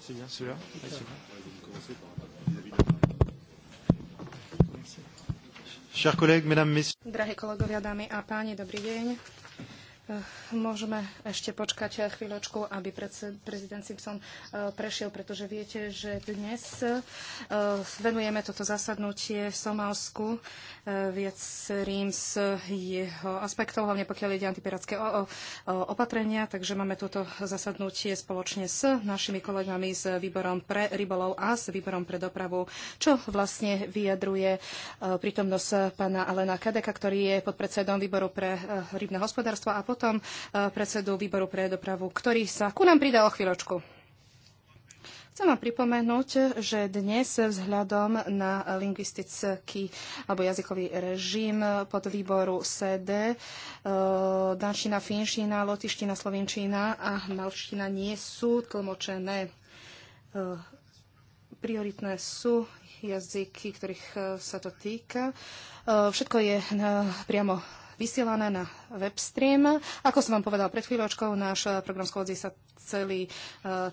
C'est bien celui-là Chers collègues, mesdames, messieurs. Drahé kolegovia, dámy a páni, dobrý deň. Eh, môžeme ešte počkať eh, chvíľočku, aby prezident Simpson eh, prešiel, pretože viete, že dnes venujeme toto zasadnutie v Somálsku viacerým z jeho aspektov, hlavne pokiaľ ide antipirátske opatrenia. Takže máme toto zasadnutie spoločne s našimi kolegami s výborom pre rybolov a s výborom pre dopravu, čo vlastne vyjadruje prítomnosť pána Alena Kadeka, ktorý je podpredsedom výboru pre rybné hospodárstvo a pod potom e, predsedu výboru pre dopravu, ktorý sa ku nám pridal o chvíľočku. Chcem vám pripomenúť, že dnes vzhľadom na lingvistický alebo jazykový režim pod výboru SED e, dančina, finština, lotiština, slovinčina a malština nie sú tlmočené. E, prioritné sú jazyky, ktorých sa to týka. Všetko je priamo vysielané na webstream. Ako som vám povedal pred chvíľočkou, náš eh, program schôdzi sa celý eh,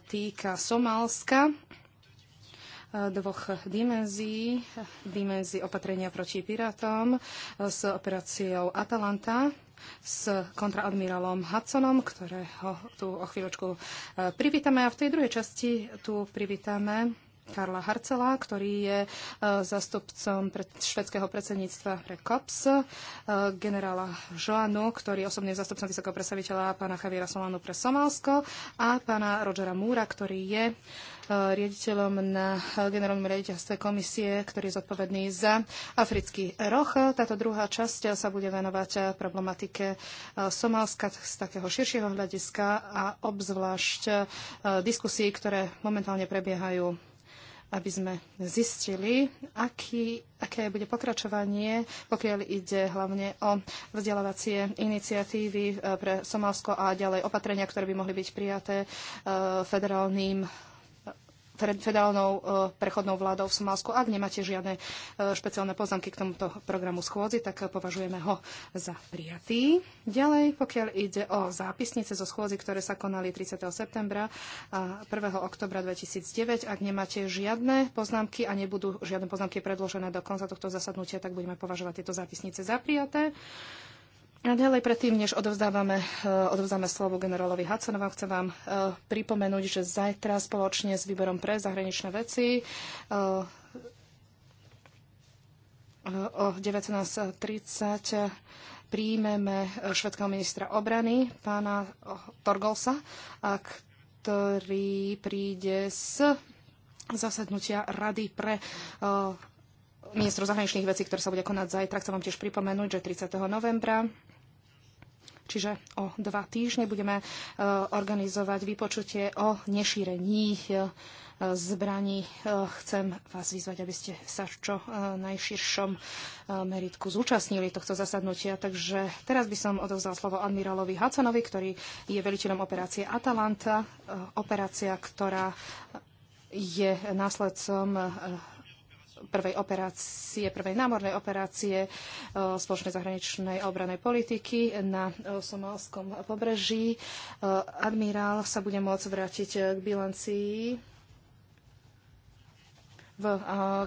týka Somálska eh, dvoch dimenzií. Dimenzii opatrenia proti pirátom s operáciou Atalanta s kontraadmirálom Hudsonom, ktorého tu o chvíľočku privítame. A v tej druhej časti tu privítame Karla Harcela, ktorý je e, zastupcom pred švedského predsedníctva pre COPS, e, generála Joanu, ktorý osobne osobným zastupcom vysokého predstaviteľa pána Javiera Solanu pre Somálsko a pána Rogera Múra, ktorý je e, riaditeľom na generálnom riaditeľstve komisie, ktorý je zodpovedný za africký roh. Táto druhá časť sa bude venovať problematike Somálska z takého širšieho hľadiska a obzvlášť diskusí, ktoré momentálne prebiehajú aby sme zistili, aký, aké bude pokračovanie, pokiaľ ide hlavne o vzdelávacie iniciatívy e, pre Somálsko a ďalej opatrenia, ktoré by mohli byť prijaté e, federálnym federálnou e, prechodnou vládou v Somálsku. Ak nemáte žiadne e, špeciálne poznámky k tomuto programu schôdzi, tak považujeme ho za prijatý. Ďalej, pokiaľ ide o zápisnice zo schôdzi, ktoré sa konali 30. septembra a 1. oktobra 2009, ak nemáte žiadne poznámky a nebudú žiadne poznámky predložené do konca tohto zasadnutia, tak budeme považovať tieto zápisnice za prijaté. Ďalej predtým, než odovzdávame, eh, odovzdáme slovo generálovi Hudsonovom, chcem vám eh, pripomenúť, že zajtra spoločne s výborom pre zahraničné veci eh, o 19.30 príjmeme švedského ministra obrany, pána Torgolsa, ktorý príde z zasadnutia Rady pre ministru zahraničných vecí, ktoré sa bude konať zajtra. Chcem vám tiež pripomenúť, že 30. novembra Čiže o dva týždne budeme e, organizovať vypočutie o nešírení e, zbraní. E, chcem vás vyzvať, aby ste sa v čo najširšom meritku zúčastnili tohto zasadnutia. Takže teraz by som odovzdal slovo admirálovi Hacanovi, ktorý je veliteľom operácie Atalanta, operácia, ktorá je následcom prvej operácie, prvej námornej operácie e, spoločnej zahraničnej obranej politiky na e, somalskom pobreží. E, admirál sa bude môcť vrátiť k bilancii v,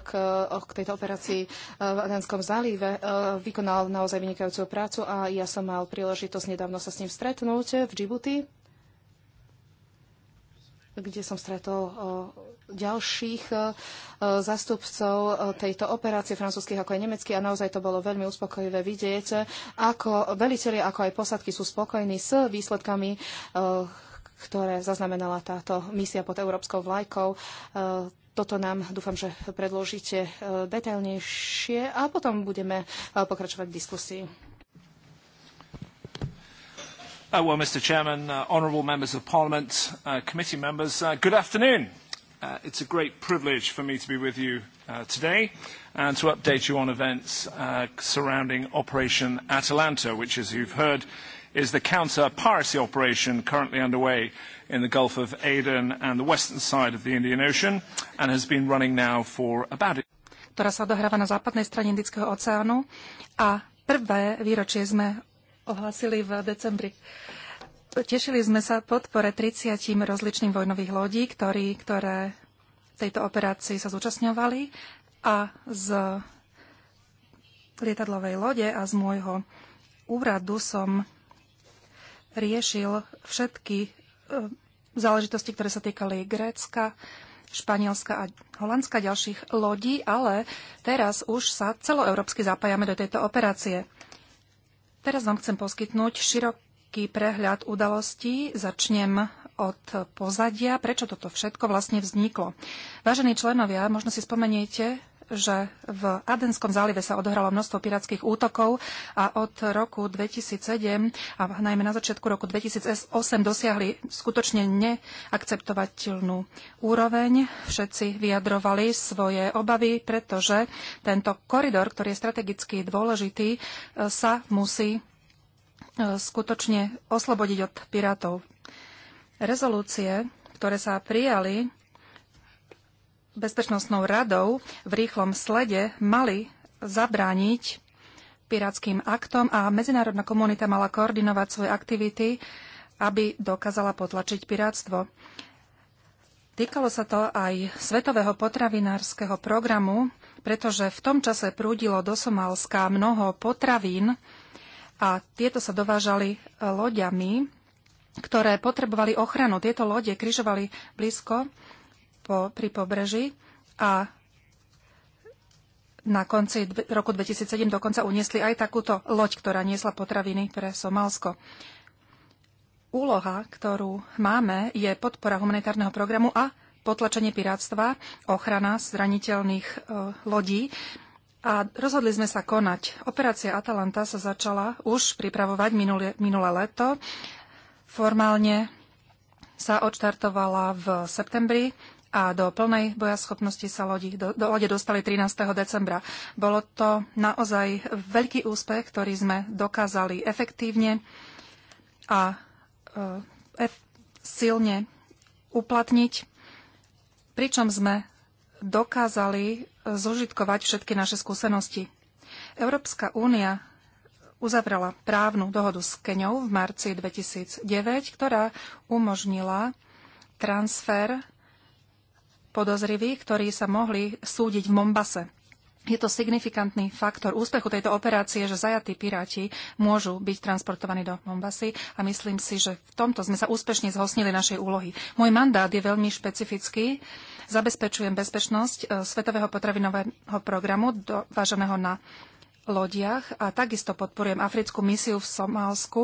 k, k tejto operácii v Adenskom zálive. Vykonal naozaj vynikajúcu prácu a ja som mal príležitosť nedávno sa s ním stretnúť v Džibuti kde som stretol ďalších zastupcov tejto operácie francúzských ako aj nemeckých a naozaj to bolo veľmi uspokojivé vidieť, ako veliteľi, ako aj posadky sú spokojní s výsledkami ktoré zaznamenala táto misia pod európskou vlajkou. Toto nám dúfam, že predložíte detailnejšie a potom budeme pokračovať v diskusii. Uh, well, Mr. Chairman, uh, honourable members of Parliament, uh, committee members, uh, good afternoon. Uh, it's a great privilege for me to be with you uh, today and to update you on events uh, surrounding Operation Atalanta, which, as you've heard, is the counter-piracy operation currently underway in the Gulf of Aden and the western side of the Indian Ocean and has been running now for about... ktorá sa odohráva na západnej strane Indického oceánu a prvé výročie sme ohlasili v decembri. Tešili sme sa podpore 30 rozličným vojnových lodí, ktorí, ktoré tejto operácii sa zúčastňovali a z lietadlovej lode a z môjho úradu som riešil všetky e, záležitosti, ktoré sa týkali Grécka, Španielska a Holandska ďalších lodí, ale teraz už sa celoeurópsky zapájame do tejto operácie. Teraz vám chcem poskytnúť široký prehľad udalostí. Začnem od pozadia, prečo toto všetko vlastne vzniklo. Vážení členovia, možno si spomeniete, že v Adenskom zálive sa odohralo množstvo pirátskych útokov a od roku 2007 a najmä na začiatku roku 2008 dosiahli skutočne neakceptovateľnú úroveň. Všetci vyjadrovali svoje obavy, pretože tento koridor, ktorý je strategicky dôležitý, e, sa musí e, skutočne oslobodiť od pirátov. Rezolúcie, ktoré sa prijali bezpečnostnou radou v rýchlom slede mali zabrániť pirátským aktom a medzinárodná komunita mala koordinovať svoje aktivity, aby dokázala potlačiť pirátstvo. Týkalo sa to aj Svetového potravinárskeho programu, pretože v tom čase prúdilo do Somálska mnoho potravín a tieto sa dovážali loďami, ktoré potrebovali ochranu. Tieto lode križovali blízko po, pri pobreží a na konci roku 2007 dokonca uniesli aj takúto loď, ktorá niesla potraviny pre Somálsko. Úloha, ktorú máme, je podpora humanitárneho programu a potlačenie pirátstva, ochrana zraniteľných e, lodí. A rozhodli sme sa konať. Operácia Atalanta sa začala už pripravovať minulé, minulé leto. Formálne sa odštartovala v septembri a do plnej bojaschopnosti sa lodi, do, do lode dostali 13. decembra. Bolo to naozaj veľký úspech, ktorý sme dokázali efektívne a e, silne uplatniť, pričom sme dokázali zužitkovať všetky naše skúsenosti. Európska únia uzavrela právnu dohodu s Keňou v marci 2009, ktorá umožnila transfer podozriví, ktorí sa mohli súdiť v Mombase. Je to signifikantný faktor úspechu tejto operácie, že zajatí piráti môžu byť transportovaní do Mombasy a myslím si, že v tomto sme sa úspešne zhostnili našej úlohy. Môj mandát je veľmi špecifický. Zabezpečujem bezpečnosť e, Svetového potravinového programu dováženého na lodiach a takisto podporujem africkú misiu v Somálsku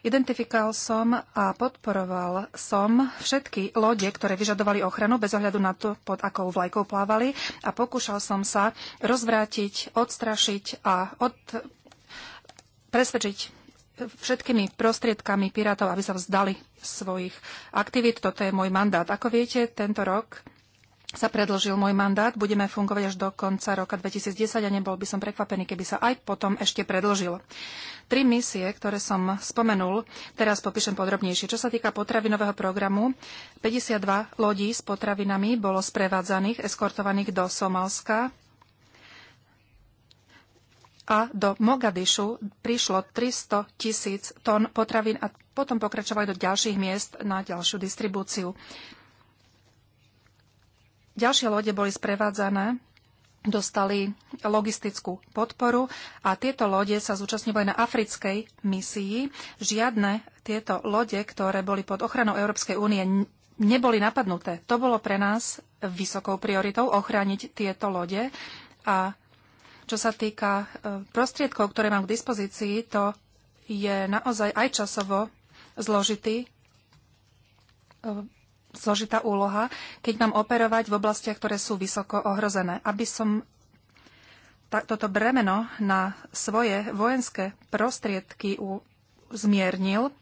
Identifikoval som a podporoval som všetky lode, ktoré vyžadovali ochranu bez ohľadu na to, pod akou vlajkou plávali a pokúšal som sa rozvrátiť, odstrašiť a od... presvedčiť všetkými prostriedkami pirátov, aby sa vzdali svojich aktivít. Toto je môj mandát. Ako viete, tento rok sa predlžil môj mandát. Budeme fungovať až do konca roka 2010 a nebol by som prekvapený, keby sa aj potom ešte predlžil. Tri misie, ktoré som spomenul, teraz popíšem podrobnejšie. Čo sa týka potravinového programu, 52 lodí s potravinami bolo sprevádzaných, eskortovaných do Somalska a do Mogadišu prišlo 300 tisíc tón potravín a potom pokračovali do ďalších miest na ďalšiu distribúciu. Ďalšie lode boli sprevádzané, dostali logistickú podporu a tieto lode sa zúčastňovali na africkej misii. Žiadne tieto lode, ktoré boli pod ochranou Európskej únie, neboli napadnuté. To bolo pre nás vysokou prioritou ochrániť tieto lode. A čo sa týka e, prostriedkov, ktoré mám k dispozícii, to je naozaj aj časovo zložitý e, zložitá úloha, keď mám operovať v oblastiach, ktoré sú vysoko ohrozené. Aby som toto bremeno na svoje vojenské prostriedky zmiernil,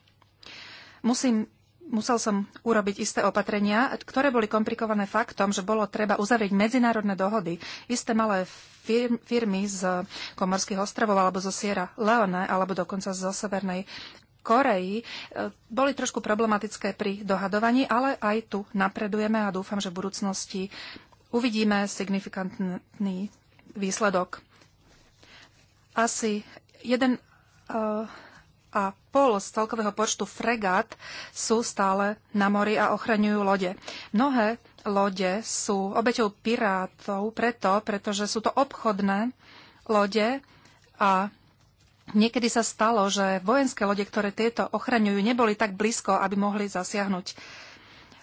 musím musel som urobiť isté opatrenia, ktoré boli komplikované faktom, že bolo treba uzavrieť medzinárodné dohody. Isté malé firmy z Komorských ostrovov alebo zo Sierra Leone alebo dokonca zo Severnej Koreji e, boli trošku problematické pri dohadovaní, ale aj tu napredujeme a dúfam, že v budúcnosti uvidíme signifikantný výsledok. Asi jeden e, a pol z celkového počtu fregát sú stále na mori a ochraňujú lode. Mnohé lode sú obeťou pirátov preto, pretože sú to obchodné lode a Niekedy sa stalo, že vojenské lode, ktoré tieto ochraňujú, neboli tak blízko, aby mohli zasiahnuť.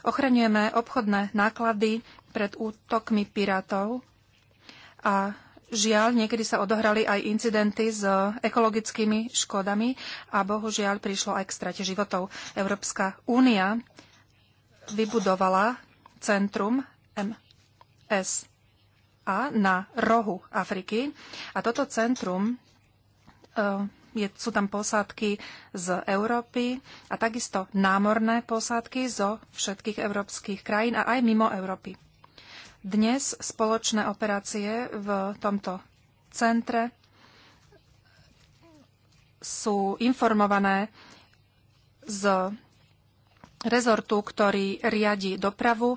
Ochraňujeme obchodné náklady pred útokmi pirátov a žiaľ, niekedy sa odohrali aj incidenty s ekologickými škodami a bohužiaľ prišlo aj k strate životov. Európska únia vybudovala centrum MSA na rohu Afriky a toto centrum Eh, je, sú tam posádky z Európy a takisto námorné posádky zo všetkých európskych krajín a aj mimo Európy. Dnes spoločné operácie v tomto centre sú informované z rezortu, ktorý riadi dopravu,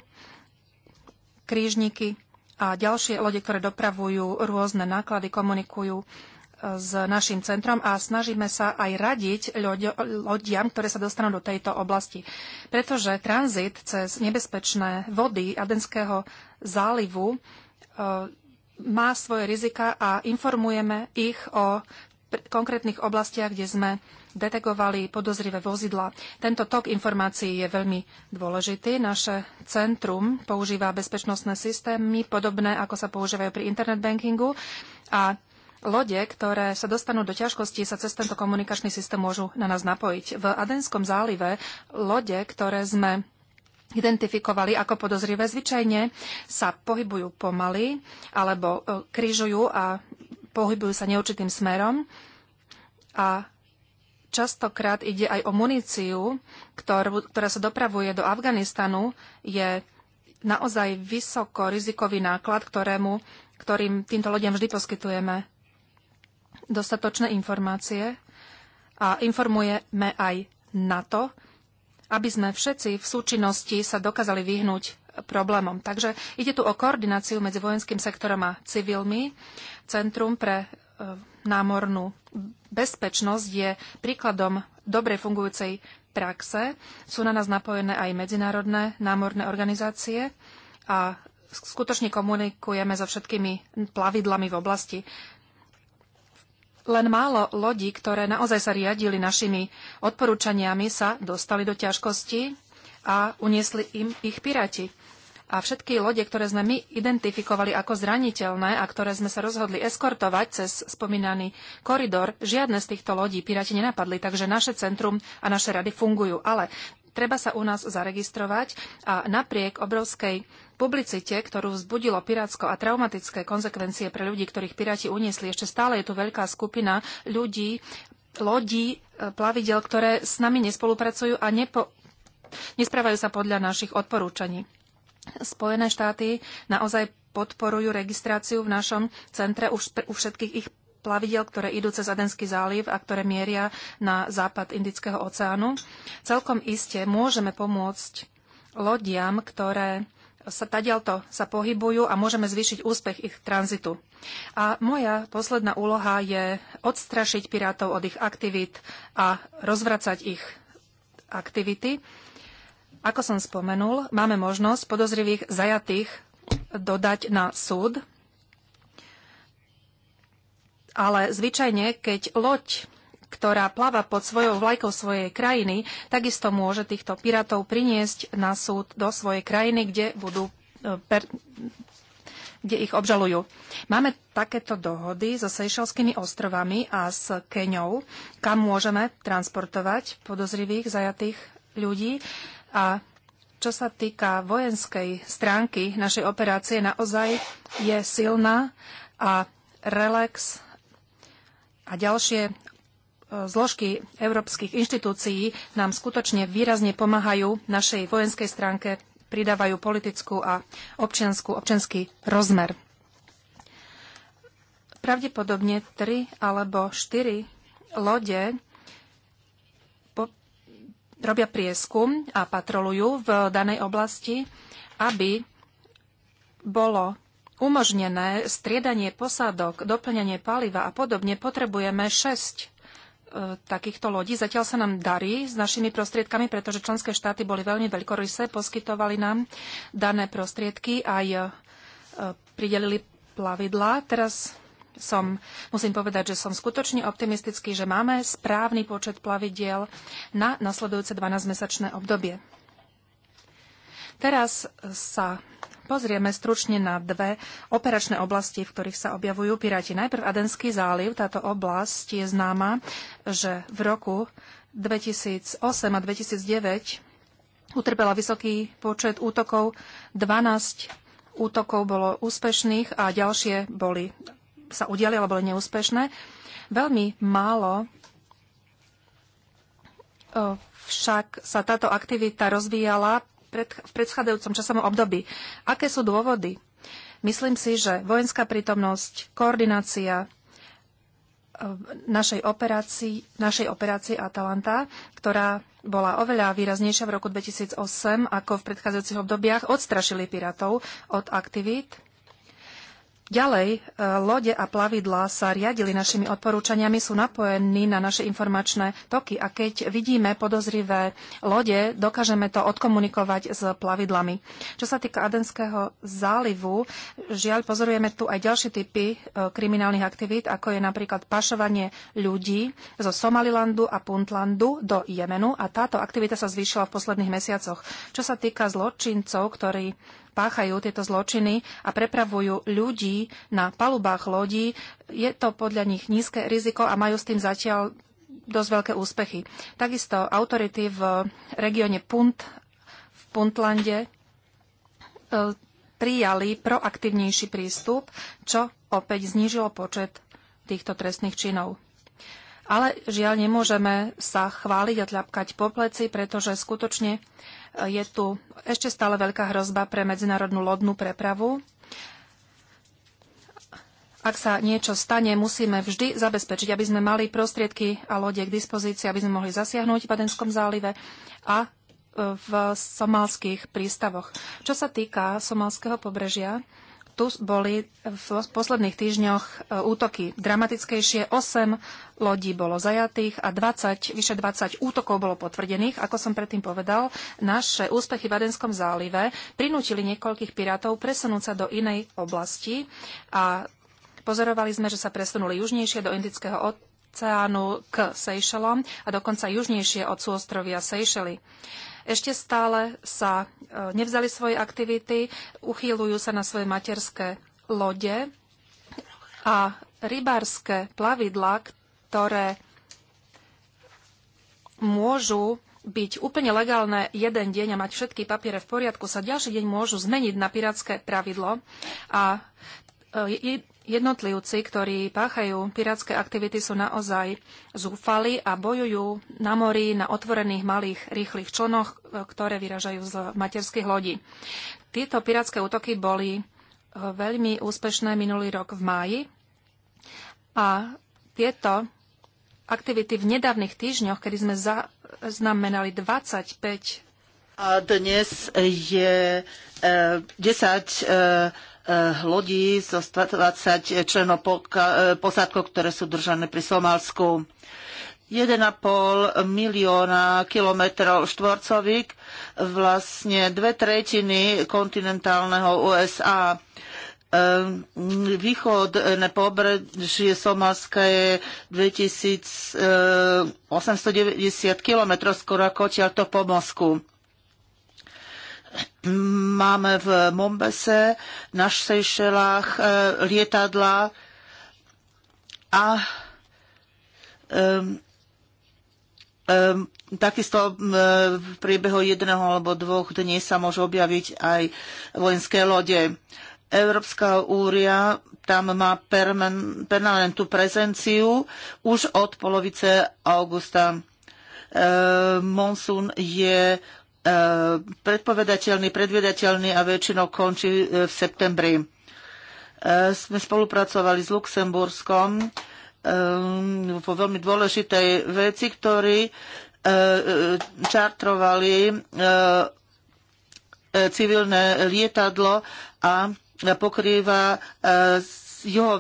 krížniky a ďalšie lode, ktoré dopravujú rôzne náklady, komunikujú s našim centrom a snažíme sa aj radiť lodiam, ktoré sa dostanú do tejto oblasti. Pretože tranzit cez nebezpečné vody Adenského zálivu e, má svoje rizika a informujeme ich o konkrétnych oblastiach, kde sme detegovali podozrivé vozidla. Tento tok informácií je veľmi dôležitý. Naše centrum používa bezpečnostné systémy, podobné ako sa používajú pri internet bankingu a Lode, ktoré sa dostanú do ťažkosti, sa cez tento komunikačný systém môžu na nás napojiť. V Adenskom zálive lode, ktoré sme identifikovali ako podozrivé, zvyčajne sa pohybujú pomaly alebo e, križujú a pohybujú sa neurčitým smerom. A častokrát ide aj o muníciu, ktorú, ktorá sa dopravuje do Afganistanu. Je naozaj vysoko rizikový náklad, ktorému, ktorým týmto lodiam vždy poskytujeme dostatočné informácie a informujeme aj na to, aby sme všetci v súčinnosti sa dokázali vyhnúť problémom. Takže ide tu o koordináciu medzi vojenským sektorom a civilmi. Centrum pre e, námornú bezpečnosť je príkladom dobrej fungujúcej praxe. Sú na nás napojené aj medzinárodné námorné organizácie a skutočne komunikujeme so všetkými plavidlami v oblasti len málo lodí, ktoré naozaj sa riadili našimi odporúčaniami, sa dostali do ťažkosti a uniesli im ich piráti. A všetky lode, ktoré sme my identifikovali ako zraniteľné a ktoré sme sa rozhodli eskortovať cez spomínaný koridor, žiadne z týchto lodí piráti nenapadli, takže naše centrum a naše rady fungujú. Ale treba sa u nás zaregistrovať a napriek obrovskej publicite, ktorú vzbudilo Pirátsko a traumatické konsekvencie pre ľudí, ktorých Piráti uniesli, ešte stále je tu veľká skupina ľudí, lodí, e, plavidel, ktoré s nami nespolupracujú a nepo... nesprávajú sa podľa našich odporúčaní. Spojené štáty naozaj podporujú registráciu v našom centre už u všetkých ich plavidel, ktoré idú cez Adenský záliv a ktoré mieria na západ Indického oceánu. Celkom iste môžeme pomôcť lodiam, ktoré sa tadialto sa pohybujú a môžeme zvýšiť úspech ich tranzitu. A moja posledná úloha je odstrašiť pirátov od ich aktivít a rozvracať ich aktivity. Ako som spomenul, máme možnosť podozrivých zajatých dodať na súd, ale zvyčajne, keď loď ktorá plava pod svojou vlajkou svojej krajiny, takisto môže týchto pirátov priniesť na súd do svojej krajiny, kde budú e, per, kde ich obžalujú. Máme takéto dohody so Sejšelskými ostrovami a s Keňou, kam môžeme transportovať podozrivých zajatých ľudí. A čo sa týka vojenskej stránky našej operácie, naozaj je silná a Relax a ďalšie zložky európskych inštitúcií nám skutočne výrazne pomáhajú našej vojenskej stránke, pridávajú politickú a občianskú, občianský rozmer. Pravdepodobne tri alebo štyri lode po, robia prieskum a patrolujú v danej oblasti, aby bolo umožnené striedanie posádok, doplňanie paliva a podobne, potrebujeme 6 E, takýchto lodí. Zatiaľ sa nám darí s našimi prostriedkami, pretože členské štáty boli veľmi veľkorysé, poskytovali nám dané prostriedky aj e, pridelili plavidla. Teraz som, musím povedať, že som skutočne optimistický, že máme správny počet plavidiel na nasledujúce 12-mesačné obdobie. Teraz sa pozrieme stručne na dve operačné oblasti, v ktorých sa objavujú piráti. Najprv Adenský záliv. Táto oblasť je známa, že v roku 2008 a 2009 utrpela vysoký počet útokov. 12 útokov bolo úspešných a ďalšie boli, sa udiali, ale boli neúspešné. Veľmi málo však sa táto aktivita rozvíjala v predchádzajúcom časovom období. Aké sú dôvody? Myslím si, že vojenská prítomnosť, koordinácia e, našej operácii, našej operácii Atalanta, ktorá bola oveľa výraznejšia v roku 2008 ako v predchádzajúcich obdobiach, odstrašili piratov od aktivít Ďalej, e, lode a plavidlá sa riadili našimi odporúčaniami, sú napojení na naše informačné toky a keď vidíme podozrivé lode, dokážeme to odkomunikovať s plavidlami. Čo sa týka Adenského zálivu, žiaľ pozorujeme tu aj ďalšie typy e, kriminálnych aktivít, ako je napríklad pašovanie ľudí zo Somalilandu a Puntlandu do Jemenu a táto aktivita sa zvýšila v posledných mesiacoch. Čo sa týka zločincov, ktorí páchajú tieto zločiny a prepravujú ľudí na palubách lodí. Je to podľa nich nízke riziko a majú s tým zatiaľ dosť veľké úspechy. Takisto autority v regióne Punt v Puntlande e, prijali proaktívnejší prístup, čo opäť znížilo počet týchto trestných činov. Ale žiaľ nemôžeme sa chváliť a tľapkať po pleci, pretože skutočne je tu ešte stále veľká hrozba pre medzinárodnú lodnú prepravu. Ak sa niečo stane, musíme vždy zabezpečiť, aby sme mali prostriedky a lode k dispozícii, aby sme mohli zasiahnuť v Badenskom zálive a e, v somalských prístavoch. Čo sa týka somalského pobrežia, tu boli v posledných týždňoch e, útoky dramatickejšie. 8 lodí bolo zajatých a 20, vyše 20 útokov bolo potvrdených. Ako som predtým povedal, naše úspechy v Adenskom zálive prinútili niekoľkých pirátov presunúť sa do inej oblasti a pozorovali sme, že sa presunuli južnejšie do Indického oceánu k Seychellom a dokonca južnejšie od súostrovia Seychely ešte stále sa e, nevzali svoje aktivity, uchýlujú sa na svoje materské lode a rybárske plavidla, ktoré môžu byť úplne legálne jeden deň a mať všetky papiere v poriadku, sa ďalší deň môžu zmeniť na pirátske pravidlo a e, jednotlivci, ktorí páchajú pirátske aktivity, sú naozaj zúfali a bojujú na mori na otvorených malých rýchlych člnoch, e, ktoré vyražajú z materských lodí. Tieto pirátske útoky boli e, veľmi úspešné minulý rok v máji a tieto aktivity v nedávnych týždňoch, kedy sme zaznamenali 25 a dnes je 10 e, Eh, lodí so 120 členov eh, posádkov, ktoré sú držané pri Somálsku. 1,5 milióna kilometrov štvorcových, vlastne dve tretiny kontinentálneho USA. Eh, východné pobrežie Somalska je 2890 kilometrov skoro ako to po Mosku. Máme v Mombese, na Seychellách e, lietadla a takisto e, v priebehu jedného alebo dvoch dní sa môžu objaviť aj vojenské lode. Európska úria tam má permanentnú prezenciu už od polovice augusta. E, monsun je E, predpovedateľný, predvedateľný a väčšinou končí e, v septembri. E, sme spolupracovali s Luxemburskom po veľmi dôležitej veci, ktorí čartrovali civilné lietadlo a pokrýva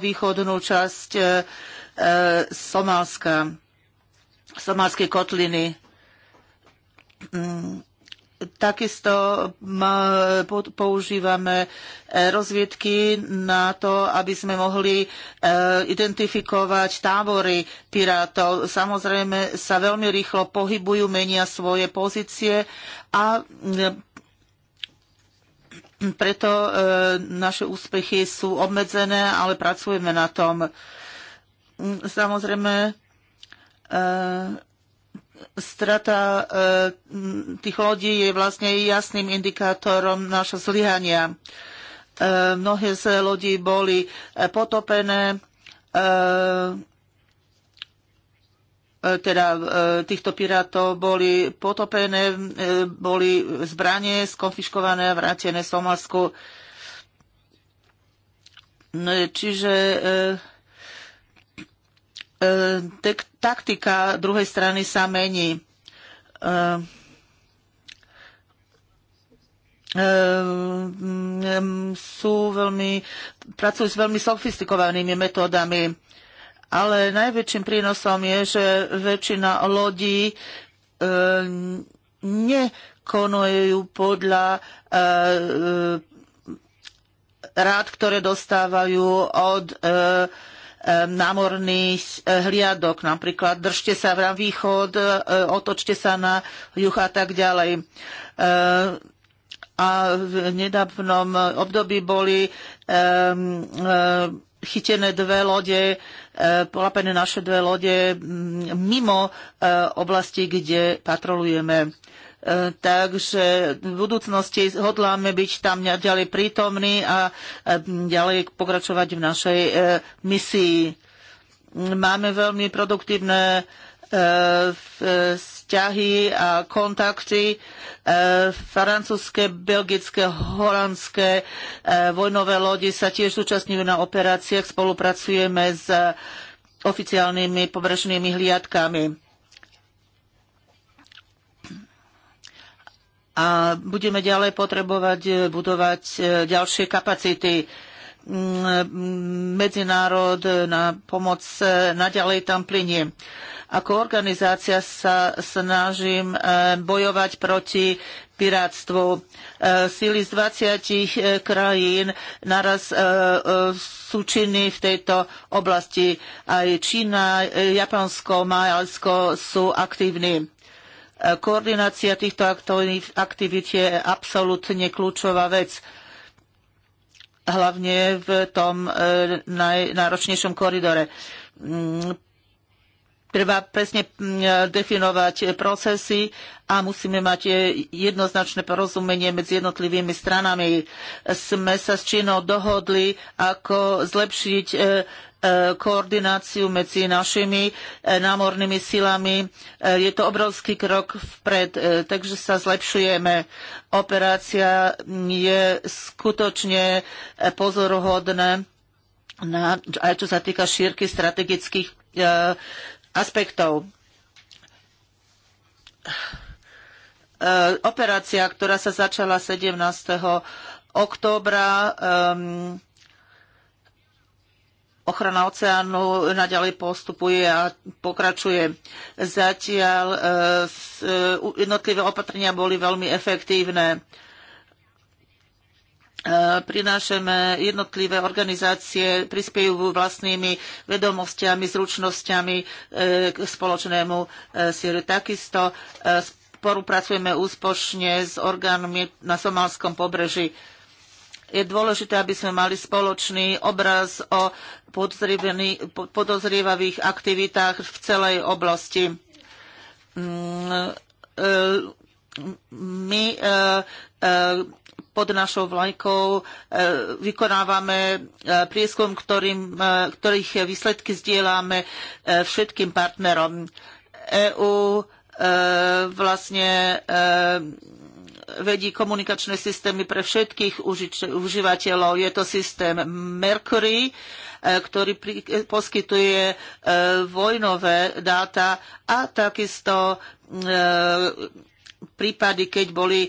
východnú časť Somálska, somálskej kotliny mm. Takisto používame e, rozviedky na to, aby sme mohli e, identifikovať tábory pirátov. Samozrejme sa veľmi rýchlo pohybujú, menia svoje pozície a preto e, naše úspechy sú obmedzené, ale pracujeme na tom. Samozrejme, strata e, tých lodí je vlastne jasným indikátorom našho zlyhania. E, Mnohé z lodí boli eh, potopené, e, teda e, týchto pirátov boli potopené, e, boli zbranie skonfiškované a vrátené Somalsku. E, Čiže e, E, taktika druhej strany sa mení. E, e, sú veľmi, pracujú s veľmi sofistikovanými metódami, ale najväčším prínosom je, že väčšina lodí nekonujú podľa rád, ktoré dostávajú od e, námorných eh, hliadok, napríklad držte sa na východ, eh, otočte sa na juh a tak ďalej. Eh, a v nedávnom období boli chytené dve lode, polapené naše dve lode mm, mimo oblasti, kde patrolujeme. E, takže v budúcnosti hodláme byť tam ďalej prítomní a ďalej pokračovať v našej e, misii. Máme veľmi produktívne e, vzťahy a kontakty francúzske, belgické, holandské vojnové lodi sa tiež zúčastňujú na operáciách, spolupracujeme s oficiálnymi pobrežnými hliadkami a budeme ďalej potrebovať e, budovať e, ďalšie kapacity mm, e, medzinárod na pomoc naďalej tam plinie. Ako organizácia sa snažím bojovať proti pirátstvu. Sily z 20 krajín naraz sú činní v tejto oblasti. Aj Čína, Japonsko, Majalsko sú aktívni. E, koordinácia týchto aktivít je absolútne kľúčová vec hlavne v tom e, najnáročnejšom koridore. Mm, treba presne mm, definovať procesy a musíme mať e, jednoznačné porozumenie medzi jednotlivými stranami. Sme sa s Čínou dohodli, ako zlepšiť E, koordináciu medzi našimi e, námornými silami. E, je to obrovský krok vpred, takže sa zlepšujeme. Operácia je skutočne pozoruhodná, aj čo sa týka šírky strategických aspektov operácia, ktorá sa začala 17. októbra, um, ochrana oceánu naďalej postupuje a pokračuje. Zatiaľ e, e, jednotlivé opatrenia boli veľmi efektívne. E, prinášame jednotlivé organizácie, prispiejú vlastnými vedomostiami, zručnosťami k spoločnému sieru. Takisto spolupracujeme úspošne s orgánmi na somálskom pobreží je dôležité, aby sme mali spoločný obraz o podozrievavých aktivitách v celej oblasti. Mm, e, my e, e, pod našou vlajkou vykonávame prieskum, ktorým, ktorých výsledky zdieľame všetkým partnerom. EU vlastne vedí komunikačné systémy pre všetkých užívateľov. Je to systém Mercury, e, ktorý poskytuje e, vojnové dáta a takisto e, prípady, keď boli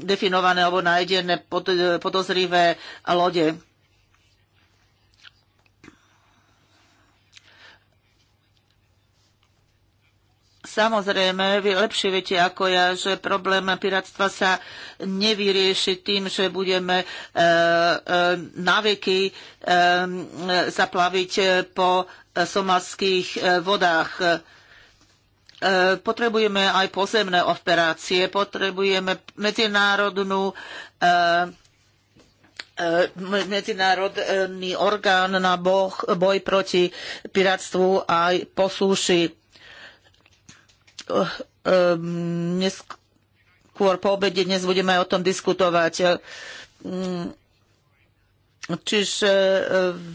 definované alebo nájdené podozrivé lode. Samozrejme, vy lepšie viete ako ja, že problém piratstva sa nevyrieši tým, že budeme e, e, naveky e, zaplaviť po somalských e, vodách. E, potrebujeme aj pozemné operácie, potrebujeme medzinárodnú e, medzinárodný orgán na boh, boj proti piratstvu aj po súši Ehm, neskôr po obede dnes budeme o tom diskutovať. Ehm, čiže e,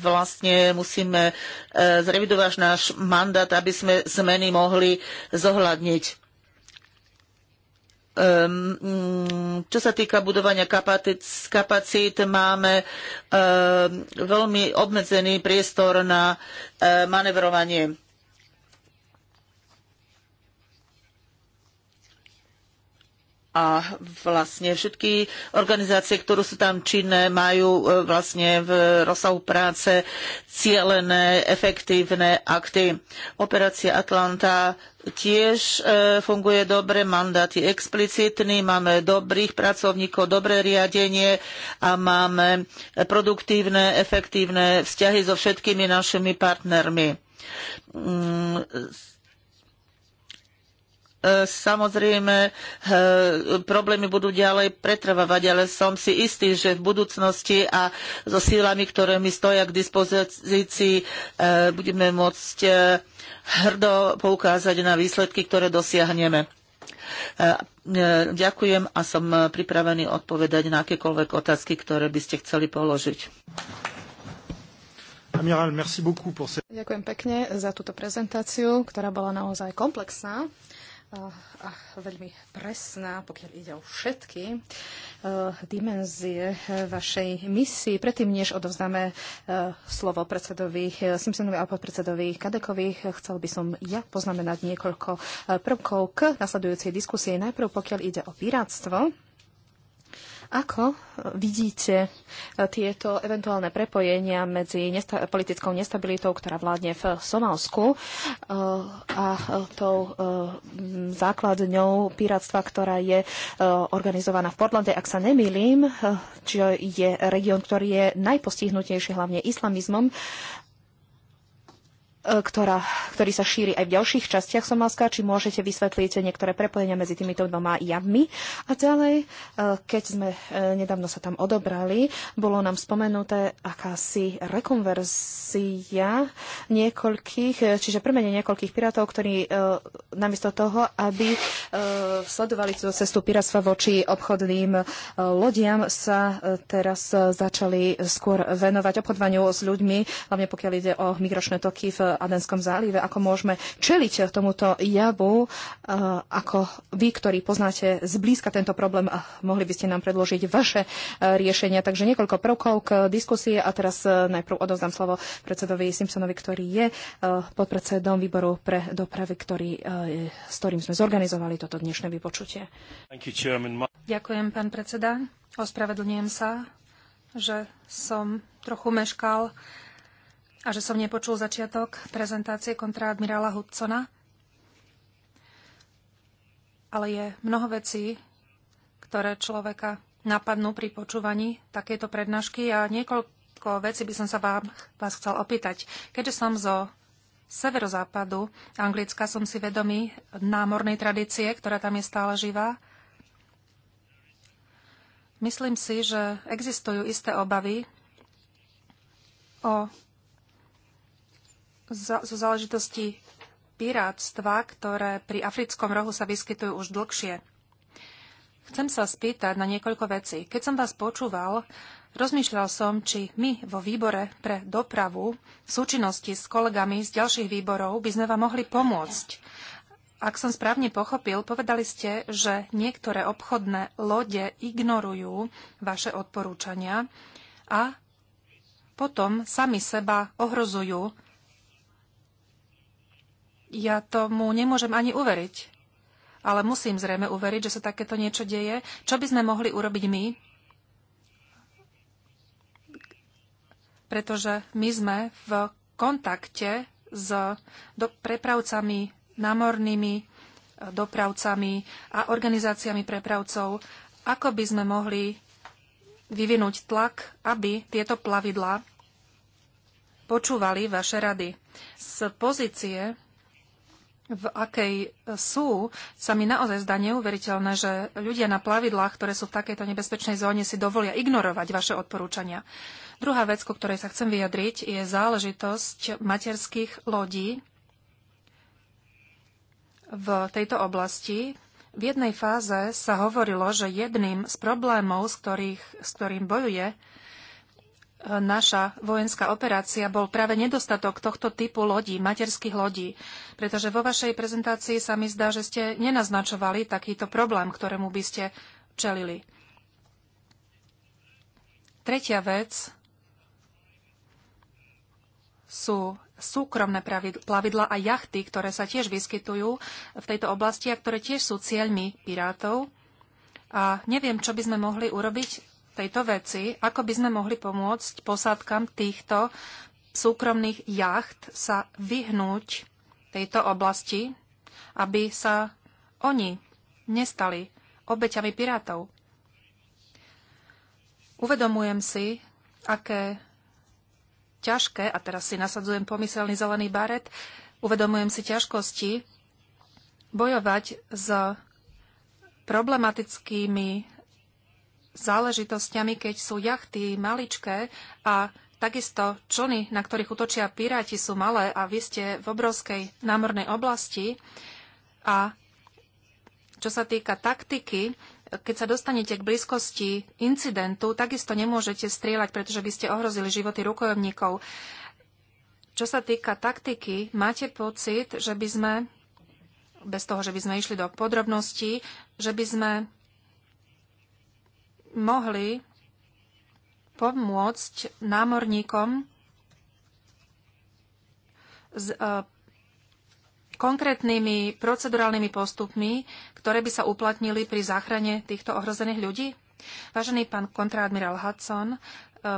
vlastne musíme e, zrevidovať náš mandát, aby sme zmeny mohli zohľadniť. Ehm, mm, čo sa týka budovania kapacít, máme veľmi obmedzený priestor na e, manevrovanie. a vlastne všetky organizácie, ktoré sú tam činné, majú e, vlastne v rozsahu práce cielené, efektívne akty. Operácia Atlanta tiež e, funguje dobre, mandát je explicitný, máme dobrých pracovníkov, dobré riadenie a máme produktívne, efektívne vzťahy so všetkými našimi partnermi mm, E, samozrejme, e, problémy budú ďalej pretrvávať, ale som si istý, že v budúcnosti a so sílami, ktoré mi stoja k dispozícii, e, budeme môcť hrdo poukázať na výsledky, ktoré dosiahneme. Ďakujem a som pripravený odpovedať na akékoľvek otázky, ktoré by ste chceli položiť. Amiral, merci beaucoup pour... Ďakujem pekne za túto prezentáciu, ktorá bola naozaj komplexná a ah, ah, veľmi presná, pokiaľ ide o všetky eh, dimenzie eh, vašej misii. Predtým, než odovzdáme eh, slovo predsedovi Simpsonovi a podpredsedovi Kadekovi, chcel by som ja poznamenať niekoľko prvkov k nasledujúcej diskusie. Najprv, pokiaľ ide o pirátstvo ako vidíte e, tieto eventuálne prepojenia medzi nesta- politickou nestabilitou, ktorá vládne v Somálsku e, a tou e, základňou piratstva, ktorá je organizovaná v Portlande, ak sa nemýlim, čo je región, ktorý je najpostihnutejší hlavne islamizmom E, ktorá, ktorý sa šíri aj v ďalších častiach Somalska, Či môžete vysvetliť niektoré prepojenia medzi týmito dvoma javmi? A ďalej, e, keď sme e, nedávno sa tam odobrali, bolo nám spomenuté akási rekonverzia niekoľkých, čiže premenie niekoľkých pirátov, ktorí namiesto toho, aby sledovali tú cestu piratstva voči obchodným lodiam, sa teraz začali skôr venovať obchodovaniu s ľuďmi, hlavne pokiaľ ide o migračné toky v Adenskom zálive, ako môžeme čeliť tomuto javu, e, ako vy, ktorí poznáte zblízka tento problém, mohli by ste nám predložiť vaše e, riešenia. Takže niekoľko prvkov k diskusie a teraz e, najprv odovzdám slovo predsedovi Simpsonovi, ktorý je podpredsedom výboru pre dopravy, ktorý, s ktorým sme zorganizovali toto dnešné vypočutie. Ďakujem, pán predseda. Ospravedlňujem sa, že som trochu meškal a že som nepočul začiatok prezentácie kontraadmirála Hudcona, ale je mnoho vecí, ktoré človeka napadnú pri počúvaní takejto prednášky a niekoľko vecí by som sa vám, vás chcel opýtať. Keďže som zo severozápadu Anglicka, som si vedomý námornej tradície, ktorá tam je stále živá. Myslím si, že existujú isté obavy o zo záležitosti piráctva, ktoré pri africkom rohu sa vyskytujú už dlhšie. Chcem sa spýtať na niekoľko vecí. Keď som vás počúval, rozmýšľal som, či my vo výbore pre dopravu v súčinnosti s kolegami z ďalších výborov by sme vám mohli pomôcť. Ak som správne pochopil, povedali ste, že niektoré obchodné lode ignorujú vaše odporúčania a potom sami seba ohrozujú ja tomu nemôžem ani uveriť. Ale musím zrejme uveriť, že sa takéto niečo deje. Čo by sme mohli urobiť my? Pretože my sme v kontakte s prepravcami námornými e, dopravcami a organizáciami prepravcov, ako by sme mohli vyvinúť tlak, aby tieto plavidlá počúvali vaše rady. Z pozície v akej sú, sa mi naozaj zdá neuveriteľné, že ľudia na plavidlách, ktoré sú v takejto nebezpečnej zóne, si dovolia ignorovať vaše odporúčania. Druhá vec, ku ktorej sa chcem vyjadriť, je záležitosť materských lodí v tejto oblasti. V jednej fáze sa hovorilo, že jedným z problémov, s, ktorých, s ktorým bojuje naša vojenská operácia bol práve nedostatok tohto typu lodí, materských lodí. Pretože vo vašej prezentácii sa mi zdá, že ste nenaznačovali takýto problém, ktorému by ste čelili. Tretia vec sú súkromné plavidla a jachty, ktoré sa tiež vyskytujú v tejto oblasti a ktoré tiež sú cieľmi pirátov. A neviem, čo by sme mohli urobiť tejto veci, ako by sme mohli pomôcť posádkam týchto súkromných jacht sa vyhnúť tejto oblasti, aby sa oni nestali obeťami pirátov. Uvedomujem si, aké ťažké, a teraz si nasadzujem pomyselný zelený baret, uvedomujem si ťažkosti bojovať s problematickými záležitosťami, keď sú jachty maličké a takisto člny, na ktorých utočia piráti, sú malé a vy ste v obrovskej námornej oblasti. A čo sa týka taktiky, keď sa dostanete k blízkosti incidentu, takisto nemôžete strieľať, pretože by ste ohrozili životy rukojemníkov. Čo sa týka taktiky, máte pocit, že by sme, bez toho, že by sme išli do podrobností, že by sme mohli pomôcť námorníkom s e, konkrétnymi procedurálnymi postupmi, ktoré by sa uplatnili pri záchrane týchto ohrozených ľudí? Vážený pán kontraadmirál Hudson, e,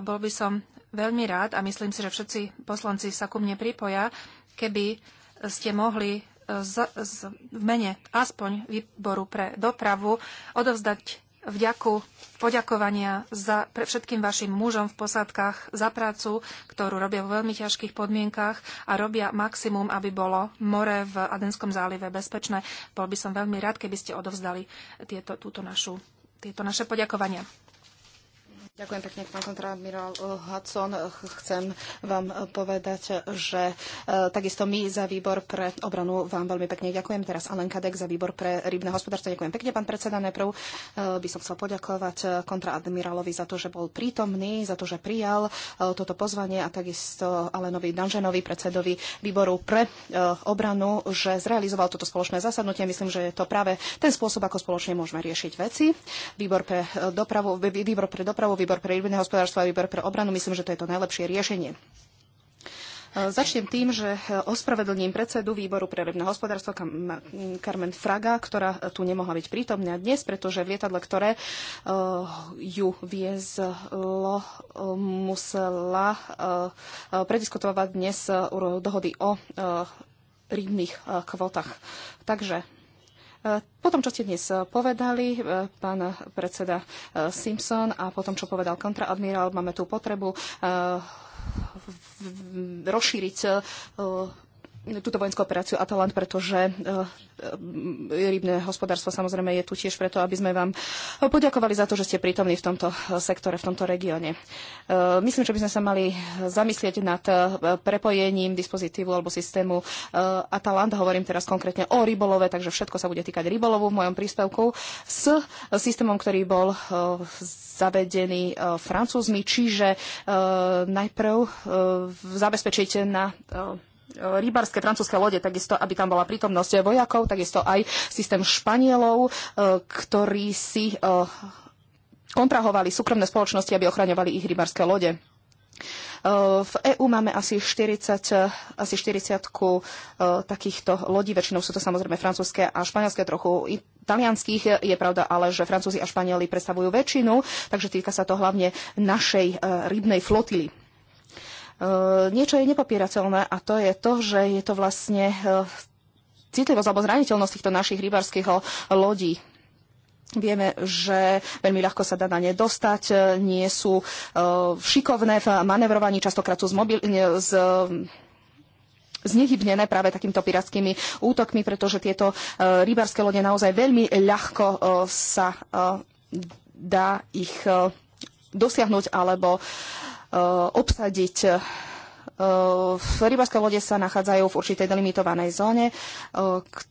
bol by som veľmi rád a myslím si, že všetci poslanci sa ku mne pripoja, keby ste mohli e, z, z, v mene aspoň výboru pre dopravu odovzdať vďaku poďakovania za, pre všetkým vašim mužom v posádkach za prácu, ktorú robia vo veľmi ťažkých podmienkách a robia maximum, aby bolo more v Adenskom zálive bezpečné. Bol by som veľmi rád, keby ste odovzdali tieto, túto našu, tieto naše poďakovania. Ďakujem pekne, pán kontradmirál Hudson. Chcem vám povedať, že e, takisto my za výbor pre obranu vám veľmi pekne ďakujem. Teraz Alen Kadek za výbor pre rybné hospodárstvo. Ďakujem pekne, pán predseda. Najprv e, by som chcel poďakovať e, kontraadmirálovi za to, že bol prítomný, za to, že prijal toto pozvanie a takisto Alenovi Danženovi, predsedovi výboru pre obranu, že zrealizoval toto spoločné zasadnutie. Myslím, že je to práve ten spôsob, ako spoločne môžeme riešiť veci. Výbor pre dopravu, výbor pre dopravu výbor pre rybné hospodárstvo a výbor pre obranu. Myslím, že to je to najlepšie riešenie. E, začnem tým, že ospravedlním predsedu výboru pre rybné hospodárstvo Carmen Fraga, ktorá tu nemohla byť prítomná dnes, pretože v lietadle, ktoré e, ju viezlo, e, musela prediskutovať dnes dohody o rybných kvotách. Takže E, po tom, čo ste dnes e, povedali, e, pán predseda Simpson, a potom, čo povedal kontraadmirál, máme tú potrebu rozšíriť túto vojenskú operáciu Atalant, pretože eh, eh, rybné hospodárstvo samozrejme je tu tiež preto, aby sme vám poďakovali za to, že ste prítomní v tomto eh, sektore, v tomto regióne. Myslím, že by sme sa mali zamyslieť nad prepojením dispozitívu alebo systému Atalant. Hovorím teraz konkrétne o rybolove, takže všetko sa bude týkať rybolovu v mojom príspevku s systémom, ktorý bol zavedený francúzmi, čiže najprv zabezpečiť na E, rybárske francúzske lode, takisto, aby tam bola prítomnosť vojakov, takisto aj systém Španielov, e, ktorí si e, kontrahovali súkromné spoločnosti, aby ochraňovali ich rybárske lode. V EÚ máme asi 40, asi 40 takýchto lodí, väčšinou sú to samozrejme francúzske a španielské, trochu italianských. Je pravda ale, že Francúzi a Španieli predstavujú väčšinu, takže týka sa to hlavne našej rybnej flotily. E, niečo je nepopierateľné a to je to, že je to vlastne e, citlivosť alebo zraniteľnosť týchto našich rybárskych lodí. Vieme, že veľmi ľahko sa dá na ne dostať, e, nie sú šikovné v manevrovaní, častokrát sú mobil- z, znehybnené práve takýmto pirátskými útokmi, pretože tieto rybárske lode naozaj veľmi ľahko sa dá ich dosiahnuť alebo uh, Eh, obsadiť eh, v rybárske lode sa nachádzajú v určitej delimitovanej zóne, eh,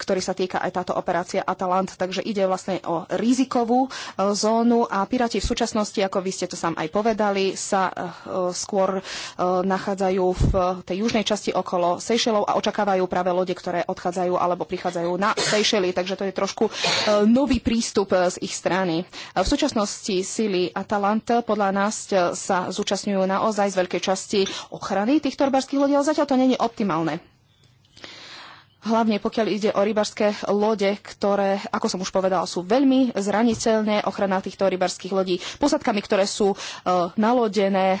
ktorý sa týka aj táto operácia Atalant. Takže ide vlastne o rizikovú e, zónu a pirati v súčasnosti, ako vy ste to sám aj povedali, sa e, skôr e, nachádzajú v tej južnej časti okolo Seychelov a očakávajú práve lode, ktoré odchádzajú alebo prichádzajú na Seychely. Takže to je trošku nový prístup z ich strany. V súčasnosti síly Atalant podľa nás sa zúčastňujú naozaj z veľkej časti ochrany týchto rybárskych lodí, ale zatiaľ to není optimálne hlavne pokiaľ ide o rybarské lode, ktoré, ako som už povedala, sú veľmi zraniteľné. Ochrana týchto rybarských lodí posadkami, ktoré sú e, nalodené, e,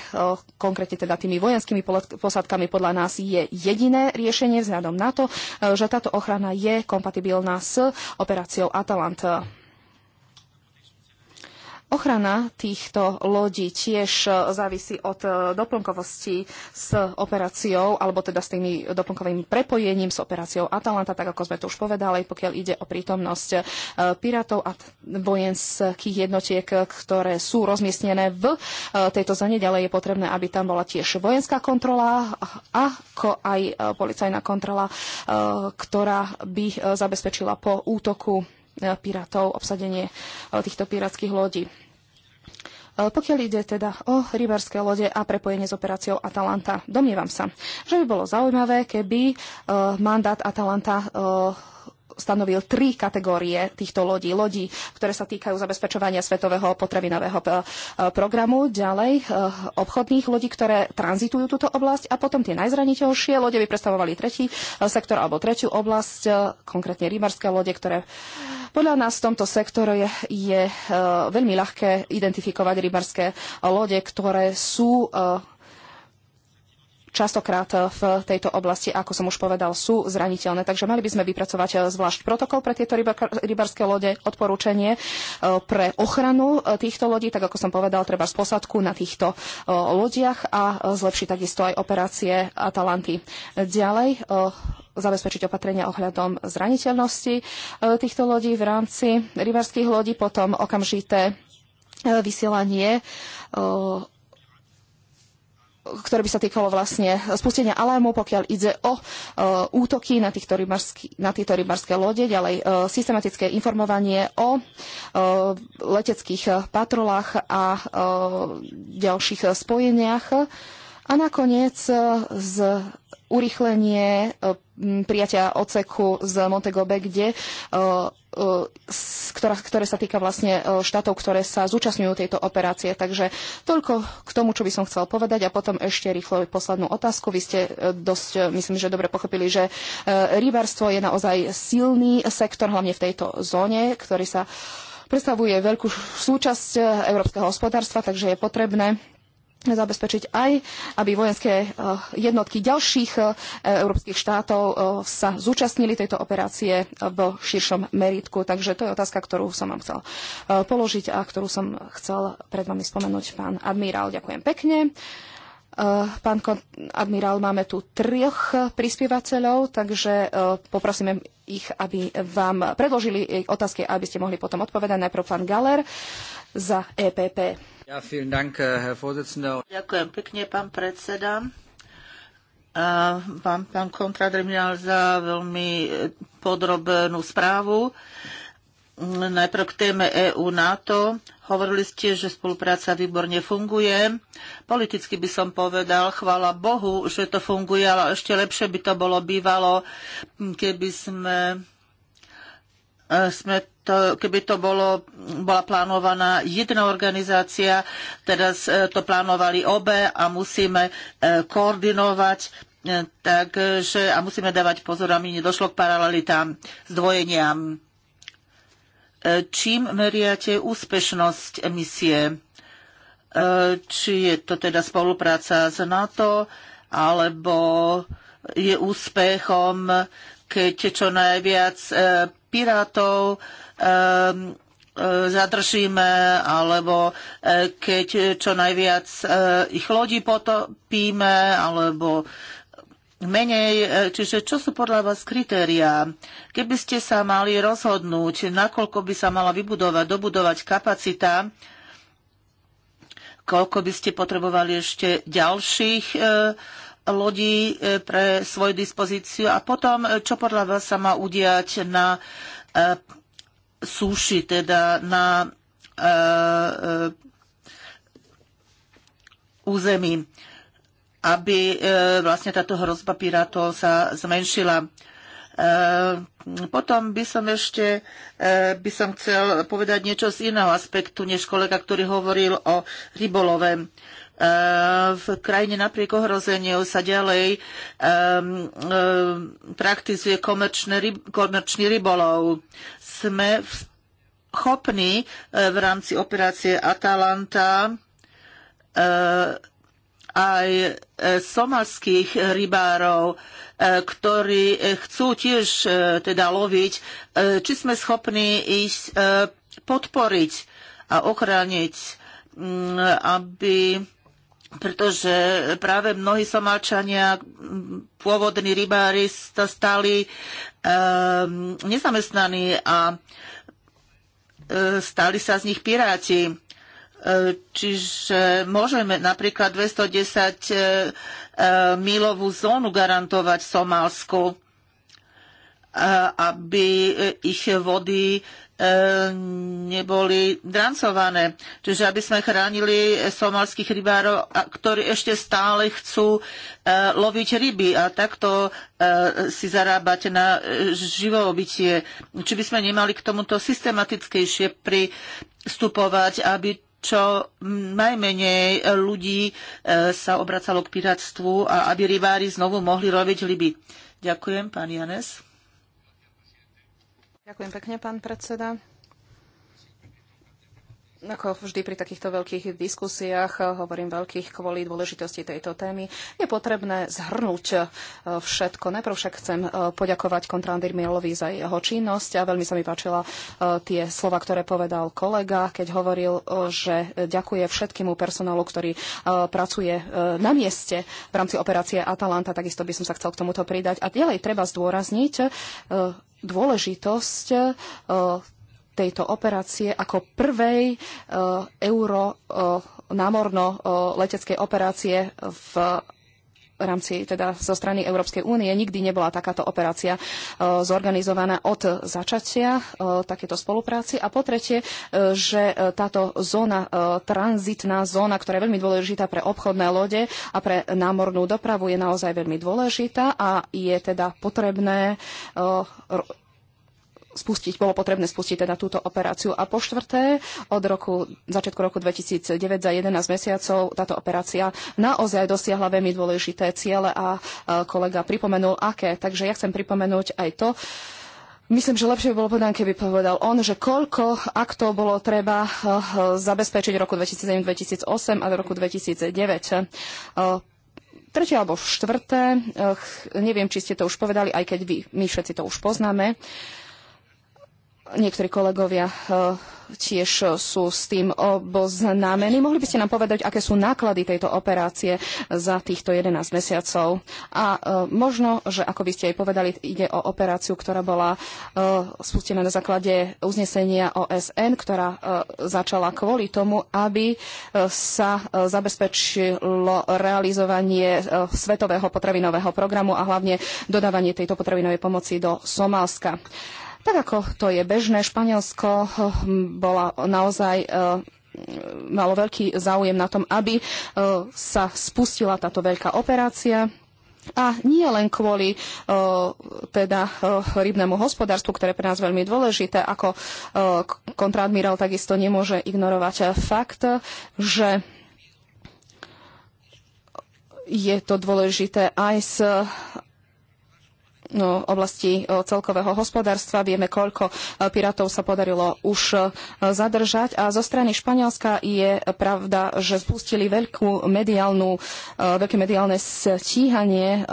konkrétne teda tými vojenskými posadkami, podľa nás je jediné riešenie vzhľadom na to, e, že táto ochrana je kompatibilná s operáciou Atalanta. Ochrana týchto lodí tiež e, závisí od e, doplnkovosti s operáciou, alebo teda s tými doplnkovým prepojením s operáciou Atalanta, tak ako sme to už povedali, pokiaľ ide o prítomnosť e, pirátov a vojenských jednotiek, ktoré sú rozmiestnené v tejto zóne. Ďalej je potrebné, aby tam bola tiež vojenská kontrola, ako aj policajná kontrola, ktorá by zabezpečila po útoku E, pirátov, obsadenie e, týchto pirátskych lodí. E, pokiaľ ide teda o rybárske lode a prepojenie s operáciou Atalanta, domnievam sa, že by bolo zaujímavé, keby mandát Atalanta stanovil tri kategórie týchto lodí. Lodí, ktoré sa týkajú zabezpečovania svetového potravinového eh, programu, ďalej eh, obchodných lodí, ktoré tranzitujú túto oblasť a potom tie najzraniteľšie lode by predstavovali tretí eh, sektor alebo tretiu oblasť, konkrétne rybárske lode, ktoré podľa nás v tomto sektore je, je veľmi ľahké identifikovať rybárske lode, ktoré sú častokrát v tejto oblasti, ako som už povedal, sú zraniteľné. Takže mali by sme vypracovať eh, zvlášť protokol pre tieto rybarské lode, odporúčanie eh, pre ochranu eh, týchto lodí, tak ako som povedal, treba z posadku na týchto lodiach a zlepšiť takisto aj operácie Atalanty. Ďalej zabezpečiť opatrenia ohľadom zraniteľnosti týchto lodí v rámci rybarských lodí, potom okamžité vysielanie ktoré by sa týkalo vlastne spustenia alarmu, pokiaľ ide o e, útoky na, rybarský, na tieto rybarské lode, ďalej e, systematické informovanie o e, leteckých patrolách a ďalších spojeniach a nakoniec e, z urychlenie e, prijatia oceku z Montegobe, kde, e, ktorá, ktoré sa týka vlastne štátov, ktoré sa zúčastňujú tejto operácie. Takže toľko k tomu, čo by som chcel povedať. A potom ešte rýchlo poslednú otázku. Vy ste dosť, myslím, že dobre pochopili, že rybárstvo je naozaj silný sektor, hlavne v tejto zóne, ktorý sa predstavuje veľkú súčasť európskeho hospodárstva, takže je potrebné zabezpečiť aj, aby vojenské eh, jednotky ďalších eh, európskych štátov eh, sa zúčastnili tejto operácie v širšom meritku. Takže to je otázka, ktorú som vám chcel položiť a ktorú som chcel pred vami spomenúť. Pán admirál, ďakujem pekne. Eh, pán admirál, máme tu troch prispievateľov, takže eh, poprosíme ich, aby vám predložili otázky, aby ste mohli potom odpovedať. Najprv pán Galer za EPP. Ja, dank, eh, Ďakujem pekne, pán predseda. A vám, pán kontradmirál, za veľmi podrobnú správu. Najprv k téme EU-NATO. Hovorili ste, že spolupráca výborne funguje. Politicky by som povedal, chvála Bohu, že to funguje, ale ešte lepšie by to bolo bývalo, keby sme, sme to, keby to bolo, bola plánovaná jedna organizácia, teraz e, to plánovali obe a musíme e, koordinovať e, Takže a musíme dávať pozor, aby nedošlo k paralelitám, zdvojeniam čím meriate úspešnosť misie? E, či je to teda spolupráca s NATO, alebo je úspechom, keď čo najviac e, pirátov e, zadržíme, alebo keď čo najviac ich lodí potopíme, alebo menej, e, čiže čo sú podľa vás kritériá? Keby ste sa mali rozhodnúť, nakoľko by sa mala vybudovať, dobudovať kapacita, koľko by ste potrebovali ešte ďalších e, lodí e, pre svoju dispozíciu a potom, e, čo podľa vás sa má udiať na e, súši, teda na e, e, území. E, aby e, vlastne táto hrozba pirátov sa zmenšila. E, potom by som ešte e, by som chcel povedať niečo z iného aspektu, než kolega, ktorý hovoril o rybolove. V krajine napriek ohrozeniu sa ďalej praktizuje komerčný rybolov. Sme schopní v rámci operácie Atalanta aj e, somalských rybárov, e, ktorí chcú tiež e, teda loviť, či sme schopní ich podporiť a ochrániť, mm, aby pretože práve mnohí somalčania, pôvodní rybári sa stali nezamestnaní a stali sa z nich piráti Čiže môžeme napríklad 210 e, e, milovú zónu garantovať Somálsku, e, aby ich vody neboli drancované. Čiže aby sme chránili somalských rybárov, ktorí ešte stále chcú loviť ryby a takto si zarábať na živobytie. Či by sme nemali k tomuto systematickejšie pristupovať, aby čo najmenej ľudí e, sa obracalo k piratstvu a aby rybári znovu mohli robiť ryby. Ďakujem, pán Janes. Ďakujem pekne, pán predseda ako vždy pri takýchto veľkých diskusiách, eh, hovorím veľkých kvôli dôležitosti tejto témy, je potrebné zhrnúť eh, všetko. Najprv však chcem eh, poďakovať kontrandir Mielovi za jeho činnosť a veľmi sa mi páčila tie slova, ktoré povedal kolega, keď hovoril, že ďakuje všetkému personálu, ktorý pracuje na mieste v rámci operácie Atalanta. Takisto by som sa chcel k tomuto pridať. A ďalej treba zdôrazniť dôležitosť tejto operácie ako prvej uh, euro uh, námorno uh, e, leteckej operácie v rámci teda zo strany Európskej únie. Nikdy nebola takáto operácia zorganizovaná od začatia takéto spolupráci. A po tretie, že táto zóna, tranzitná zóna, ktorá je veľmi dôležitá pre obchodné lode a pre námornú dopravu, je naozaj veľmi dôležitá a je teda potrebné spustiť, bolo potrebné spustiť teda túto operáciu. A po štvrté, od roku, začiatku roku 2009 za 11 mesiacov táto operácia naozaj dosiahla veľmi dôležité ciele a kolega pripomenul, aké. Takže ja chcem pripomenúť aj to, Myslím, že lepšie by bolo povedané, keby povedal on, že koľko aktov bolo treba zabezpečiť v roku 2007-2008 a v roku 2009 tretie alebo štvrté, neviem, či ste to už povedali, aj keď vy, my všetci to už poznáme, Niektorí kolegovia eh, tiež sú s tým oboznámení. Mohli by ste nám povedať, aké sú náklady tejto operácie za týchto 11 mesiacov? A eh, možno, že ako by ste aj povedali, ide o operáciu, ktorá bola eh, spustená na základe uznesenia OSN, ktorá začala kvôli tomu, aby sa zabezpečilo realizovanie svetového potravinového programu a hlavne dodávanie tejto potravinovej pomoci do Somálska. Tak ako to je bežné, Španielsko eh, bola naozaj eh, malo veľký záujem na tom, aby eh, sa spustila táto veľká operácia. A nie len kvôli teda rybnému hospodárstvu, ktoré pre nás veľmi dôležité, ako uh, kontradmirál takisto nemôže ignorovať fakt, že je to dôležité aj z No, oblasti celkového hospodárstva. Vieme, koľko e, pirátov sa podarilo už e, zadržať. A zo strany Španielska je pravda, že spustili veľkú mediálnu, e, veľké mediálne stíhanie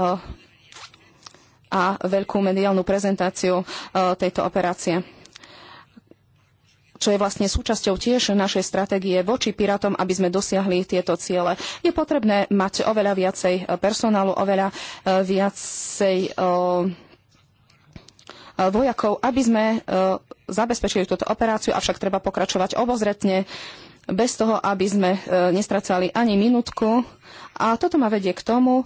a veľkú mediálnu prezentáciu tejto operácie čo je vlastne súčasťou tiež našej stratégie voči pirátom, aby sme dosiahli tieto ciele. Je potrebné mať oveľa viacej e, personálu, oveľa e, viacej e, vojakov, aby sme zabezpečili túto operáciu, avšak treba pokračovať obozretne, bez toho, aby sme nestracali ani minútku a toto ma vedie k tomu, e,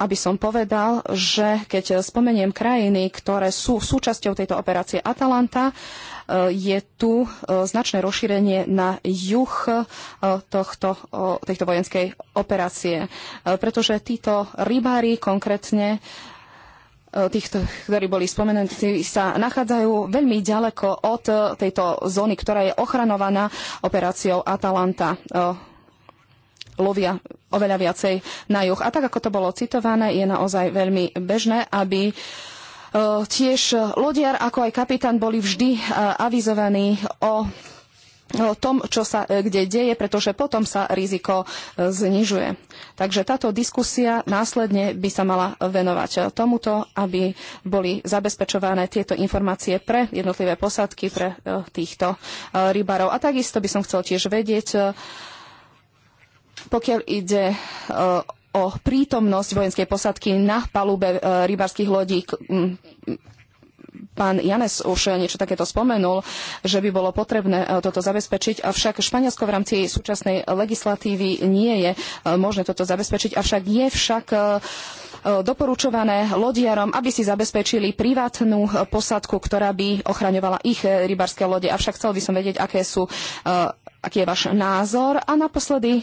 aby som povedal, že keď spomeniem krajiny, ktoré sú súčasťou tejto operácie Atalanta, e, je tu e, značné rozšírenie na juh tohto, tejto vojenskej operácie, pretože títo rybári konkrétne týchto, ktorí boli spomenutí, sa nachádzajú veľmi ďaleko od tejto zóny, ktorá je ochranovaná operáciou Atalanta lovia oveľa viacej na juh. A tak, ako to bolo citované, je naozaj veľmi bežné, aby e, tiež lodiar ako aj kapitán boli vždy e, avizovaní o o tom, čo sa e, kde deje, pretože potom sa riziko znižuje. Takže táto diskusia následne by sa mala venovať tomuto, aby boli zabezpečované tieto informácie pre jednotlivé posádky, pre týchto rybarov. A takisto by som chcel tiež vedieť, pokiaľ ide e, o prítomnosť vojenskej posadky na palube e, rybárskych lodí, pán Janes už niečo takéto spomenul, že by bolo potrebné e, toto zabezpečiť, avšak Španielsko v rámci súčasnej legislatívy nie je možné toto zabezpečiť, avšak je však doporučované lodiarom, aby si zabezpečili privátnu posadku, ktorá by ochraňovala ich rybárske lode. Avšak chcel by som vedieť, aké sú aký je váš názor. A naposledy e,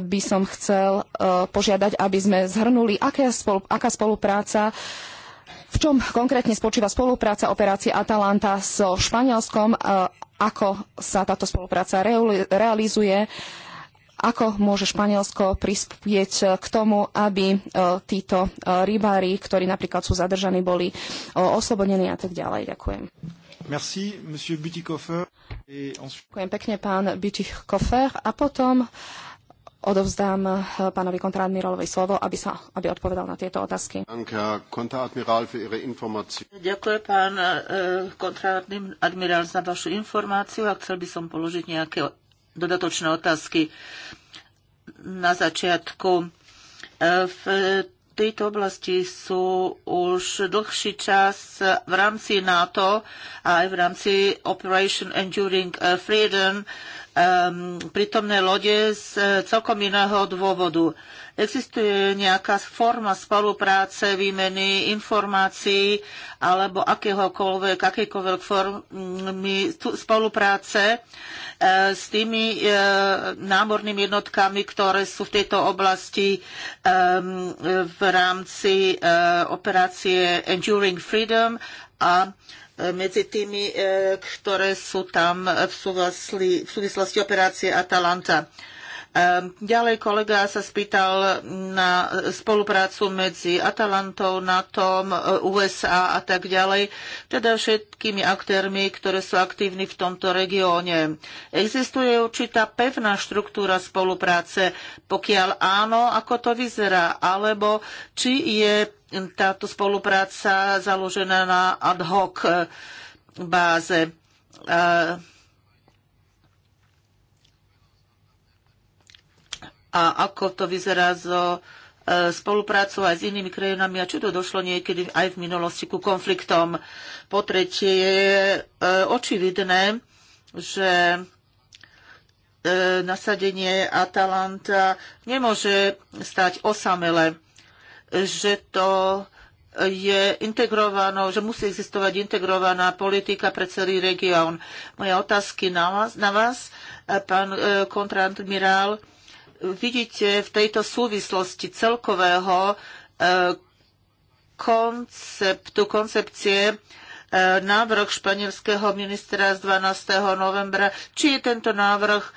by som chcel e, požiadať, aby sme zhrnuli, aké aká spolupráca v čom konkrétne spočíva spolupráca operácie Atalanta so Španielskom, e, ako sa táto spolupráca realizuje, ako môže Španielsko prispieť k tomu, aby títo rybári, ktorí napríklad sú zadržaní, boli oslobodení a tak ďalej. Ďakujem. Merci, monsieur Butikofer. Ďakujem pekne, pán Bičich Kofer. A potom odovzdám eh, pánovi kontradmirálovi slovo, aby, sa, aby odpovedal na tieto otázky. Ďakujem, pán eh, kontradmirál, za vašu informáciu a chcel by som položiť nejaké dodatočné otázky na začiatku. Eh, v tejto oblasti sú už dlhší čas v rámci NATO a aj v rámci Operation Enduring eh, Freedom um, prítomné lode z eh, celkom iného dôvodu. Existuje nejaká forma spolupráce, výmeny informácií alebo akéhokoľvek, akejkoľvek formy spolupráce e, s tými e, námornými jednotkami, ktoré sú v tejto oblasti e, v rámci operácie Enduring Freedom a medzi tými, ktoré sú tam v súvislosti, v súvislosti operácie Atalanta. Ehm, ďalej kolega sa spýtal na spoluprácu medzi Atalantou, NATO, USA a tak ďalej, teda všetkými aktérmi, ktoré sú aktívni v tomto regióne. Existuje určitá pevná štruktúra spolupráce, pokiaľ áno, ako to vyzerá, alebo či je táto spolupráca založená na ad hoc eh, báze. Uh, a ako to vyzerá so e, spoluprácou aj s inými krajinami a čo to došlo niekedy aj v minulosti ku konfliktom. Po tretie je e, očividné, že e, nasadenie Atalanta nemôže stať osamele, že to je integrovaná, že musí existovať integrovaná politika pre celý región. Moje otázky na vás, na vás pán kontradmirál, vidíte v tejto súvislosti celkového eh, konceptu, koncepcie eh, návrh španielského ministra z 12. novembra, či je tento návrh eh,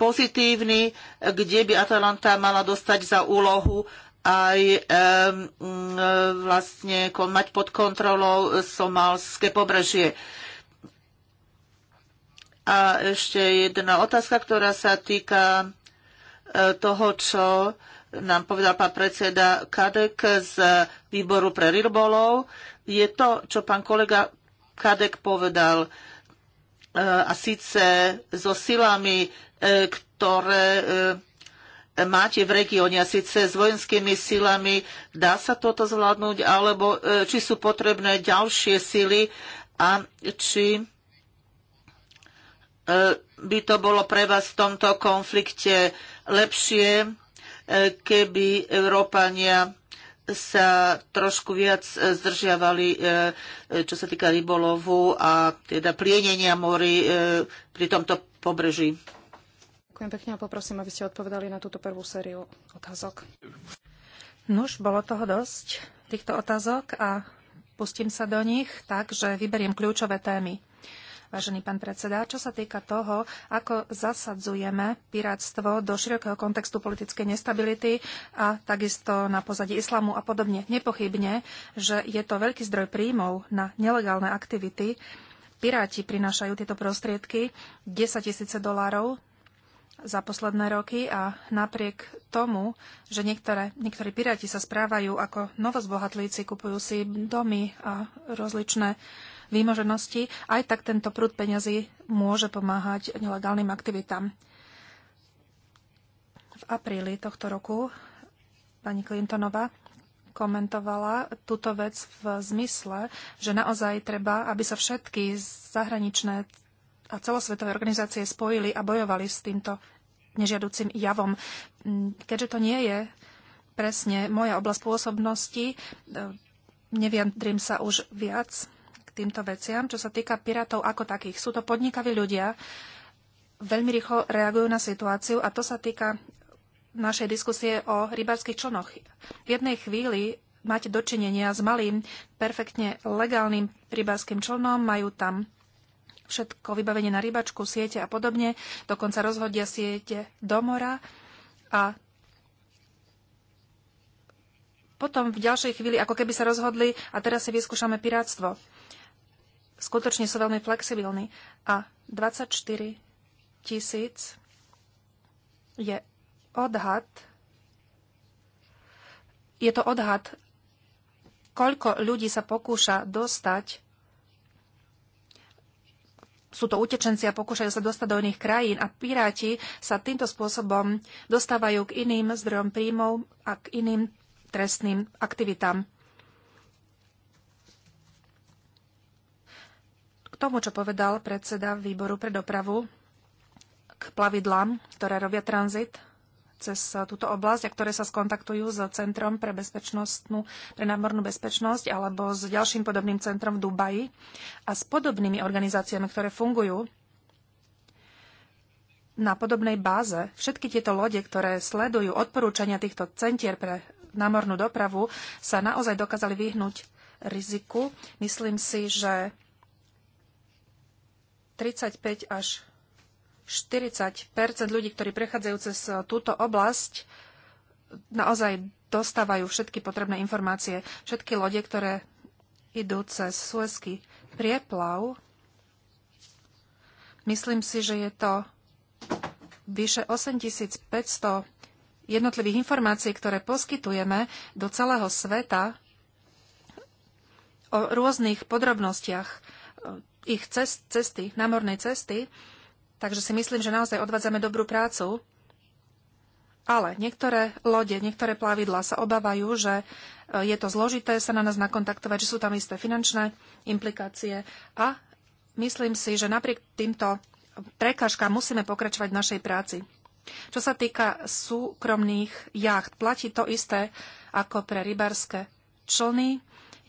pozitívny, kde by Atalanta mala dostať za úlohu aj mm, vlastne mať pod kontrolou somalské pobrežie. A ešte jedna otázka, ktorá sa týka toho, čo nám povedal pán predseda Kadek z výboru pre rybolov, je to, čo pán kolega Kadek povedal, e, a síce so silami, e, ktoré e, máte v regióne, a síce s vojenskými silami, dá sa toto zvládnuť, alebo či sú potrebné ďalšie sily a či by to bolo pre vás v tomto konflikte lepšie, e, keby Európania sa trošku viac e, zdržiavali, e, čo sa týka rybolovu a teda plienenia mori pri tomto pobreží. Ďakujem pekne a poprosím, aby ste odpovedali na túto prvú sériu otázok. Nuž, bolo toho dosť, týchto otázok a pustím sa do nich, takže vyberiem kľúčové témy vážený pán predseda. Čo sa týka toho, ako zasadzujeme piráctvo do širokého kontextu politickej nestability a takisto na pozadí islamu a podobne, nepochybne, že je to veľký zdroj príjmov na nelegálne aktivity. Piráti prinášajú tieto prostriedky 10 tisíce dolárov za posledné roky a napriek tomu, že niektoré, niektorí piráti sa správajú ako novozbohatlíci, kupujú si domy a rozličné výmoženosti, aj tak tento prúd peňazí môže pomáhať nelegálnym aktivitám. V apríli tohto roku pani Clintonová komentovala túto vec v zmysle, že naozaj treba, aby sa všetky zahraničné a celosvetové organizácie spojili a bojovali s týmto nežiaducim javom. Keďže to nie je presne moja oblasť pôsobnosti, neviadrim sa už viac k týmto veciam, čo sa týka pirátov ako takých. Sú to podnikaví ľudia, veľmi rýchlo reagujú na situáciu a to sa týka našej diskusie o rybárskych člnoch. V jednej chvíli máte dočinenia s malým, perfektne legálnym rybárskym člnom, majú tam všetko vybavenie na rybačku, siete a podobne, dokonca rozhodia siete do mora a potom v ďalšej chvíli, ako keby sa rozhodli a teraz si vyskúšame pirátstvo skutočne sú veľmi flexibilní. A 24 tisíc je odhad, je to odhad, koľko ľudí sa pokúša dostať sú to utečenci a pokúšajú sa dostať do iných krajín a piráti sa týmto spôsobom dostávajú k iným zdrojom príjmov a k iným trestným aktivitám. tomu, čo povedal predseda výboru pre dopravu k plavidlám, ktoré robia tranzit cez eh, túto oblasť a ktoré sa skontaktujú s Centrom pre, bezpečnostnú, pre námornú bezpečnosť alebo s ďalším podobným centrom v Dubaji a s podobnými organizáciami, ktoré fungujú na podobnej báze. Všetky tieto lode, ktoré sledujú odporúčania týchto centier pre námornú dopravu, sa naozaj dokázali vyhnúť riziku. Myslím si, že 35 až 40 ľudí, ktorí prechádzajú cez eh, túto oblasť, naozaj dostávajú všetky potrebné informácie. Všetky lode, ktoré idú cez Suezky prieplav, myslím si, že je to vyše 8500 jednotlivých informácií, ktoré poskytujeme do celého sveta o rôznych podrobnostiach ich cest, cesty, námornej cesty, takže si myslím, že naozaj odvádzame dobrú prácu. Ale niektoré lode, niektoré plavidla sa obávajú, že e, je to zložité sa na nás nakontaktovať, že sú tam isté finančné implikácie a myslím si, že napriek týmto prekážkám musíme pokračovať v našej práci. Čo sa týka súkromných jacht, platí to isté ako pre rybarské člny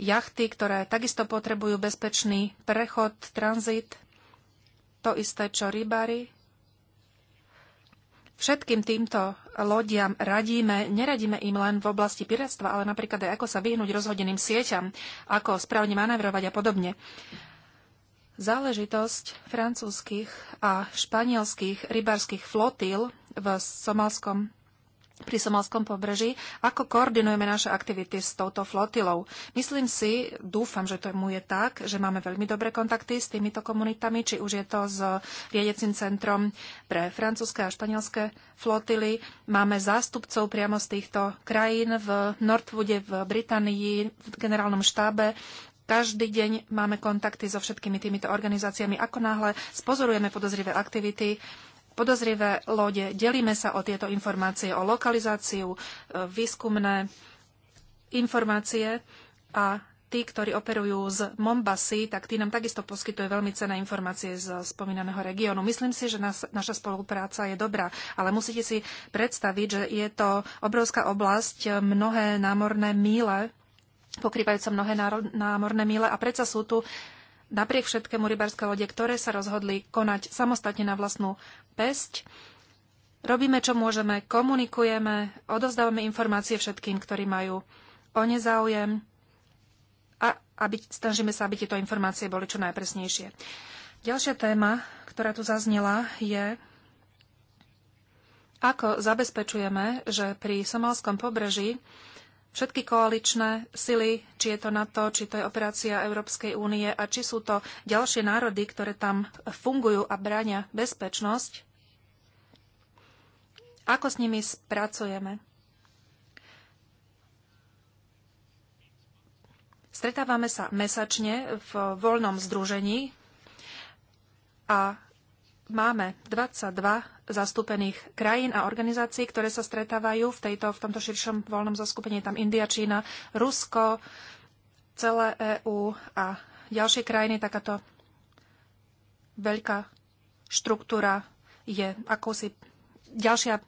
jachty, ktoré takisto potrebujú bezpečný prechod, tranzit, to isté, čo rybári. Všetkým týmto lodiam radíme, neradíme im len v oblasti piratstva, ale napríklad aj ako sa vyhnúť rozhodeným sieťam, ako správne manevrovať a podobne. Záležitosť francúzskych a španielských rybárskych flotil v somalskom pri Somalskom pobreží, ako koordinujeme naše aktivity s touto flotilou. Myslím si, dúfam, že to mu je tak, že máme veľmi dobré kontakty s týmito komunitami, či už je to s riedecím centrom pre francúzske a španielské flotily. Máme zástupcov priamo z týchto krajín v Northwoode, v Británii, v generálnom štábe, každý deň máme kontakty so všetkými týmito organizáciami. Ako náhle spozorujeme podozrivé aktivity, podozrivé lode. Delíme sa o tieto informácie, o lokalizáciu, e, výskumné informácie a tí, ktorí operujú z Mombasy, tak tí nám takisto poskytujú veľmi cené informácie z spomínaného regiónu. Myslím si, že nás, naša spolupráca je dobrá, ale musíte si predstaviť, že je to obrovská oblasť, e, mnohé námorné míle, pokrývajúce mnohé námorné míle a predsa sú tu uh, napriek všetkému rybárske lode, ktoré sa rozhodli konať samostatne na vlastnú pesť. Robíme, čo môžeme, komunikujeme, odozdávame informácie všetkým, ktorí majú o nezáujem a aby, snažíme sa, aby tieto informácie boli čo najpresnejšie. Ďalšia téma, ktorá tu zaznela, je, ako zabezpečujeme, že pri somalskom pobreží všetky koaličné sily, či je to NATO, či to je operácia Európskej únie a či sú to ďalšie národy, ktoré tam fungujú a bráňa bezpečnosť, ako s nimi spracujeme. Stretávame sa mesačne v voľnom združení a máme 22 zastúpených krajín a organizácií, ktoré sa stretávajú v, tejto, v tomto širšom voľnom zaskupení. Tam India, Čína, Rusko, celé EÚ a ďalšie krajiny. Takáto veľká štruktúra je akousi ďalšia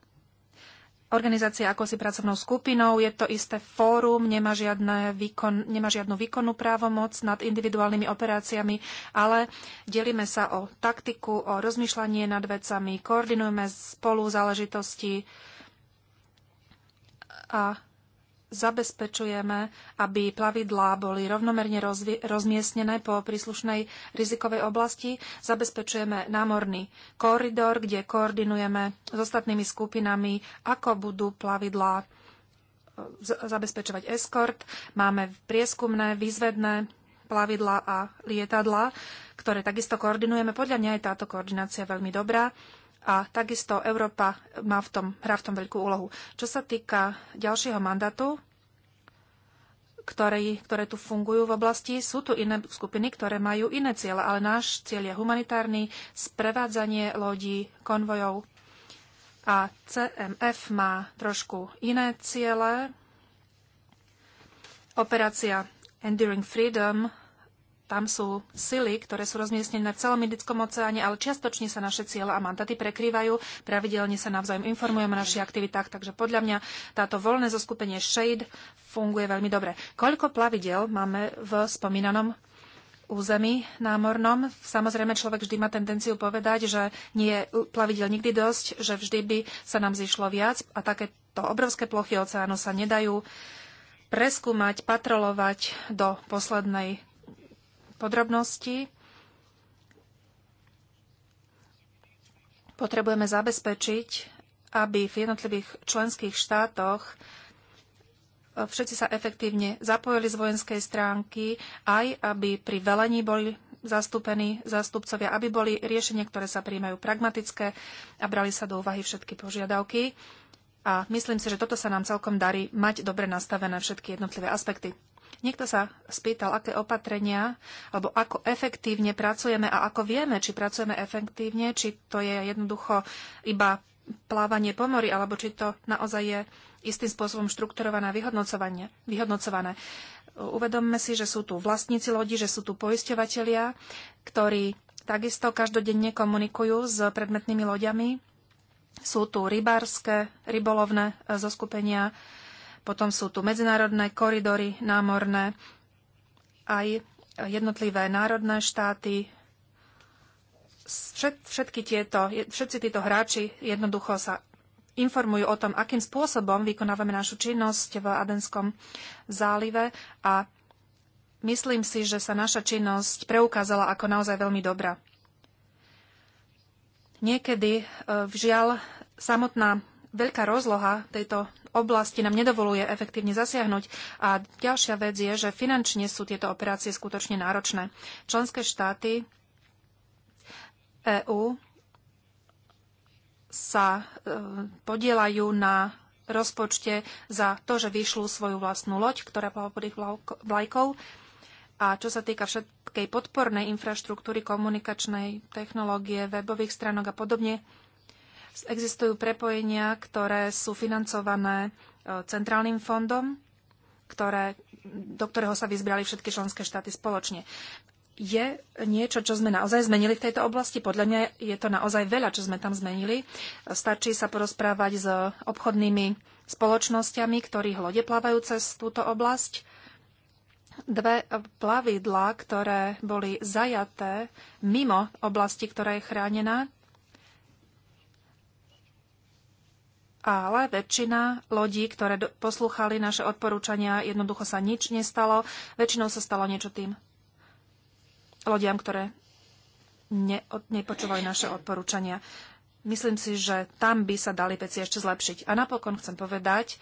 organizácia ako si pracovnou skupinou, je to isté fórum, nemá, žiadne výkon, nemá žiadnu výkonnú právomoc nad individuálnymi operáciami, ale delíme sa o taktiku, o rozmýšľanie nad vecami, koordinujeme spolu záležitosti a zabezpečujeme, aby plavidlá boli rovnomerne rozmiestnené po príslušnej rizikovej oblasti. Zabezpečujeme námorný koridor, kde koordinujeme s ostatnými skupinami, ako budú plavidlá e, zabezpečovať eskort. Máme prieskumné, výzvedné plavidla a lietadla, ktoré takisto koordinujeme. Podľa mňa je táto koordinácia veľmi dobrá a takisto Európa má v tom, hrá v tom veľkú úlohu. Čo sa týka ďalšieho mandátu, ktoré, ktoré tu fungujú v oblasti, sú tu iné skupiny, ktoré majú iné ciele, ale náš cieľ je humanitárny, sprevádzanie lodí, konvojov a CMF má trošku iné ciele. Operácia Enduring Freedom tam sú sily, ktoré sú rozmiestnené v celom Indickom oceáne, ale čiastočne sa naše cieľa a mandaty prekrývajú. Pravidelne sa navzájom informujeme o našich aktivitách, takže podľa mňa táto voľné zoskupenie SHADE funguje veľmi dobre. Koľko plavidel máme v spomínanom území námornom. Samozrejme, človek vždy má tendenciu povedať, že nie je plavidel nikdy dosť, že vždy by sa nám zišlo viac a takéto obrovské plochy oceánu sa nedajú preskúmať, patrolovať do poslednej podrobnosti. Potrebujeme zabezpečiť, aby v jednotlivých členských štátoch e, všetci sa efektívne zapojili z vojenskej stránky, aj aby pri velení boli zastúpení zástupcovia, aby boli riešenia, ktoré sa príjmajú pragmatické a brali sa do úvahy všetky požiadavky. A myslím si, že toto sa nám celkom darí mať dobre nastavené všetky jednotlivé aspekty. Niekto sa spýtal, aké opatrenia, alebo ako efektívne pracujeme a ako vieme, či pracujeme efektívne, či to je jednoducho iba plávanie po mori, alebo či to naozaj je istým spôsobom štrukturované vyhodnocovanie, vyhodnocované. Uvedomme si, že sú tu vlastníci lodi, že sú tu poisťovateľia, ktorí takisto každodenne komunikujú s predmetnými loďami. Sú tu rybárske, rybolovné e, zoskupenia, potom sú tu medzinárodné koridory námorné, aj jednotlivé národné štáty. Všetky tieto, všetci títo hráči jednoducho sa informujú o tom, akým spôsobom vykonávame našu činnosť v Adenskom zálive a myslím si, že sa naša činnosť preukázala ako naozaj veľmi dobrá. Niekedy, eh, žiaľ, samotná veľká rozloha tejto oblasti nám nedovoluje efektívne zasiahnuť. A ďalšia vec je, že finančne sú tieto operácie skutočne náročné. Členské štáty EÚ sa e, podielajú na rozpočte za to, že vyšľú svoju vlastnú loď, ktorá pláva pod ich vlajkou. A čo sa týka všetkej podpornej infraštruktúry, komunikačnej technológie, webových stránok a podobne, Existujú prepojenia, ktoré sú financované e, centrálnym fondom, ktoré, do ktorého sa vyzbrali všetky členské štáty spoločne. Je niečo, čo sme naozaj zmenili v tejto oblasti? Podľa mňa je to naozaj veľa, čo sme tam zmenili. Stačí sa porozprávať s obchodnými spoločnosťami, ktorých lode plávajú cez túto oblasť. Dve plavidlá, ktoré boli zajaté mimo oblasti, ktorá je chránená, ale väčšina lodí, ktoré poslúchali naše odporúčania, jednoducho sa nič nestalo. Väčšinou sa stalo niečo tým lodiam, ktoré ne- nepočúvali naše odporúčania. Myslím si, že tam by sa dali veci ešte zlepšiť. A napokon chcem povedať,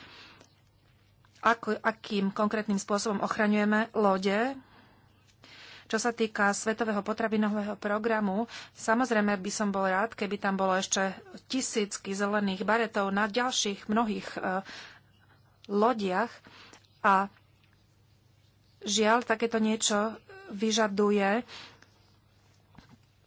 ako, akým konkrétnym spôsobom ochraňujeme lode, čo sa týka Svetového potravinového programu, samozrejme by som bol rád, keby tam bolo ešte tisícky zelených baretov na ďalších mnohých e, lodiach a žiaľ, takéto niečo vyžaduje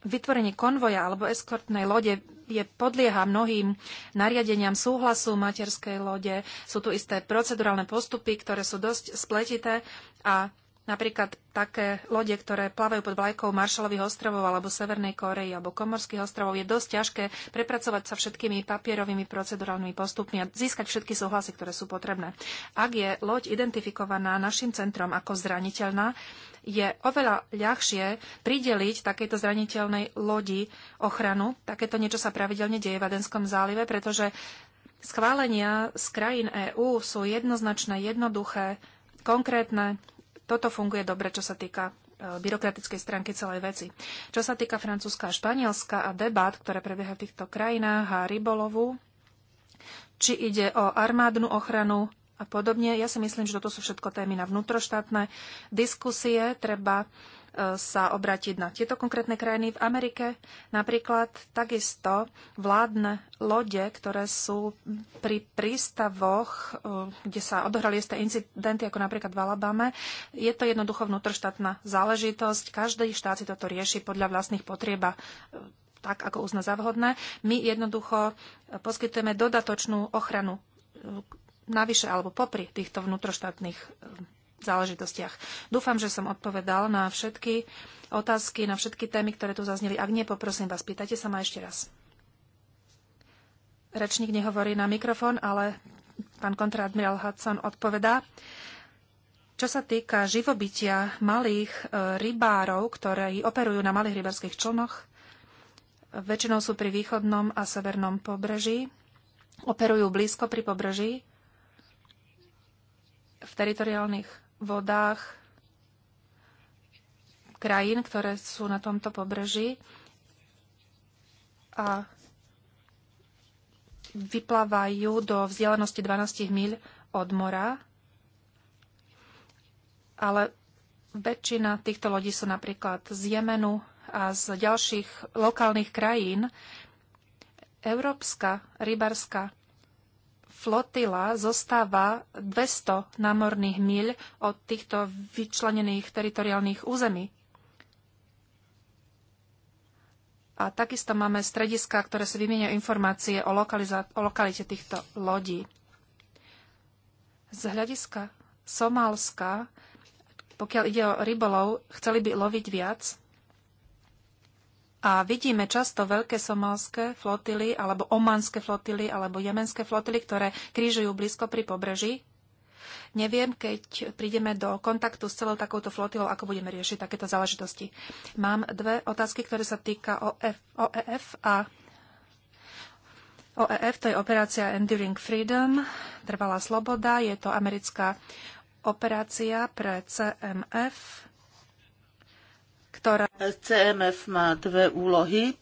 vytvorenie konvoja alebo eskortnej lode je podlieha mnohým nariadeniam súhlasu materskej lode. Sú tu isté procedurálne postupy, ktoré sú dosť spletité a Napríklad také lode, ktoré plavajú pod vlajkou Maršalových ostrovov alebo Severnej Korei alebo Komorských ostrovov, je dosť ťažké prepracovať sa všetkými papierovými procedurálnymi postupmi a získať všetky súhlasy, ktoré sú potrebné. Ak je loď identifikovaná našim centrom ako zraniteľná, je oveľa ľahšie prideliť takejto zraniteľnej lodi ochranu. Takéto niečo sa pravidelne deje v Adenskom zálive, pretože schválenia z krajín EÚ sú jednoznačné, jednoduché, konkrétne toto funguje dobre, čo sa týka e, byrokratickej stránky celej veci. Čo sa týka Francúzska a Španielska a debát, ktoré prebieha v týchto krajinách a rybolovu, či ide o armádnu ochranu a podobne, ja si myslím, že toto sú všetko témy na vnútroštátne diskusie. Treba sa obrátiť na tieto konkrétne krajiny. V Amerike napríklad takisto vládne lode, ktoré sú pri prístavoch, e, kde sa odohrali isté incidenty, ako napríklad v Alabame, je to jednoducho vnútroštátna záležitosť. Každý štát si toto rieši podľa vlastných potrieb e, tak, ako uzná za vhodné. My jednoducho e, poskytujeme dodatočnú ochranu navyše alebo popri týchto vnútroštátnych záležitostiach. Dúfam, že som odpovedal na všetky otázky, na všetky témy, ktoré tu zazneli. Ak nie, poprosím vás, pýtajte sa ma ešte raz. Rečník nehovorí na mikrofón, ale pán kontradmirál Hudson odpovedá. Čo sa týka živobytia malých e, rybárov, ktorí operujú na malých rybárskych člnoch, väčšinou sú pri východnom a severnom pobreží, operujú blízko pri pobreží, v teritoriálnych vodách krajín, ktoré sú na tomto pobreží a vyplávajú do vzdialenosti 12 mil od mora, ale väčšina týchto lodí sú napríklad z Jemenu a z ďalších lokálnych krajín. Európska rybarská flotila zostáva 200 námorných míľ od týchto vyčlenených teritoriálnych území. A takisto máme strediska, ktoré si vymieňajú informácie o, o lokalite týchto lodí. Z hľadiska Somálska, pokiaľ ide o rybolov, chceli by loviť viac, a vidíme často veľké somalské flotily, alebo omanské flotily, alebo jemenské flotily, ktoré krížujú blízko pri pobreží. Neviem, keď prídeme do kontaktu s celou takouto flotilou, ako budeme riešiť takéto záležitosti. Mám dve otázky, ktoré sa týka OF, e OEF a OEF, to je operácia Enduring Freedom, trvalá sloboda, je to americká operácia pre CMF, ktorá... CMF má dve úlohy.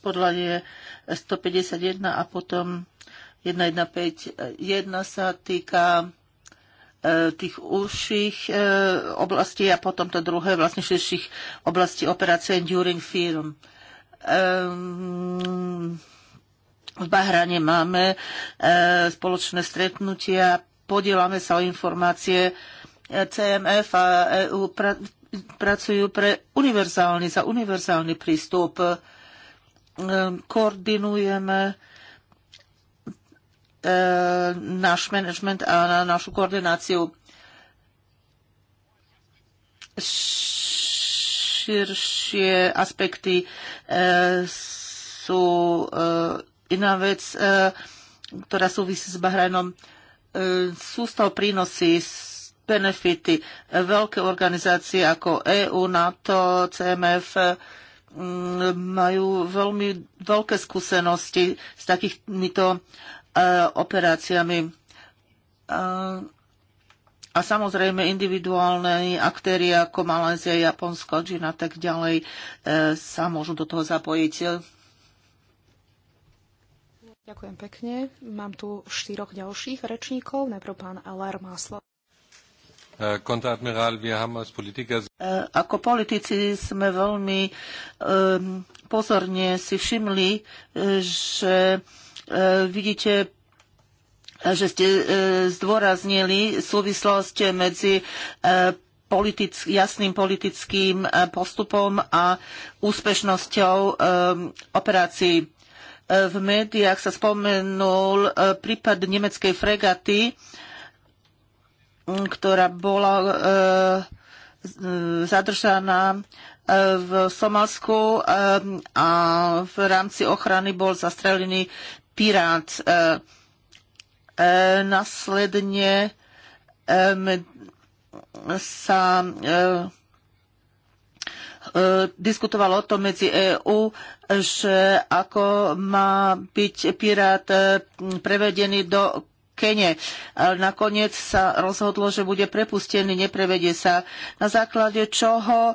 Podľa je 151 a potom Jedna sa týka e, tých užších e, oblastí a potom to druhé vlastne širších oblastí operácie Enduring Firm. Ehm, v Bahrane máme e, spoločné stretnutia, podielame sa o informácie CMF a EU pracujú pre univerzálny, za univerzálny prístup. Ehm, koordinujeme ehm, náš management a našu koordináciu širšie aspekty ehm, sú iná vec, ktorá súvisí s Bahrajnom. Sú z prínosy benefity. Veľké organizácie ako EU, NATO, CMF mm, majú veľmi veľké skúsenosti s takýmito e, operáciami. E, a samozrejme individuálne aktéry ako Malézia, Japonsko, Čín a tak ďalej e, sa môžu do toho zapojiť. Ďakujem pekne. Mám tu štyroch ďalších rečníkov. Najprv pán Eller má slovo als Politiker... E, ako politici sme veľmi um, pozorne si všimli, e, že e, vidíte že ste zdôraznili súvislosť medzi politic, jasným politickým postupom a úspešnosťou operácií. V médiách sa spomenul prípad nemeckej fregaty, ktorá bola e, e, zadržaná e, v Somalsku a v rámci ochrany bol zastrelený pirát. Nasledne sa diskutovalo o tom medzi EÚ, že ako má byť pirát prevedený do Kene. Ale nakoniec sa rozhodlo, že bude prepustený, neprevedie sa. Na základe čoho e,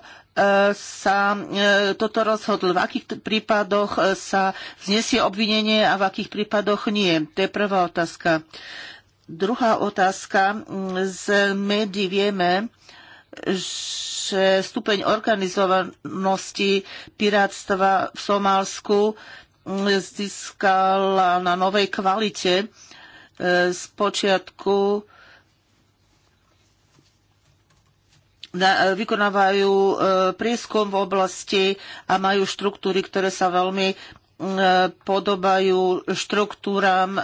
sa e, toto rozhodl, v akých prípadoch e, sa vznesie obvinenie a v akých prípadoch nie. To je prvá otázka. Druhá otázka. Z médií vieme, že stupeň organizovanosti pirátstva v Somálsku získala na novej kvalite z počiatku vykonávajú e, prieskum v oblasti a majú štruktúry, ktoré sa veľmi e, podobajú štruktúram e,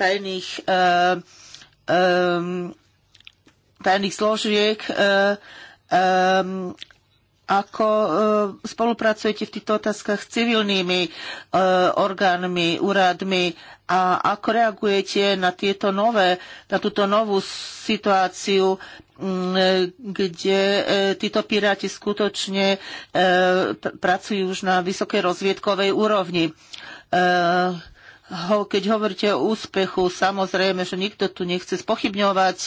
tajných, tajných zložiek ako e, spolupracujete v týchto otázkach s civilnými e, orgánmi, úradmi a ako reagujete na tieto nové, na túto novú situáciu, kde e, títo piráti skutočne pracujú už na vysokej rozviedkovej úrovni. Keď hovoríte o úspechu, samozrejme, že nikto tu nechce spochybňovať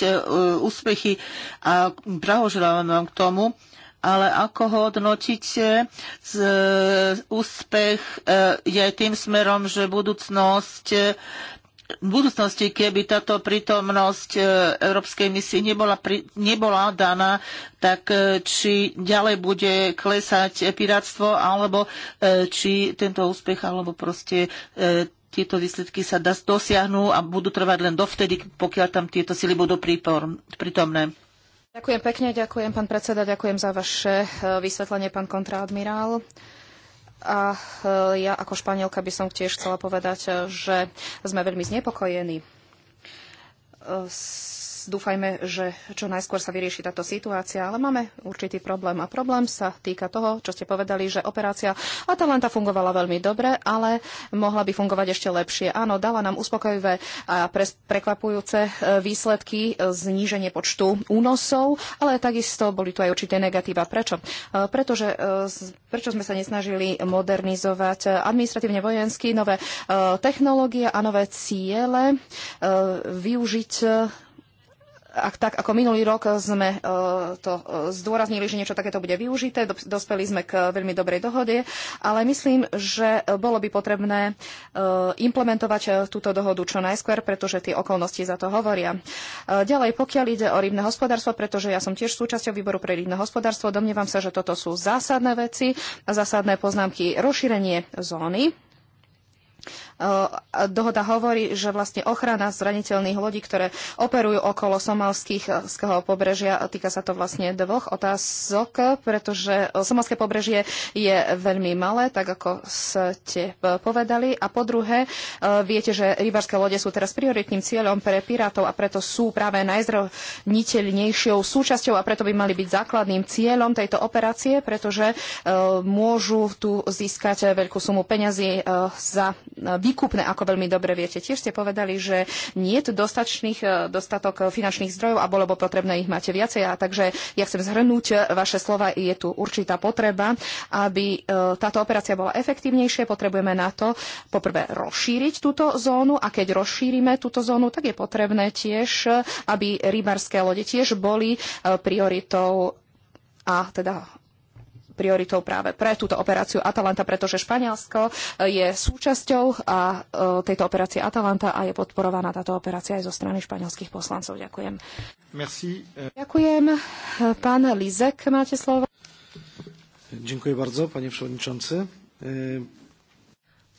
úspechy a blahoželám vám k tomu ale ako odnotíte, z, úspech e, je tým smerom, že budúcnosť e, v budúcnosti, keby táto prítomnosť e, Európskej misie nebola, pri, nebola daná, tak či ďalej bude klesať piráctvo, alebo či tento úspech, alebo proste tieto výsledky sa dosiahnu a budú trvať len dovtedy, pokiaľ tam tieto sily budú prítomné. Ďakujem pekne, ďakujem pán predseda, ďakujem za vaše e, vysvetlenie, pán kontraadmirál. A e, ja ako Španielka by som tiež chcela povedať, e, že sme veľmi znepokojení s dúfajme, že čo najskôr sa vyrieši táto situácia, ale máme určitý problém. A problém sa týka toho, čo ste povedali, že operácia Atalanta fungovala veľmi dobre, ale mohla by fungovať ešte lepšie. Áno, dala nám uspokojivé a prekvapujúce e, výsledky, e, zníženie počtu únosov, ale takisto boli tu aj určité negatíva. Prečo? E, pretože, prečo sme sa nesnažili modernizovať administratívne vojenský nové technológie a nové ciele, využiť ak tak ako minulý rok sme e, to e, zdôraznili, že niečo takéto bude využité, dospeli sme k veľmi dobrej dohode, ale myslím, že bolo by potrebné e, implementovať túto dohodu čo najskôr, pretože tie okolnosti za to hovoria. Ďalej, pokiaľ ide o rybné hospodárstvo, pretože ja som tiež súčasťou výboru pre rybné hospodárstvo, domnievam sa, že toto sú zásadné veci a zásadné poznámky rozšírenie zóny E, dohoda hovorí, že vlastne ochrana zraniteľných lodí, ktoré operujú okolo somalských pobrežia, týka sa to vlastne dvoch otázok, pretože somalské pobrežie je veľmi malé, tak ako ste povedali. A po druhé, e, viete, že rybárske lode sú teraz prioritným cieľom pre pirátov a preto sú práve najzraniteľnejšou súčasťou a preto by mali byť základným cieľom tejto operácie, pretože e, môžu tu získať veľkú sumu peňazí za výkupné, ako veľmi dobre viete. Tiež ste povedali, že nie je dostačných, e, dostatok finančných zdrojov a bolo by potrebné ich mať viacej. A takže ja chcem zhrnúť e, vaše slova. Je tu určitá potreba, aby e, táto operácia bola efektívnejšia. Potrebujeme na to poprvé rozšíriť túto zónu a keď rozšírime túto zónu, tak je potrebné tiež, aby rybarské lode tiež boli prioritou a teda prioritou práve pre túto operáciu Atalanta, pretože Španielsko e, je súčasťou a e, tejto operácie Atalanta a je podporovaná táto operácia aj zo strany španielských poslancov. Ďakujem. Merci. E. Ďakujem. Pán Lizek, máte slovo. Ďakujem bardzo, panie przewodniczący.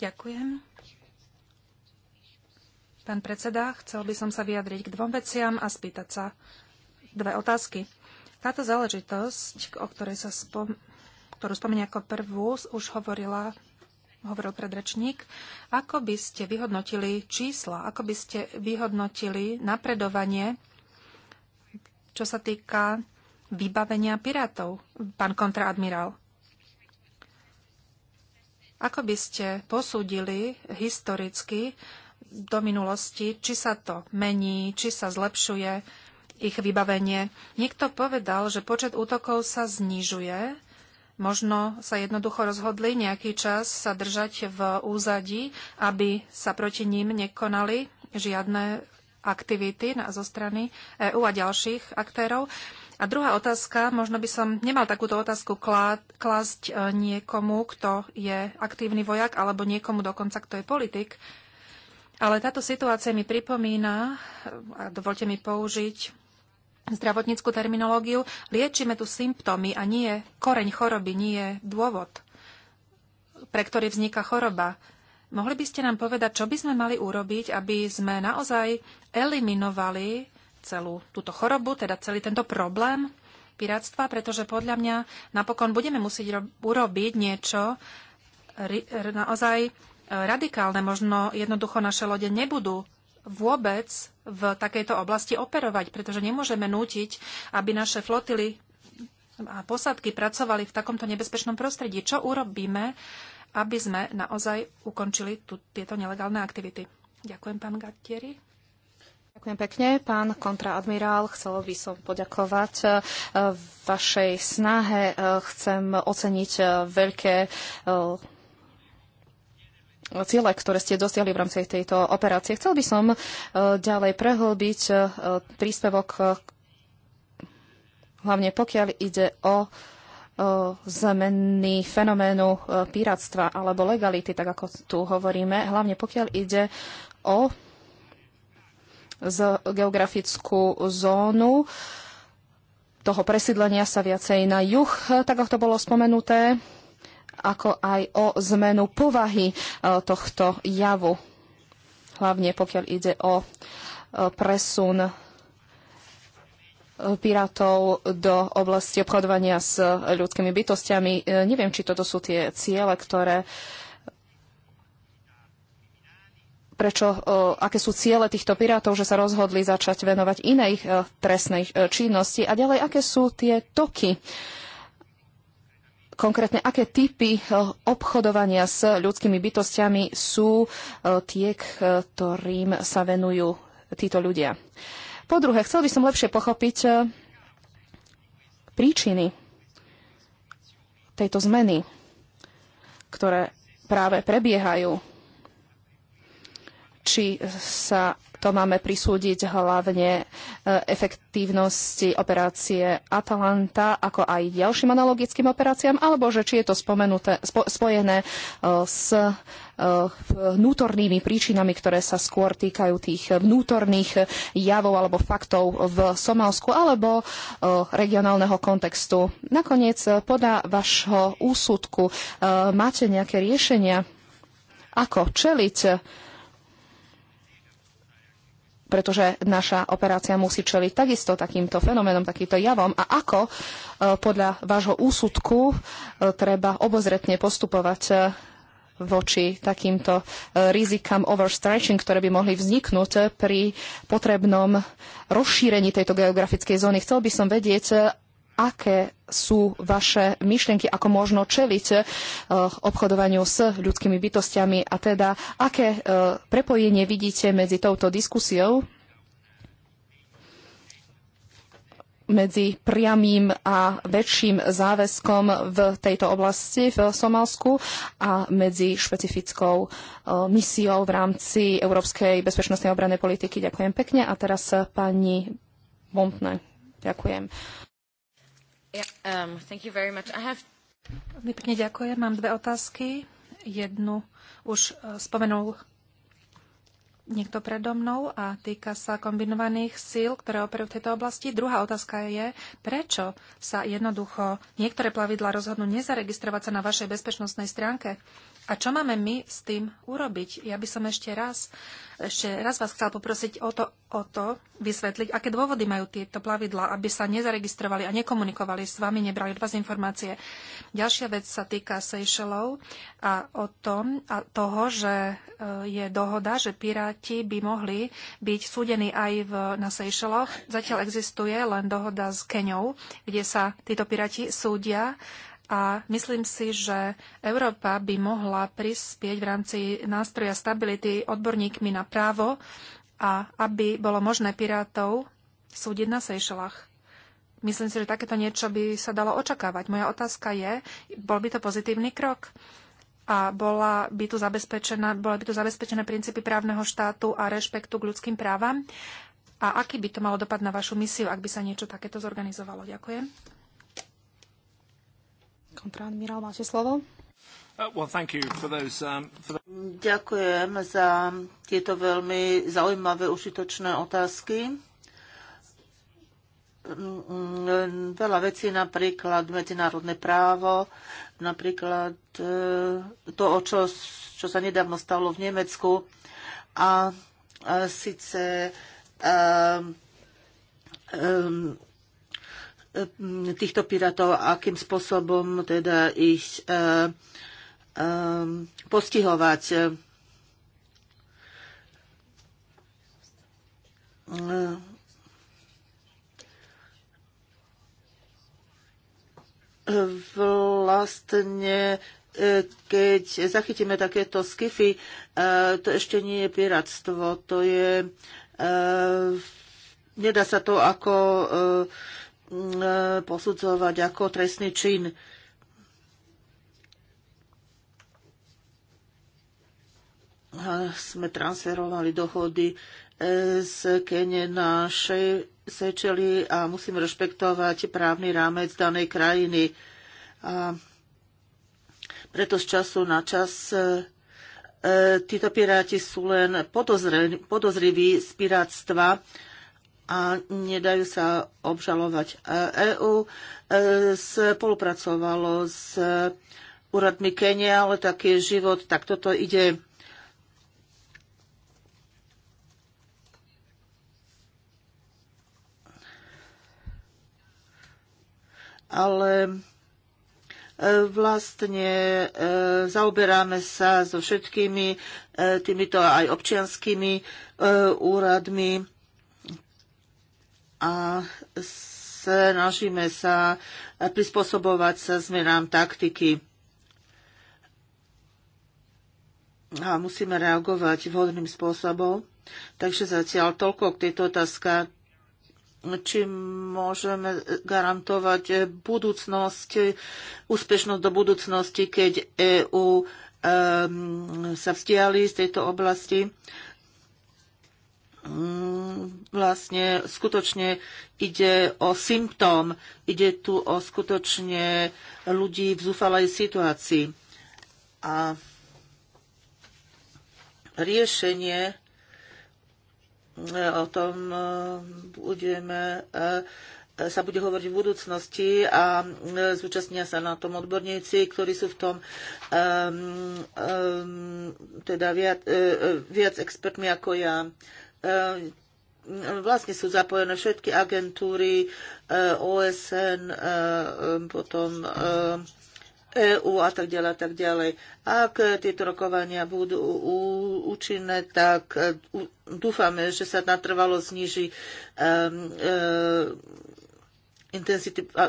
Ďakujem. Pán predseda, chcel by som sa vyjadriť k dvom veciam a spýtať sa dve otázky. Táto záležitosť, o ktorej sa spom- ktorú spomenie ako prvú, už hovorila, hovoril predrečník. Ako by ste vyhodnotili čísla? Ako by ste vyhodnotili napredovanie, čo sa týka vybavenia pirátov, pán kontraadmirál? Ako by ste posúdili historicky do minulosti, či sa to mení, či sa zlepšuje ich vybavenie? Niekto povedal, že počet útokov sa znižuje, Možno sa jednoducho rozhodli nejaký čas sa držať v úzadí, aby sa proti ním nekonali žiadne aktivity na, zo strany EÚ a ďalších aktérov. A druhá otázka, možno by som nemal takúto otázku klásť e, niekomu, kto je aktívny vojak, alebo niekomu dokonca, kto je politik. Ale táto situácia mi pripomína, e, a dovolte mi použiť zdravotníckú terminológiu, liečíme tu symptómy a nie koreň choroby, nie dôvod, pre ktorý vzniká choroba. Mohli by ste nám povedať, čo by sme mali urobiť, aby sme naozaj eliminovali celú túto chorobu, teda celý tento problém piráctva, pretože podľa mňa napokon budeme musieť urobiť niečo naozaj eh, radikálne. Možno jednoducho naše lode nebudú vôbec v takejto oblasti operovať, pretože nemôžeme nútiť, aby naše flotily a posádky pracovali v takomto nebezpečnom prostredí. Čo urobíme, aby sme naozaj ukončili tu, tieto nelegálne aktivity? Ďakujem, pán Gattieri. Ďakujem pekne. Pán kontraadmirál, chcel by som poďakovať e, vašej snahe. E, chcem oceniť e, veľké ciele, ktoré ste dosiahli v rámci tejto operácie. Chcel by som e, ďalej prehlbiť e, príspevok, e, hlavne pokiaľ ide o zmeny fenoménu pirátstva alebo legality, tak ako tu hovoríme, hlavne pokiaľ ide o geografickú zónu toho presídlenia sa viacej na juh, tak ako to bolo spomenuté ako aj o zmenu povahy e, tohto javu. Hlavne pokiaľ ide o e, presun e, pirátov do oblasti obchodovania s ľudskými bytostiami. Neviem, či toto sú tie ciele, ktoré prečo, aké sú ciele týchto pirátov, že sa rozhodli začať venovať inej trestnej činnosti a ďalej, aké sú tie toky konkrétne aké typy eh, obchodovania s ľudskými bytostiami sú eh, tie, ktorým sa venujú títo ľudia. Po druhé, chcel by som lepšie pochopiť eh, príčiny tejto zmeny, ktoré práve prebiehajú. Či sa to máme prisúdiť hlavne e, efektívnosti operácie Atalanta, ako aj ďalším analogickým operáciám, alebo že či je to spomenuté, spo, spojené e, s e, vnútornými príčinami, ktoré sa skôr týkajú tých vnútorných javov alebo faktov v Somálsku alebo regionálneho kontextu. Nakoniec, podľa vašho úsudku, máte nejaké riešenia, ako čeliť pretože naša operácia musí čeliť takisto takýmto fenoménom, takýmto javom a ako e, podľa vášho úsudku e, treba obozretne postupovať e, voči takýmto rizikám overstretching, ktoré by mohli vzniknúť pri potrebnom rozšírení tejto geografickej zóny. Chcel by som vedieť, aké sú vaše myšlienky, ako možno čeliť eh, obchodovaniu s ľudskými bytostiami a teda aké eh, prepojenie vidíte medzi touto diskusiou medzi priamým a väčším záväzkom v tejto oblasti v Somalsku a medzi špecifickou eh, misiou v rámci Európskej bezpečnostnej obrannej politiky. Ďakujem pekne. A teraz pani Bontne. Ďakujem. Um, veľmi pekne ďakujem. Mám dve otázky. Jednu už eh, spomenul niekto predo mnou a týka sa kombinovaných síl, ktoré operujú v tejto oblasti. Druhá otázka je, prečo sa jednoducho niektoré plavidla rozhodnú nezaregistrovať sa na vašej bezpečnostnej stránke a čo máme my s tým urobiť? Ja by som ešte raz, ešte raz vás chcel poprosiť o to, o to vysvetliť, aké dôvody majú tieto plavidla, aby sa nezaregistrovali a nekomunikovali s vami, nebrali od vás informácie. Ďalšia vec sa týka Seychellov a o tom, a toho, že e, je dohoda, že piráti by mohli byť súdení aj v, na Seychelloch. Zatiaľ existuje len dohoda s Keňou, kde sa títo piráti súdia a myslím si, že Európa by mohla prispieť v rámci nástroja stability odborníkmi na právo a aby bolo možné pirátov súdiť na Sejšelách. Myslím si, že takéto niečo by sa dalo očakávať. Moja otázka je, bol by to pozitívny krok? A bola by tu zabezpečená, bola by tu zabezpečené princípy právneho štátu a rešpektu k ľudským právam? A aký by to malo dopad na vašu misiu, ak by sa niečo takéto zorganizovalo? Ďakujem. Kontraadmirál, máte slovo? Uh, um, Ďakujem za tieto veľmi zaujímavé, užitočné otázky. Mm, veľa vecí, napríklad medzinárodné právo, napríklad e, to, o čo, čo sa nedávno stalo v Nemecku. A, a síce um, um, E, týchto pirátov, akým spôsobom teda ich e, e, postihovať. Vlastne keď zachytíme takéto skify, to ešte nie je piratstvo, to je nedá sa to ako posudzovať ako trestný čin. sme transferovali dohody e, z Kene na Sečeli a musíme rešpektovať právny rámec danej krajiny. A preto z času na čas e, e, títo piráti sú len podozriví z piráctva a nedajú sa obžalovať. EÚ e e, spolupracovalo s úradmi Kenia, ale taký je život, tak toto ide ale e, vlastne zaoberáme sa so všetkými týmito aj občianskými úradmi a snažíme sa prispôsobovať sa zmenám taktiky. A musíme reagovať vhodným spôsobom. Takže zatiaľ toľko k tejto otázka, či môžeme garantovať budúcnosť, úspešnosť do budúcnosti, keď EÚ um, sa vzdiali z tejto oblasti. Mm, vlastne skutočne ide o symptóm, ide tu o skutočne ľudí v zúfalej situácii. A riešenie eh, o tom eh, budeme eh, sa bude hovoriť v budúcnosti a zúčastnia sa na tom odborníci, ktorí sú v tom um, um, teda viac, uh, viac expertmi ako ja. E, vlastne sú zapojené všetky agentúry e, OSN, e, potom EU a tak ďalej a tak ďalej. Ak tieto rokovania budú účinné, tak dúfame, že sa natrvalo zniží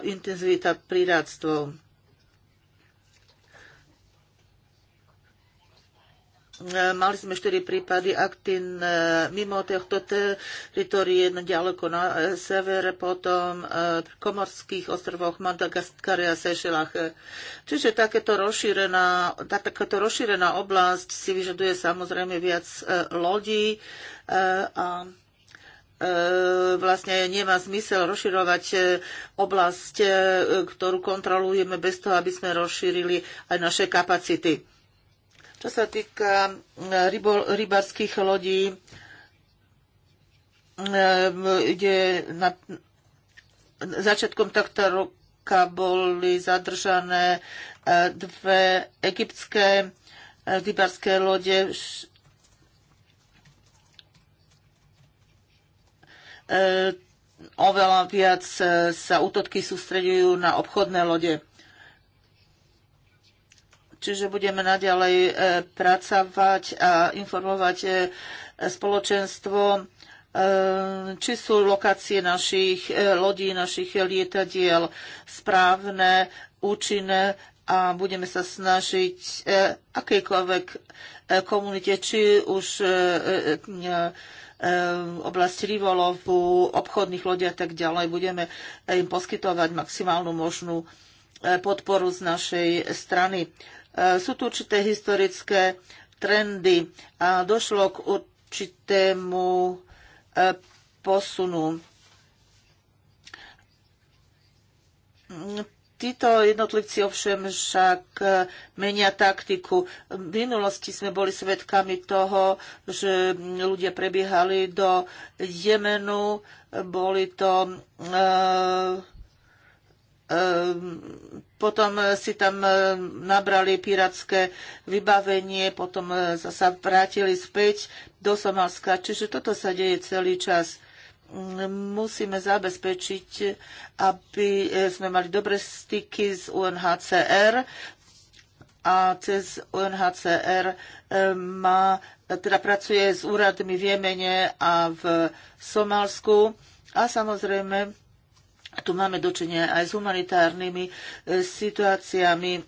intenzita, prírádstvo. Mali sme štyri prípady aktín e, mimo tohto teritorie, ďaleko na e, severe, potom e, v komorských ostrovoch Madagaskare a Sešelách. Čiže takéto rozšírená, takáto rozšírená oblasť si vyžaduje samozrejme viac lodí a vlastne nemá zmysel rozširovať oblasť, ktorú kontrolujeme bez toho, aby sme rozšírili aj naše kapacity. Čo sa týka eh, rybol, rybarských lodí, kde eh, na, začiatkom tohto roka boli zadržané eh, dve egyptské rybarské lode. Oveľa viac sa útoky sústredujú na obchodné lode. Čiže budeme naďalej e, pracovať a informovať e, spoločenstvo, e, či sú lokácie našich lodí, našich lietadiel správne, účinné a budeme sa snažiť akejkoľvek komunite, či už oblasti rivolovu, obchodných lodí a tak ďalej, budeme im poskytovať maximálnu možnú podporu z našej strany. Eh, sú tu určité historické trendy a došlo k určitému eh, posunu. Títo jednotlivci ovšem však eh, menia taktiku. V minulosti sme boli svedkami toho, že ľudia prebiehali do Jemenu, boli to e, Ehm, potom eh, si tam eh, nabrali pirátske vybavenie, potom eh, sa vrátili späť do Somalska. Čiže toto sa deje celý čas. Mm, musíme zabezpečiť, aby sme mali dobré styky s UNHCR a cez UNHCR má, teda pracuje s úradmi v Jemene a v Somálsku a samozrejme tu máme dočenia aj s humanitárnymi e, situáciami.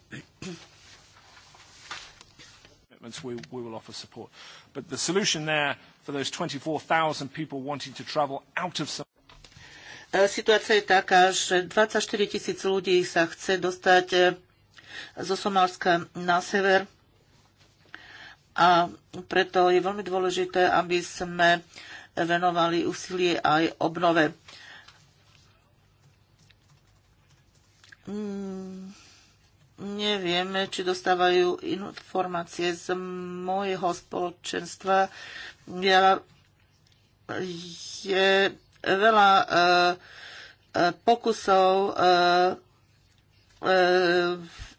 We, we will offer support. But the solution there for those 24,000 people wanting to travel out of e, Situácia je taká, že 24 tisíc ľudí sa chce dostať e, zo Somálska na sever a preto je veľmi dôležité, aby sme venovali úsilie aj obnove Mm, nevieme, či dostávajú informácie z môjho spoločenstva. Ja, je veľa e, pokusov e, e,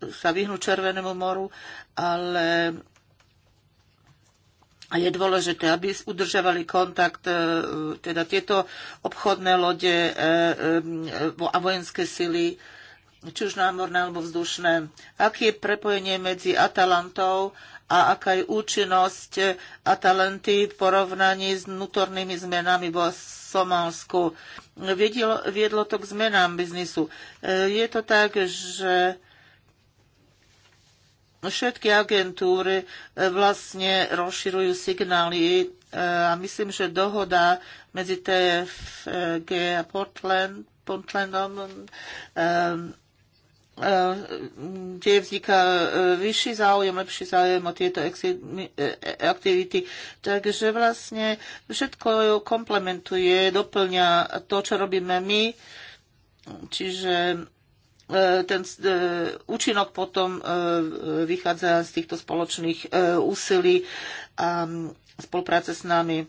sa vyhnúť Červenému moru, ale je dôležité, aby udržovali kontakt teda tieto obchodné lode a vojenské sily či už námorné alebo vzdušné. Aké je prepojenie medzi Atalantou a aká je účinnosť Atalanty v porovnaní s vnútornými zmenami vo Somálsku? Viedlo, viedlo to k zmenám biznisu. E, je to tak, že všetky agentúry e, vlastne rozširujú signály e, a myslím, že dohoda medzi TFG a Portland, Portlandom E, kde vzniká e, vyšší záujem, lepší záujem o tieto e, aktivity. Takže vlastne všetko komplementuje, doplňa to, čo robíme my, čiže ten účinok potom vychádza z týchto spoločných úsilí a spolupráce s nami.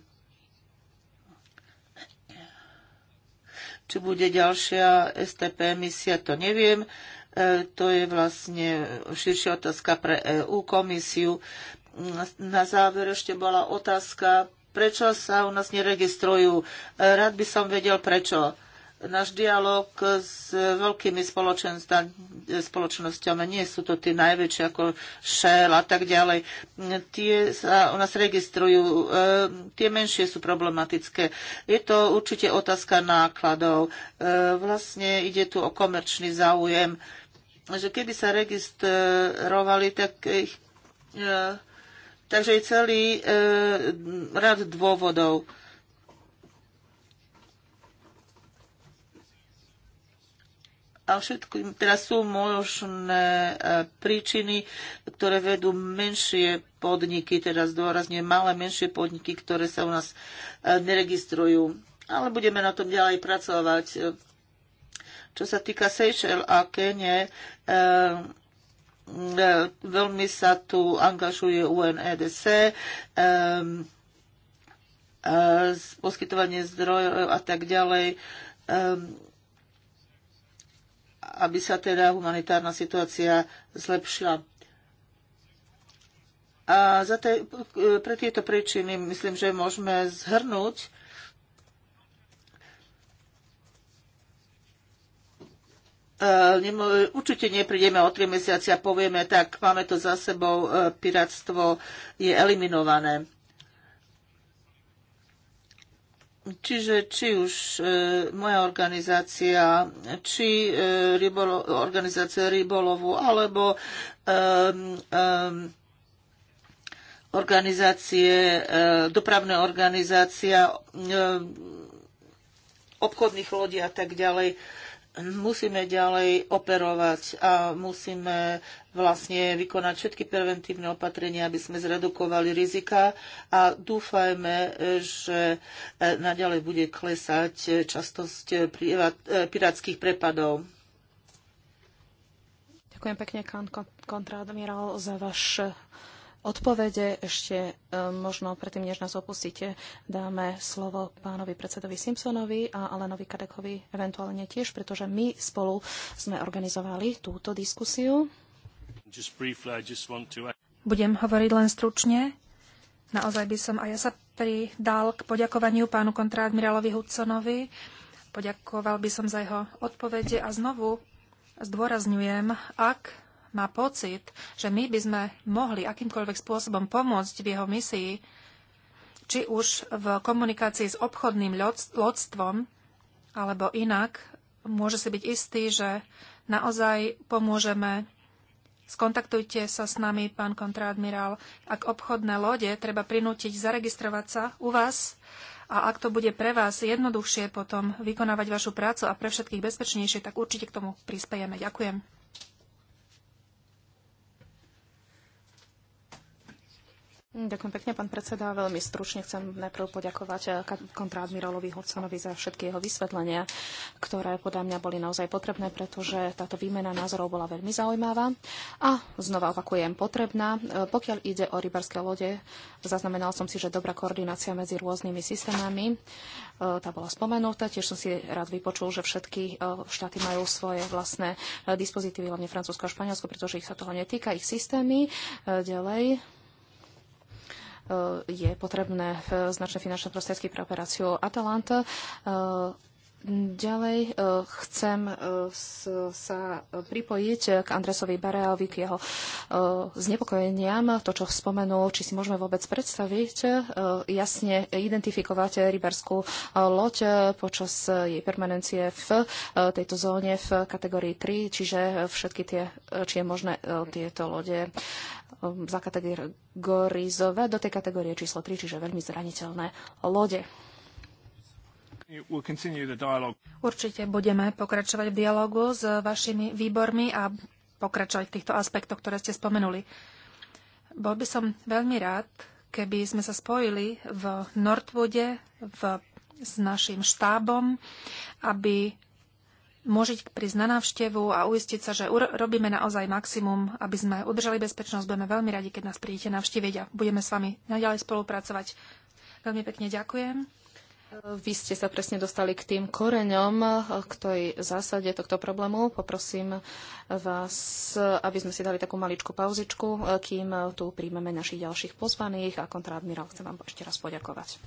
Či bude ďalšia STP misia, to neviem. E, to je vlastne širšia otázka pre EU komisiu. Na záver ešte bola otázka, prečo sa u nás neregistrujú. E, rád by som vedel, prečo náš dialog s veľkými spoločnosťami, nie sú to tie najväčšie ako Shell a tak ďalej, tie sa u nás registrujú, e, tie menšie sú problematické. Je to určite otázka nákladov. Vlastne ide tu o komerčný záujem že keby sa registrovali, tak ich, e, takže je celý e, rad dôvodov. A všetko, teraz sú možné e, príčiny, ktoré vedú menšie podniky, teda zdôrazne malé menšie podniky, ktoré sa u nás e, neregistrujú. Ale budeme na tom ďalej pracovať čo sa týka Seychelles a e, veľmi sa tu angažuje UNEDC, eh, poskytovanie zdrojov a tak ďalej, aby sa teda humanitárna situácia zlepšila. A za te, pre tieto príčiny myslím, že môžeme zhrnúť E, určite neprídeme o 3 mesiace a povieme, tak máme to za sebou, e, piráctvo je eliminované. Čiže či už e, moja organizácia, či e, rybolo, organizácia rybolovu, alebo um, um, organizácie, e, dopravné organizácia e, obchodných lodí a tak ďalej. E, musíme ďalej operovať a musíme vlastne vykonať všetky preventívne opatrenia, aby sme zredukovali rizika a dúfajme, že e, naďalej bude klesať e, častosť e, pirátskych prepadov. Ďakujem pekne, pán kontradmirál, za vaše odpovede. Ešte e, možno predtým, než nás opustíte, dáme slovo pánovi predsedovi Simpsonovi a Alenovi Kadekovi eventuálne tiež, pretože my spolu sme organizovali túto diskusiu. Briefly, to... Budem hovoriť len stručne. Naozaj by som a ja sa pridal k poďakovaniu pánu kontraadmirálovi Hudsonovi. Poďakoval by som za jeho odpovede a znovu zdôrazňujem, ak má pocit, že my by sme mohli akýmkoľvek spôsobom pomôcť v jeho misii, či už v komunikácii s obchodným lodstvom, alebo inak, môže si byť istý, že naozaj pomôžeme. Skontaktujte sa s nami, pán kontradmirál. Ak obchodné lode treba prinútiť zaregistrovať sa u vás a ak to bude pre vás jednoduchšie potom vykonávať vašu prácu a pre všetkých bezpečnejšie, tak určite k tomu prispejeme. Ďakujem. Ďakujem pekne, pán predseda. Veľmi stručne chcem najprv poďakovať eh, kontraadmirálovi Hodsonovi za všetky jeho vysvetlenia, ktoré podľa mňa boli naozaj potrebné, pretože táto výmena názorov bola veľmi zaujímavá. A znova opakujem, potrebná. Eh, pokiaľ ide o rybarské lode, zaznamenal som si, že dobrá koordinácia medzi rôznymi systémami, eh, tá bola spomenutá. Tiež som si rád vypočul, že všetky štáty majú svoje vlastné dispozitívy, hlavne Francúzsko a Španielsko, pretože ich sa toho netýka, ich systémy. Ďalej, E, je potrebné e, značné finančné prostriedky pre operáciu Atalanta. E, ďalej chcem sa pripojiť k Andresovi Bareovi, k jeho znepokojeniam, to, čo spomenul, či si môžeme vôbec predstaviť, jasne identifikovať rybarskú loď počas jej permanencie v tejto zóne v kategórii 3, čiže všetky tie, či je možné tieto lode Um, zakategorizovať do tej kategórie číslo 3, čiže veľmi zraniteľné lode. Určite budeme pokračovať v dialogu s vašimi výbormi a pokračovať v týchto aspektoch, ktoré ste spomenuli. Bol by som veľmi rád, keby sme sa spojili v Northwoode v, s našim štábom, aby môžiť prísť na návštevu a uistiť sa, že robíme naozaj maximum, aby sme udržali bezpečnosť. Budeme veľmi radi, keď nás prídete navštíviť a budeme s vami naďalej spolupracovať. Veľmi pekne ďakujem. Vy ste sa presne dostali k tým koreňom, k tej zásade tohto problému. Poprosím vás, aby sme si dali takú maličku pauzičku, kým tu príjmeme našich ďalších pozvaných a kontraadmirál chcem vám ešte raz poďakovať.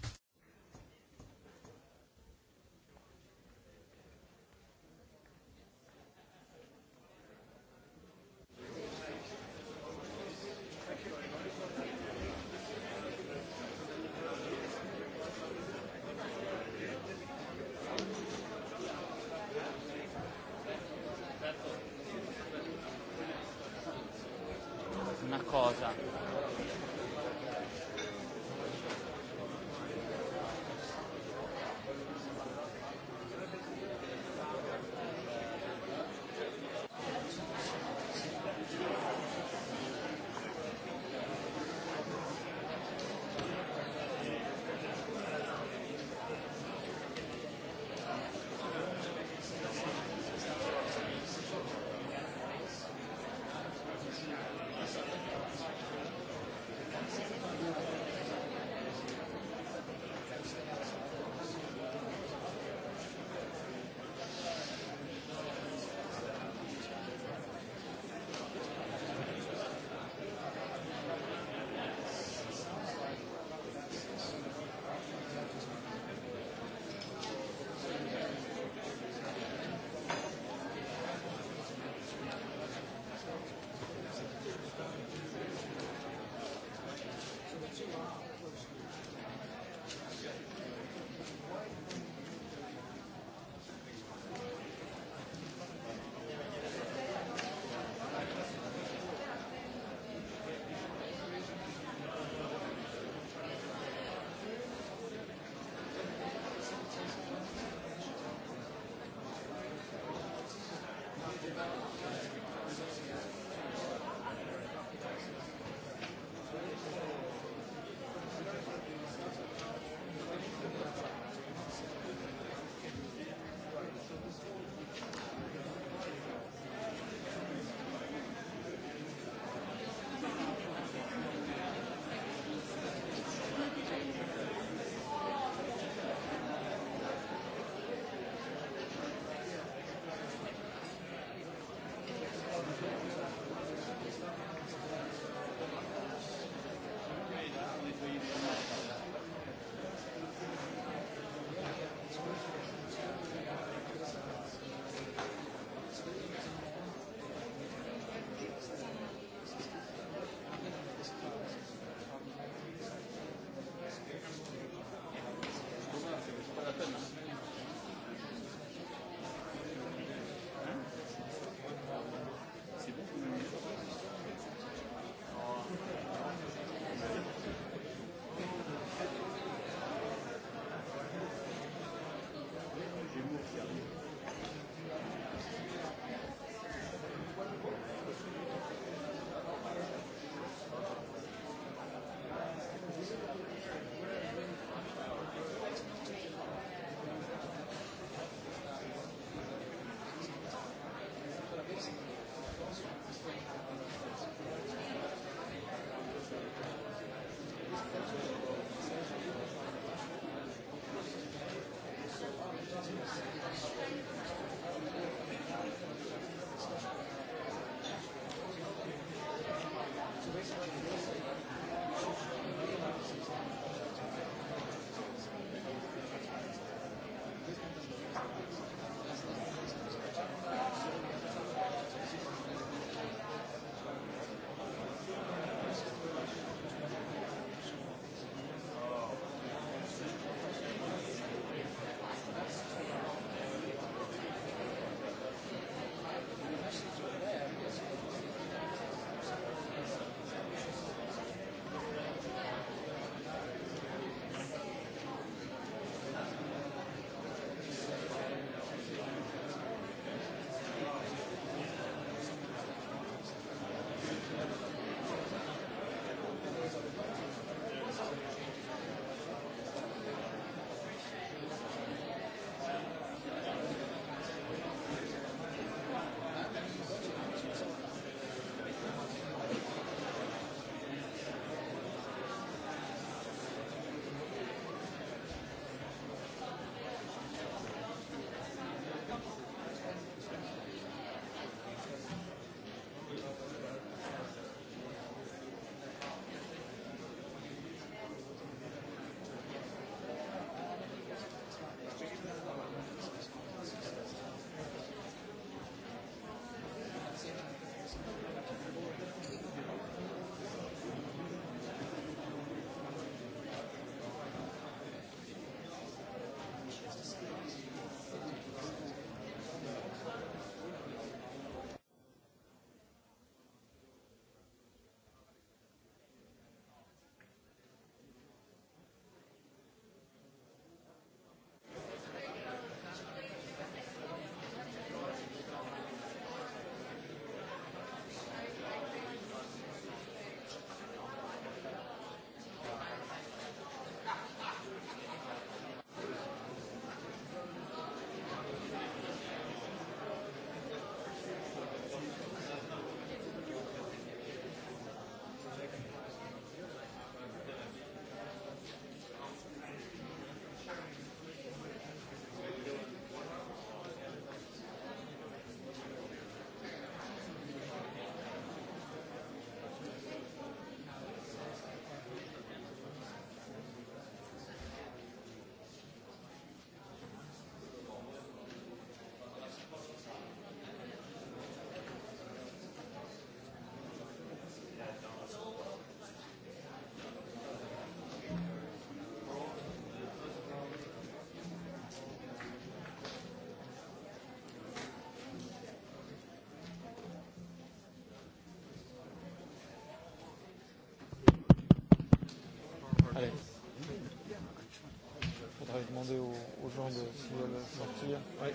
demander aux, aux gens de s'ils veulent sortir. Ouais.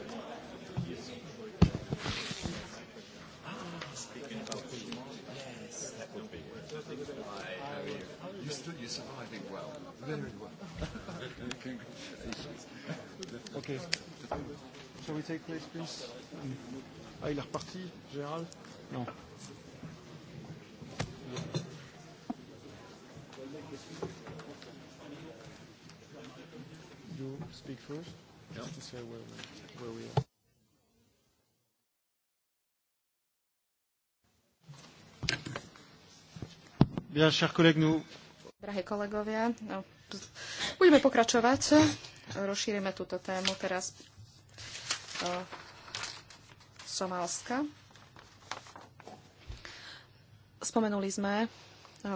Ok. Shall we take place, please? Ah, il est reparti, Gérald Non. first, yeah. just to say where we, where we are. Bien, chers collègues, nous... Drahí kolegovia, no, budeme pokračovať. Rozšírime túto tému teraz o Somálska. Spomenuli sme e,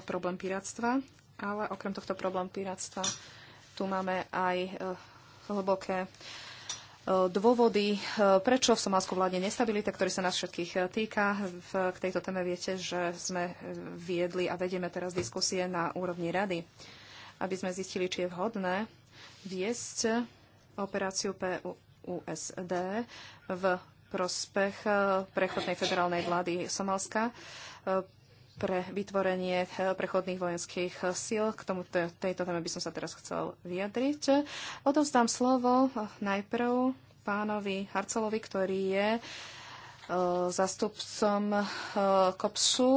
problém piráctva, ale okrem tohto problém piráctva tu máme aj e, hlboké e, dôvody, e, prečo v Somálsku vláde nestabilita, ktorý sa nás všetkých e, týka. K tejto téme viete, že sme viedli a vedieme teraz diskusie na úrovni rady, aby sme zistili, či je vhodné viesť operáciu PUSD v prospech prechodnej federálnej vlády Somalska pre vytvorenie eh, prechodných vojenských eh, síl. K tomuto, tejto téme by som sa teraz chcel vyjadriť. Odovzdám slovo eh, najprv pánovi Harcelovi, ktorý je zastupcom KOPSu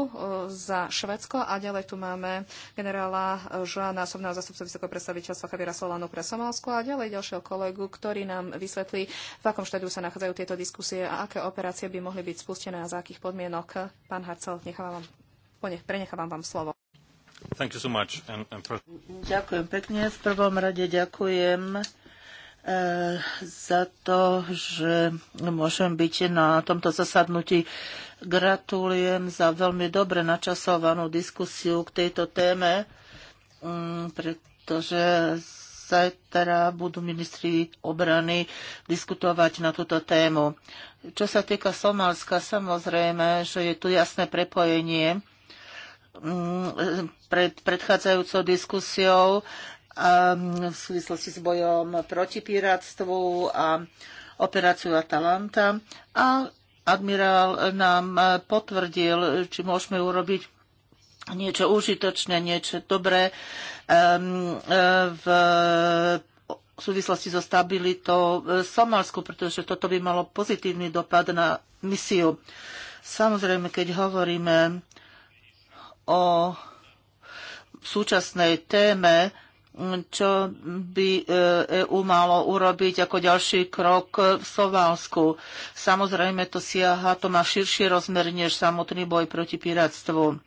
za Švedsko a ďalej tu máme generála Žána, osobného zastupcu vysokého predstaviteľstva Chavira Solanu pre Somálsko a ďalej ďalšieho kolegu, ktorý nám vysvetlí, v akom štádiu sa nachádzajú tieto diskusie a aké operácie by mohli byť spustené a za akých podmienok. Pán Harcel, nechávam vám Prenechávam vám slovo. Thank you so much. And, and... Ďakujem pekne. V prvom rade ďakujem eh, za to, že môžem byť na tomto zasadnutí. Gratulujem za veľmi dobre načasovanú diskusiu k tejto téme, mm, pretože zajtra budú ministri obrany diskutovať na túto tému. Čo sa týka Somálska, samozrejme, že je tu jasné prepojenie Mm, pred predchádzajúcou diskusiou um, v súvislosti s bojom proti piráctvu a operáciu Atalanta. A admirál nám uh, potvrdil, či môžeme urobiť niečo užitočné, niečo dobré um, uh, v súvislosti so stabilitou v uh, Somálsku, pretože toto by malo pozitívny dopad na misiu. Samozrejme, keď hovoríme o súčasnej téme, čo by EU e malo urobiť ako ďalší krok v Sovalsku. Samozrejme, to siaha, to má širší rozmer než samotný boj proti piratstvu.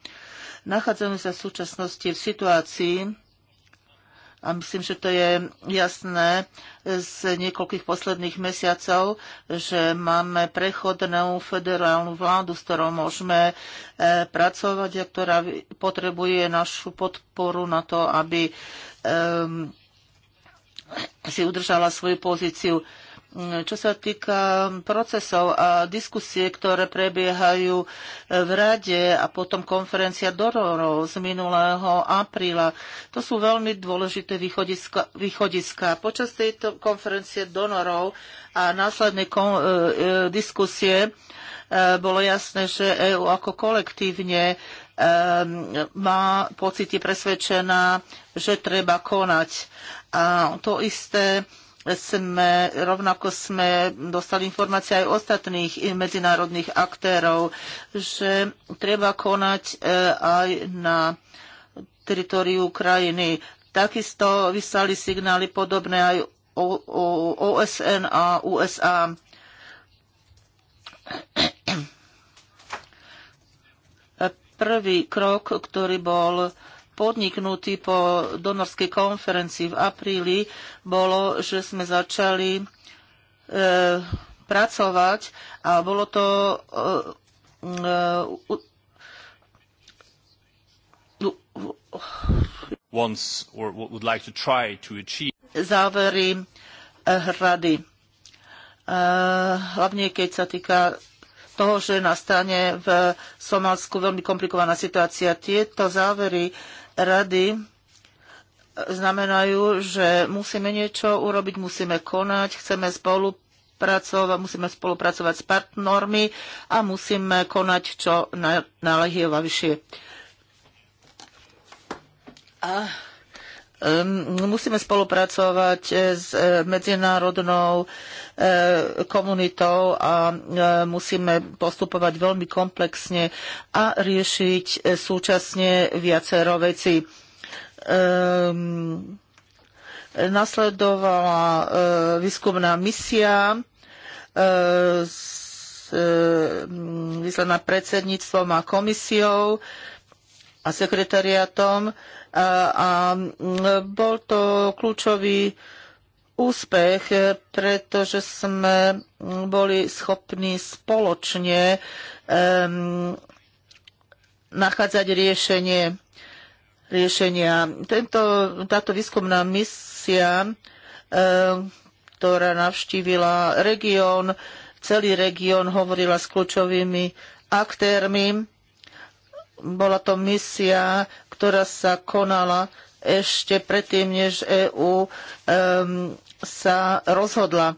Nachádzame sa v súčasnosti v situácii, a myslím, že to je jasné z niekoľkých posledných mesiacov, že máme prechodnú federálnu vládu, s ktorou môžeme e, pracovať a ktorá potrebuje našu podporu na to, aby e, si udržala svoju pozíciu. Čo sa týka procesov a diskusie, ktoré prebiehajú v rade a potom konferencia Dororov z minulého apríla, to sú veľmi dôležité východiska. východiska. Počas tejto konferencie donorov a následnej kon, e, e, diskusie e, bolo jasné, že EU ako kolektívne e, má pocit, presvedčená, že treba konať. A to isté sme, rovnako sme dostali informácie aj ostatných medzinárodných aktérov, že treba konať e, aj na teritoriu krajiny. Takisto vyslali signály podobné aj OSN a USA. Prvý krok, ktorý bol podniknutý po donorskej konferencii v apríli, bolo, že sme začali e, pracovať a bolo to e, Závery e, rady. E, hlavne keď sa týka toho, že nastane v Somálsku veľmi komplikovaná situácia. Tieto závery rady znamenajú, že musíme niečo urobiť, musíme konať, chceme spolupracovať, musíme spolupracovať s partnermi a musíme konať čo najlehievavšie. A musíme spolupracovať e, s e, medzinárodnou e, komunitou a musíme postupovať veľmi komplexne a riešiť súčasne viacero veci. Nasledovala výskumná misia vyslaná predsedníctvom a komisiou a sekretariatom a bol to kľúčový úspech, pretože sme boli schopní spoločne nachádzať riešenie, riešenia. Tento, táto výskumná misia, e, ktorá navštívila región, celý región hovorila s kľúčovými aktérmi. Bola to misia, ktorá sa konala ešte predtým, než EÚ um, sa rozhodla.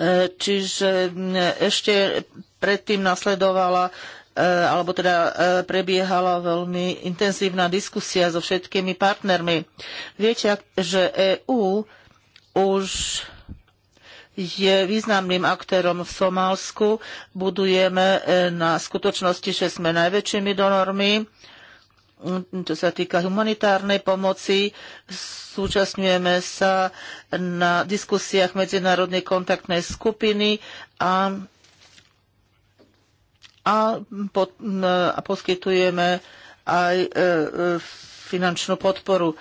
E, čiže ešte predtým nasledovala e, alebo teda e, prebiehala veľmi intenzívna diskusia so všetkými partnermi. Viete, že EÚ už je významným aktérom v Somálsku. Budujeme na skutočnosti, že sme najväčšími donormi Mm, čo sa týka humanitárnej pomoci, súčasňujeme sa na diskusiách medzinárodnej kontaktnej skupiny a, a, po, mm, a poskytujeme aj e, e, finančnú podporu.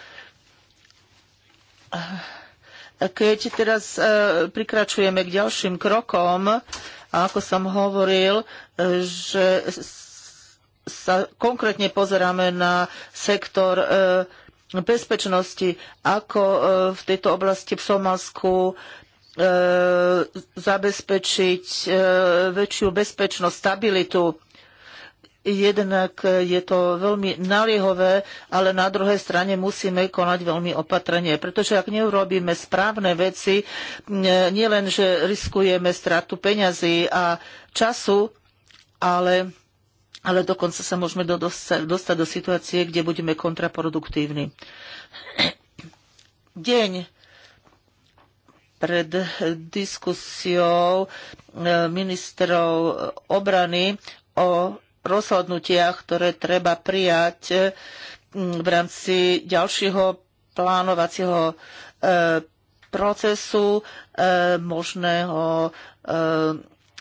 Keď teraz e, prikračujeme k ďalším krokom, a ako som hovoril, e, že sa konkrétne pozeráme na sektor e, bezpečnosti, ako e, v tejto oblasti v Somálsku e, zabezpečiť väčšiu bezpečnosť, stabilitu. Jednak je to veľmi naliehové, ale na druhej strane musíme konať veľmi opatrne, pretože ak neurobíme správne veci, nielen, že riskujeme stratu peňazí a času, ale ale dokonca sa môžeme dostať do situácie, kde budeme kontraproduktívni. Deň pred diskusiou e, ministrov obrany o rozhodnutiach, ktoré treba prijať e, v rámci ďalšieho plánovacieho e, procesu možného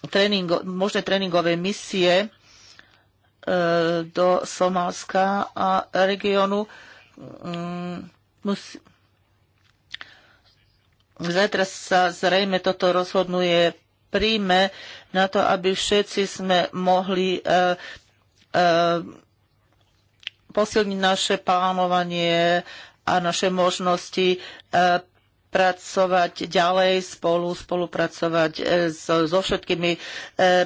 tréningo, možné tréningové misie E, do Somálska a regionu. Musí... Mm, zajtra sa zrejme toto rozhodnuje príjme na to, aby všetci sme mohli e, e, posilniť naše plánovanie a naše možnosti pracovať ďalej spolu, spolupracovať e, so, so všetkými e,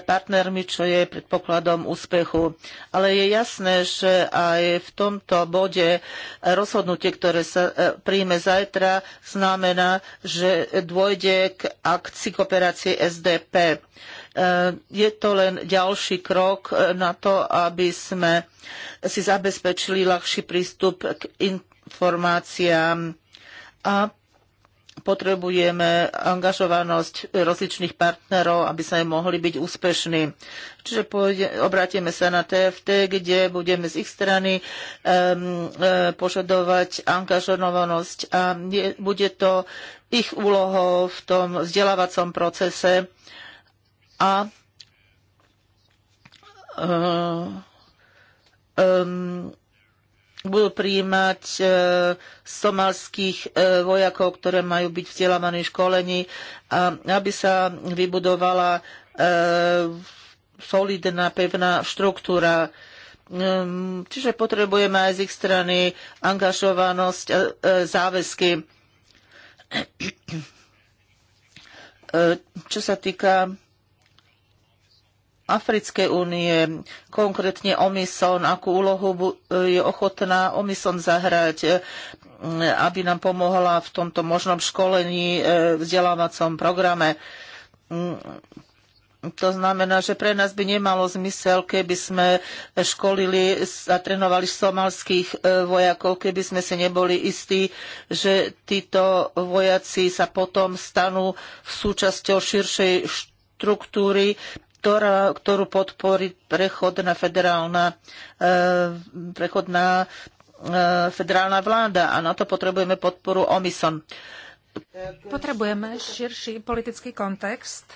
partnermi, čo je predpokladom úspechu. Ale je jasné, že aj v tomto bode rozhodnutie, ktoré sa e, príjme zajtra, znamená, že dôjde k akcii kooperácie SDP. Je to len ďalší krok na to, aby sme si zabezpečili ľahší prístup k informáciám a potrebujeme angažovanosť rozličných partnerov, aby sa mohli byť úspešní. Čiže pôjde, obrátime sa na TFT, kde budeme z ich strany um, um, požadovať angažovanosť a je, bude to ich úlohou v tom vzdelávacom procese a um, um budú prijímať e, somalských e, vojakov, ktoré majú byť vzdelávaní v školení, a, aby sa vybudovala e, solidná, pevná štruktúra. E, čiže potrebujeme aj z ich strany angažovanosť a e, záväzky. E, čo sa týka Africkej únie, konkrétne Omison, akú úlohu je ochotná Omison zahrať, eh, aby nám pomohla v tomto možnom školení, eh, vzdelávacom programe. Mm, to znamená, že pre nás by nemalo zmysel, keby sme školili a trénovali somalských eh, vojakov, keby sme si neboli istí, že títo vojaci sa potom stanú súčasťou širšej štruktúry, ktorá, ktorú podporí prechodná federálna, e, prechodná e, federálna vláda a na to potrebujeme podporu OMISON. Potrebujeme širší politický kontext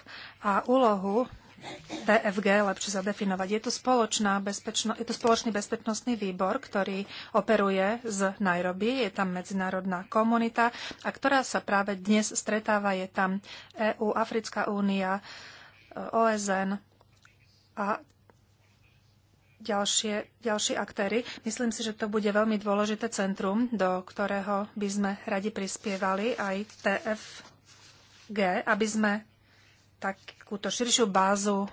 a úlohu TFG lepšie zadefinovať. Je tu, spoločná bezpečno, je to spoločný bezpečnostný výbor, ktorý operuje z Nairobi, je tam medzinárodná komunita, a ktorá sa práve dnes stretáva, je tam EU, Africká únia, OSN a ďalšie, ďalší aktéry. Myslím si, že to bude veľmi dôležité centrum, do ktorého by sme radi prispievali aj TFG, aby sme takúto širšiu bázu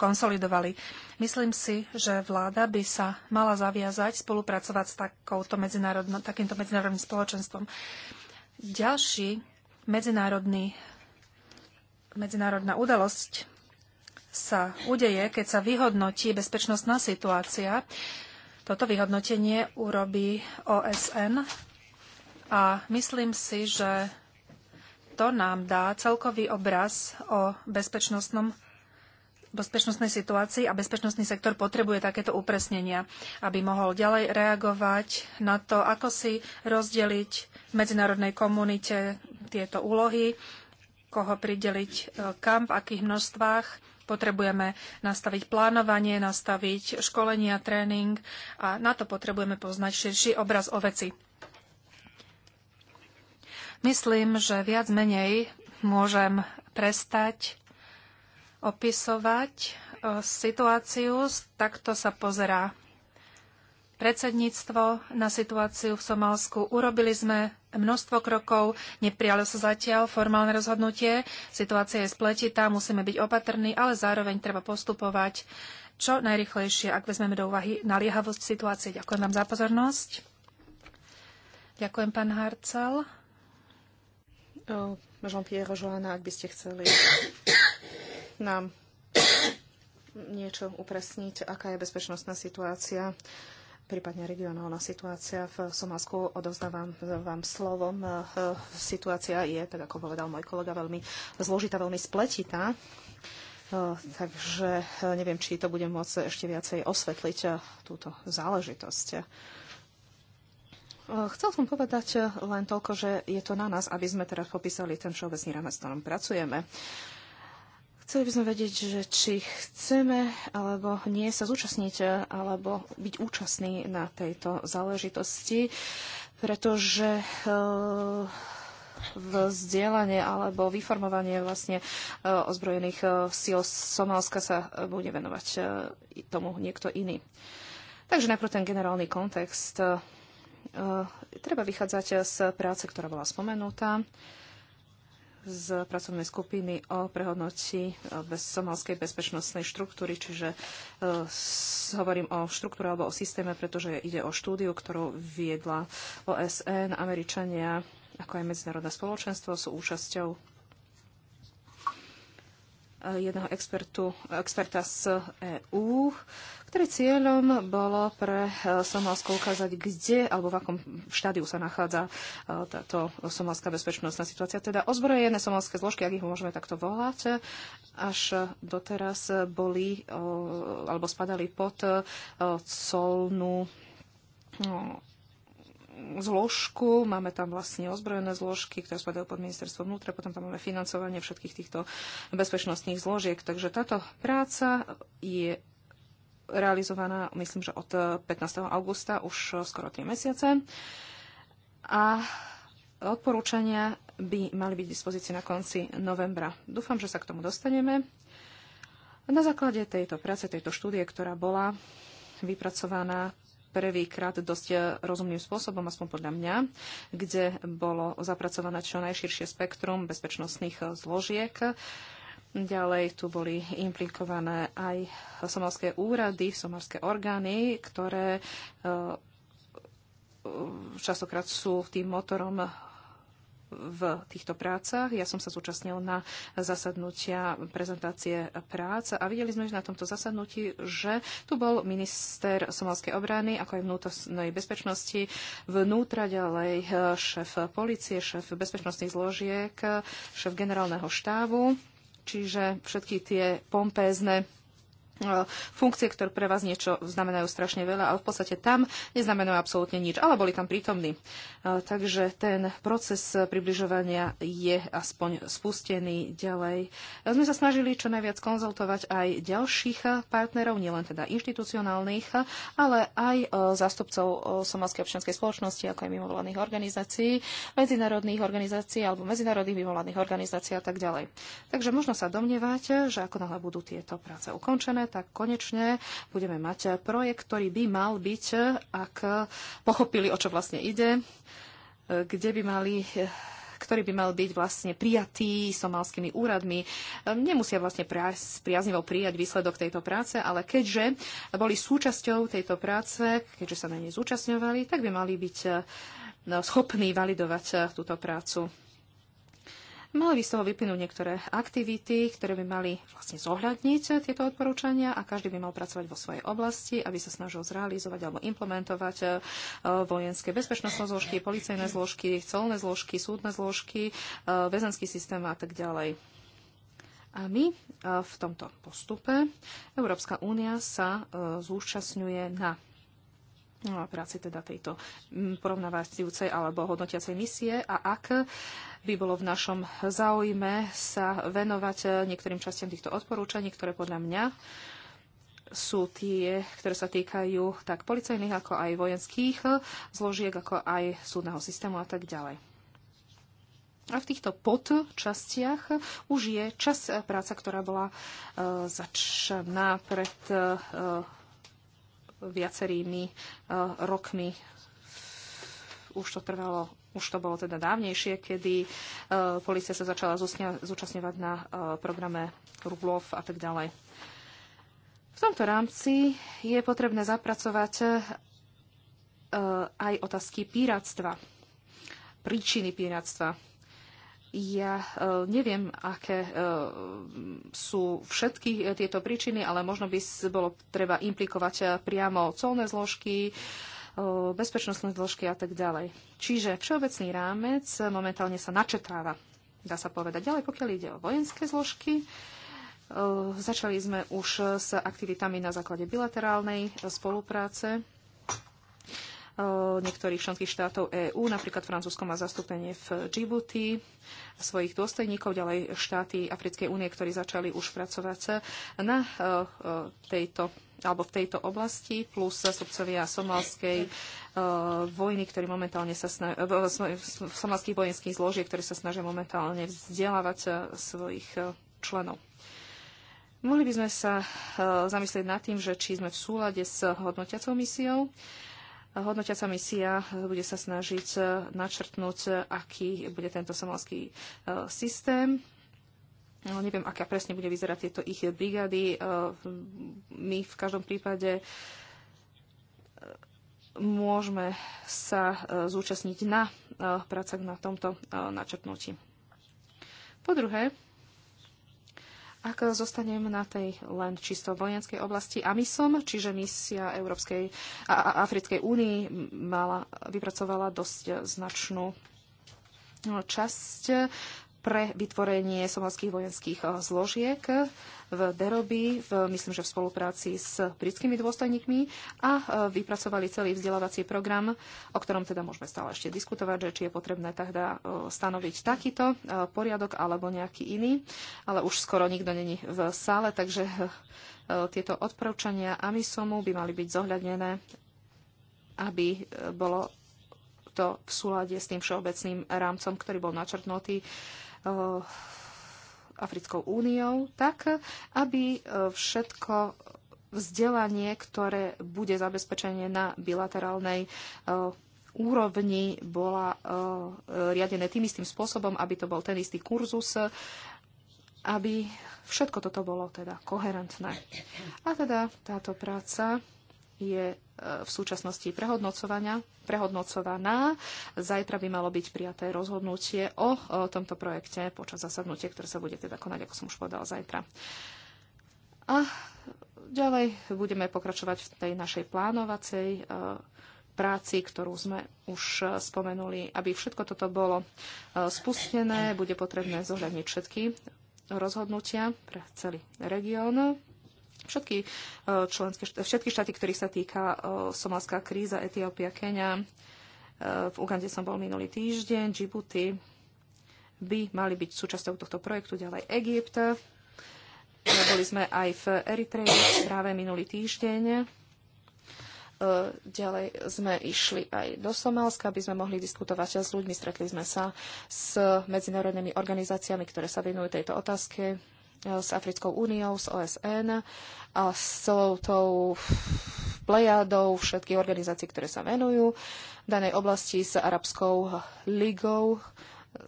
konsolidovali. Myslím si, že vláda by sa mala zaviazať spolupracovať s medzinárodno, takýmto medzinárodným spoločenstvom. Ďalší medzinárodný, medzinárodná udalosť sa udeje, keď sa vyhodnotí bezpečnostná situácia. Toto vyhodnotenie urobí OSN a myslím si, že to nám dá celkový obraz o bezpečnostnom bezpečnostnej situácii a bezpečnostný sektor potrebuje takéto upresnenia, aby mohol ďalej reagovať na to, ako si rozdeliť v medzinárodnej komunite tieto úlohy, koho prideliť e, kam, v akých množstvách Potrebujeme nastaviť plánovanie, nastaviť školenia, tréning a na to potrebujeme poznať širší obraz o veci. Myslím, že viac menej môžem prestať opisovať e, situáciu. Takto sa pozerá predsedníctvo na situáciu v Somálsku. Urobili sme množstvo krokov, neprijalo sa zatiaľ formálne rozhodnutie, situácia je spletitá, musíme byť opatrní, ale zároveň treba postupovať čo najrychlejšie, ak vezmeme do úvahy naliehavosť situácie. Ďakujem vám za pozornosť. Ďakujem, pán Harcel. Jean-Pierre Joana, ak by ste chceli nám niečo upresniť, aká je bezpečnostná situácia prípadne regionálna situácia v Somálsku. Odovzdávam vám slovom. E, situácia je, tak ako povedal môj kolega, veľmi zložitá, veľmi spletitá. E, takže e, neviem, či to budem môcť ešte viacej osvetliť túto záležitosť. Chcel som povedať len toľko, že je to na nás, aby sme teraz popísali ten všeobecný rámec, v ktorom pracujeme. Chceli by sme vedieť, že či chceme alebo nie sa zúčastniť alebo byť účastní na tejto záležitosti, pretože eh, v zdieľanie alebo vyformovanie vlastne eh, ozbrojených eh, síl Somálska sa bude venovať tomu niekto iný. Takže najprv ten generálny kontext. Treba vychádzať z práce, ktorá bola spomenutá z pracovnej skupiny o prehodnotí e, bez somalskej bezpečnostnej štruktúry, čiže uh, hovorím o štruktúre alebo o systéme, pretože ide o štúdiu, ktorú viedla OSN, Američania, ako aj medzinárodné spoločenstvo sú účasťou Eh, jedného expertu, experta z EÚ, ktorý cieľom bolo pre eh, Somálsko ukázať, kde alebo v akom štádiu sa nachádza eh, táto somalská bezpečnostná situácia. Teda ozbrojené somalské zložky, ak ich môžeme takto volať, až doteraz boli alebo spadali pod colnú zložku, máme tam vlastne ozbrojené zložky, ktoré spadajú pod ministerstvo vnútra, potom tam máme financovanie všetkých týchto bezpečnostných zložiek. Takže táto práca je realizovaná, myslím, že od 15. augusta, už skoro 3 mesiace. A odporúčania by mali byť v dispozícii na konci novembra. Dúfam, že sa k tomu dostaneme. Na základe tejto práce, tejto štúdie, ktorá bola vypracovaná prvýkrát dosť rozumným spôsobom, aspoň podľa mňa, kde bolo zapracované čo najširšie spektrum bezpečnostných zložiek. Ďalej tu boli implikované aj somalské úrady, somalské orgány, ktoré eh, častokrát sú tým motorom v týchto prácach. Ja som sa zúčastnil na zasadnutia prezentácie prác a videli sme na tomto zasadnutí, že tu bol minister somalskej obrany, ako aj vnútornej bezpečnosti, vnútra ďalej eh, šéf policie, šéf bezpečnostných zložiek, eh, šéf generálneho štábu, čiže všetky tie pompézne E, funkcie, ktoré pre vás niečo znamenajú strašne veľa, ale v podstate tam neznamenajú absolútne nič, ale boli tam prítomní. E, takže ten proces približovania je aspoň spustený ďalej. E, sme sa snažili čo najviac konzultovať aj ďalších partnerov, nielen teda inštitucionálnych, ale aj zástupcov somalskej občianskej spoločnosti, ako aj mimovládnych organizácií, medzinárodných organizácií alebo medzinárodných mimovládnych organizácií a tak ďalej. Takže možno sa domnievať, že ako náhle budú tieto práce ukončené, tak konečne budeme mať projekt, ktorý by mal byť, ak pochopili, o čo vlastne ide, kde by mali ktorý by mal byť vlastne prijatý somalskými úradmi. Nemusia vlastne priaznivo prijať výsledok tejto práce, ale keďže boli súčasťou tejto práce, keďže sa na nej zúčastňovali, tak by mali byť no, schopní validovať túto prácu. Mali by z toho vypinúť niektoré aktivity, ktoré by mali vlastne zohľadniť tieto odporúčania a každý by mal pracovať vo svojej oblasti, aby sa snažil zrealizovať alebo implementovať e, vojenské bezpečnostné zložky, policajné zložky, celné zložky, súdne zložky, e, väzenský systém a tak ďalej. A my e, v tomto postupe Európska únia sa zúčastňuje na No a práci teda tejto mm, porovnávajúcej alebo hodnotiacej misie a ak by bolo v našom záujme sa venovať eh, niektorým častiam týchto odporúčaní, ktoré podľa mňa sú tie, ktoré sa týkajú tak policajných, ako aj vojenských eh, zložiek, ako aj súdneho systému a tak ďalej. A v týchto podčastiach eh, už je čas práca, ktorá bola e, začaná pred e, viacerými e, rokmi. Už to trvalo už to bolo teda dávnejšie, kedy uh, policia sa začala zúčastňovať na uh, programe Rublov a tak ďalej. V tomto rámci je potrebné zapracovať uh, aj otázky píratstva, príčiny píratstva ja e, neviem, aké e, sú všetky e, tieto príčiny, ale možno by bolo treba implikovať e, priamo colné zložky, e, bezpečnostné zložky a tak ďalej. Čiže všeobecný rámec momentálne sa načetáva, dá sa povedať. Ďalej, pokiaľ ide o vojenské zložky, e, začali sme už s aktivitami na základe bilaterálnej spolupráce niektorých členských štátov EÚ, napríklad Francúzsko má zastúpenie v Džibuti, svojich dôstojníkov, ďalej štáty Africkej únie, ktorí začali už pracovať na e, e, tejto alebo v tejto oblasti, plus zastupcovia somalskej uh, vojny, ktorí momentálne sa snažia, somalských vojenských zložiek, ktorí sa snažia momentálne vzdelávať svojich členov. Mohli by sme sa uh, zamyslieť nad tým, že či sme v súlade s hodnotiacou misiou, uh, Hodnotiaca misia bude sa snažiť e, načrtnúť, e, aký bude tento somalský e, systém. No, neviem, aká presne bude vyzerať tieto ich brigády. My v každom prípade môžeme sa zúčastniť na prácach na tomto načrtnutí. Po druhé, ak zostanem na tej len čisto vojenskej oblasti AMISOM, čiže misia Európskej a Africkej únii mala, vypracovala dosť značnú časť pre vytvorenie somalských vojenských eh, zložiek v Derobi, v, myslím, že v spolupráci s britskými dôstojníkmi a eh, vypracovali celý vzdelávací program, o ktorom teda môžeme stále ešte diskutovať, že či je potrebné teda eh, stanoviť takýto poriadok alebo nejaký iný, ale už skoro nikto není v sále, takže tieto odporúčania AMISOMu by mali byť zohľadnené, aby bolo to v súlade s tým všeobecným rámcom, ktorý bol načrtnutý Eh, Africkou úniou, tak aby eh, všetko vzdelanie, ktoré bude zabezpečenie na bilaterálnej eh, úrovni, bola riadené tým istým spôsobom, aby to bol ten istý kurzus, aby všetko toto bolo teda koherentné. A teda táto práca je e, v súčasnosti prehodnocovaná. Zajtra by malo byť prijaté rozhodnutie o, o tomto projekte počas zasadnutia, ktoré sa bude teda konať, ako som už povedala, zajtra. A ďalej budeme pokračovať v tej našej plánovacej e, práci, ktorú sme už e, spomenuli. Aby všetko toto bolo spustené, bude potrebné zohľadniť všetky rozhodnutia pre celý región Všetky, e, členské, všetky štáty, ktorých sa týka e, somalská kríza, Etiópia, Kenia, e, v Ugande som bol minulý týždeň, Djibouti by mali byť súčasťou tohto projektu, ďalej Egypt. Boli sme aj v Eritreji práve minulý týždeň. Ďalej sme išli aj do Somálska, aby sme mohli diskutovať s ľuďmi. Stretli sme sa s medzinárodnými organizáciami, ktoré sa venujú tejto otázke s Africkou úniou, s OSN a s celou tou plejádou všetkých organizácií, ktoré sa venujú v danej oblasti s Arabskou ligou,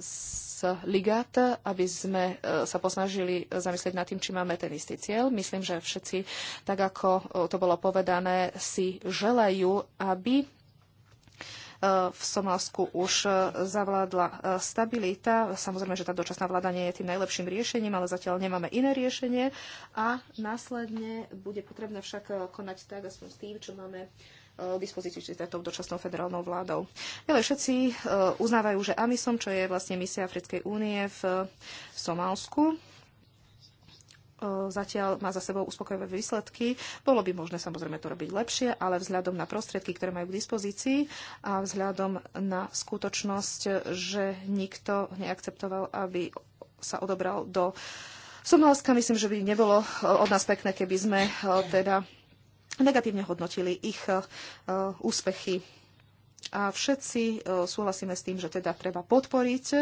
s Ligat, aby sme e, sa posnažili zamyslieť nad tým, či máme ten istý cieľ. Myslím, že všetci, tak ako to bolo povedané, si želajú, aby v Somálsku už e, zavládla e, stabilita. Samozrejme, že tá dočasná vláda nie je tým najlepším riešením, ale zatiaľ nemáme iné riešenie. A následne bude potrebné však e, konať tak, aspoň s tým, čo máme k dispozícii či tou dočasnou federálnou vládou. Ale všetci uznávajú, že AMISOM, čo je vlastne misia Africkej únie v Somálsku, E, zatiaľ má za sebou uspokojivé výsledky. Bolo by možné samozrejme to robiť lepšie, ale vzhľadom na prostriedky, ktoré majú k dispozícii a vzhľadom na skutočnosť, že nikto neakceptoval, aby sa odobral do Somálska, myslím, že by nebolo e, od nás pekné, keby sme e, teda negatívne hodnotili ich úspechy a všetci e, súhlasíme s tým, že teda treba podporiť e,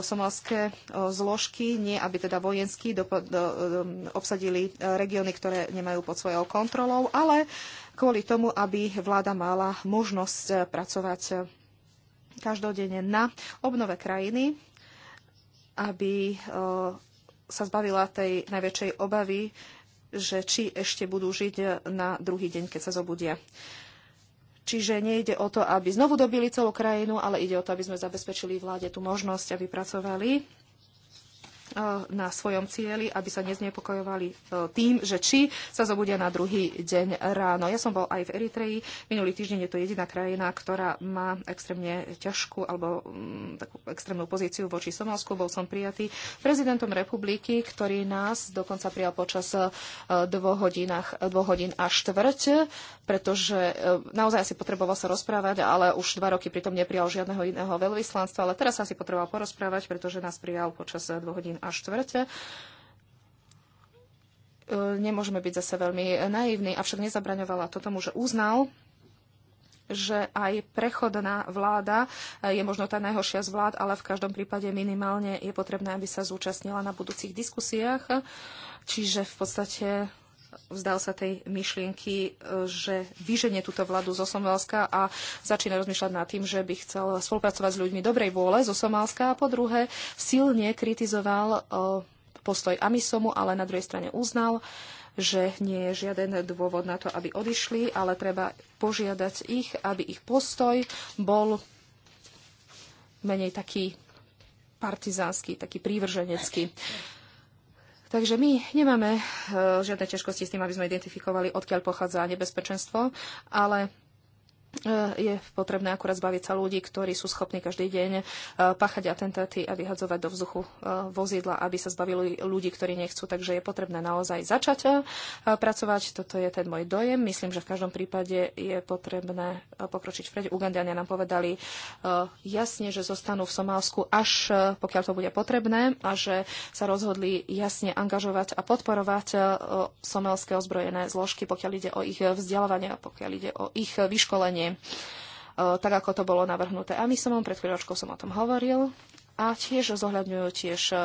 somalské e, zložky, nie aby teda vojenskí obsadili regióny, ktoré nemajú pod svojou kontrolou, ale kvôli tomu, aby vláda mala možnosť pracovať každodenne na obnove krajiny, aby sa zbavila tej najväčšej obavy, že či ešte budú žiť na druhý deň, keď sa zobudia. Čiže nejde o to, aby znovu dobili celú krajinu, ale ide o to, aby sme zabezpečili vláde tú možnosť a vypracovali E, na svojom cieli, aby sa neznepokojovali e, tým, že či sa zobudia na druhý deň ráno. Ja som bol aj v Eritreji. Minulý týždeň je to jediná krajina, ktorá má extrémne ťažkú alebo mm, takú extrémnu pozíciu voči Somálsku. Bol som prijatý prezidentom republiky, ktorý nás dokonca prijal počas e, dvoch, hodinách, dvoch hodín a štvrť, pretože naozaj asi potreboval sa rozprávať, ale už dva roky pritom neprijal žiadneho iného veľvyslanstva, ale teraz asi potreboval porozprávať, pretože nás prijal počas dvoch hodín a štvrte. E, nemôžeme byť zase veľmi naivní, avšak nezabraňovala to tomu, že uznal, že aj prechodná vláda je možno tá najhoršia z vlád, ale v každom prípade minimálne je potrebné, aby sa zúčastnila na budúcich diskusiách. Čiže v podstate vzdal sa tej myšlienky, e, že vyženie túto vládu zo Somálska a začína rozmýšľať nad tým, že by chcel spolupracovať s ľuďmi dobrej vôle zo Somálska a po druhé silne kritizoval e, postoj Amisomu, ale na druhej strane uznal, že nie je žiaden dôvod na to, aby odišli, ale treba požiadať ich, aby ich postoj bol menej taký partizánsky, taký prívrženecký. Takže my nemáme e, žiadne ťažkosti s tým, aby sme identifikovali, odkiaľ pochádza nebezpečenstvo, ale Eh, je potrebné akurát zbaviť sa ľudí, ktorí sú schopní každý deň eh, pachať atentáty a vyhadzovať do vzduchu eh, vozidla, aby sa zbavili ľudí, ktorí nechcú. Takže je potrebné naozaj začať pracovať. Toto je ten môj dojem. Myslím, že v každom prípade je potrebné pokročiť vpred. Ugandania nám povedali jasne, že zostanú v Somálsku až pokiaľ to bude potrebné a že sa rozhodli jasne angažovať a podporovať somálske ozbrojené zložky, pokiaľ ide o ich vzdelávanie a pokiaľ ide o ich vyškolenie zmene, e, tak ako to bolo navrhnuté. A my som pred chvíľočkou som o tom hovoril a tiež zohľadňujú tiež e,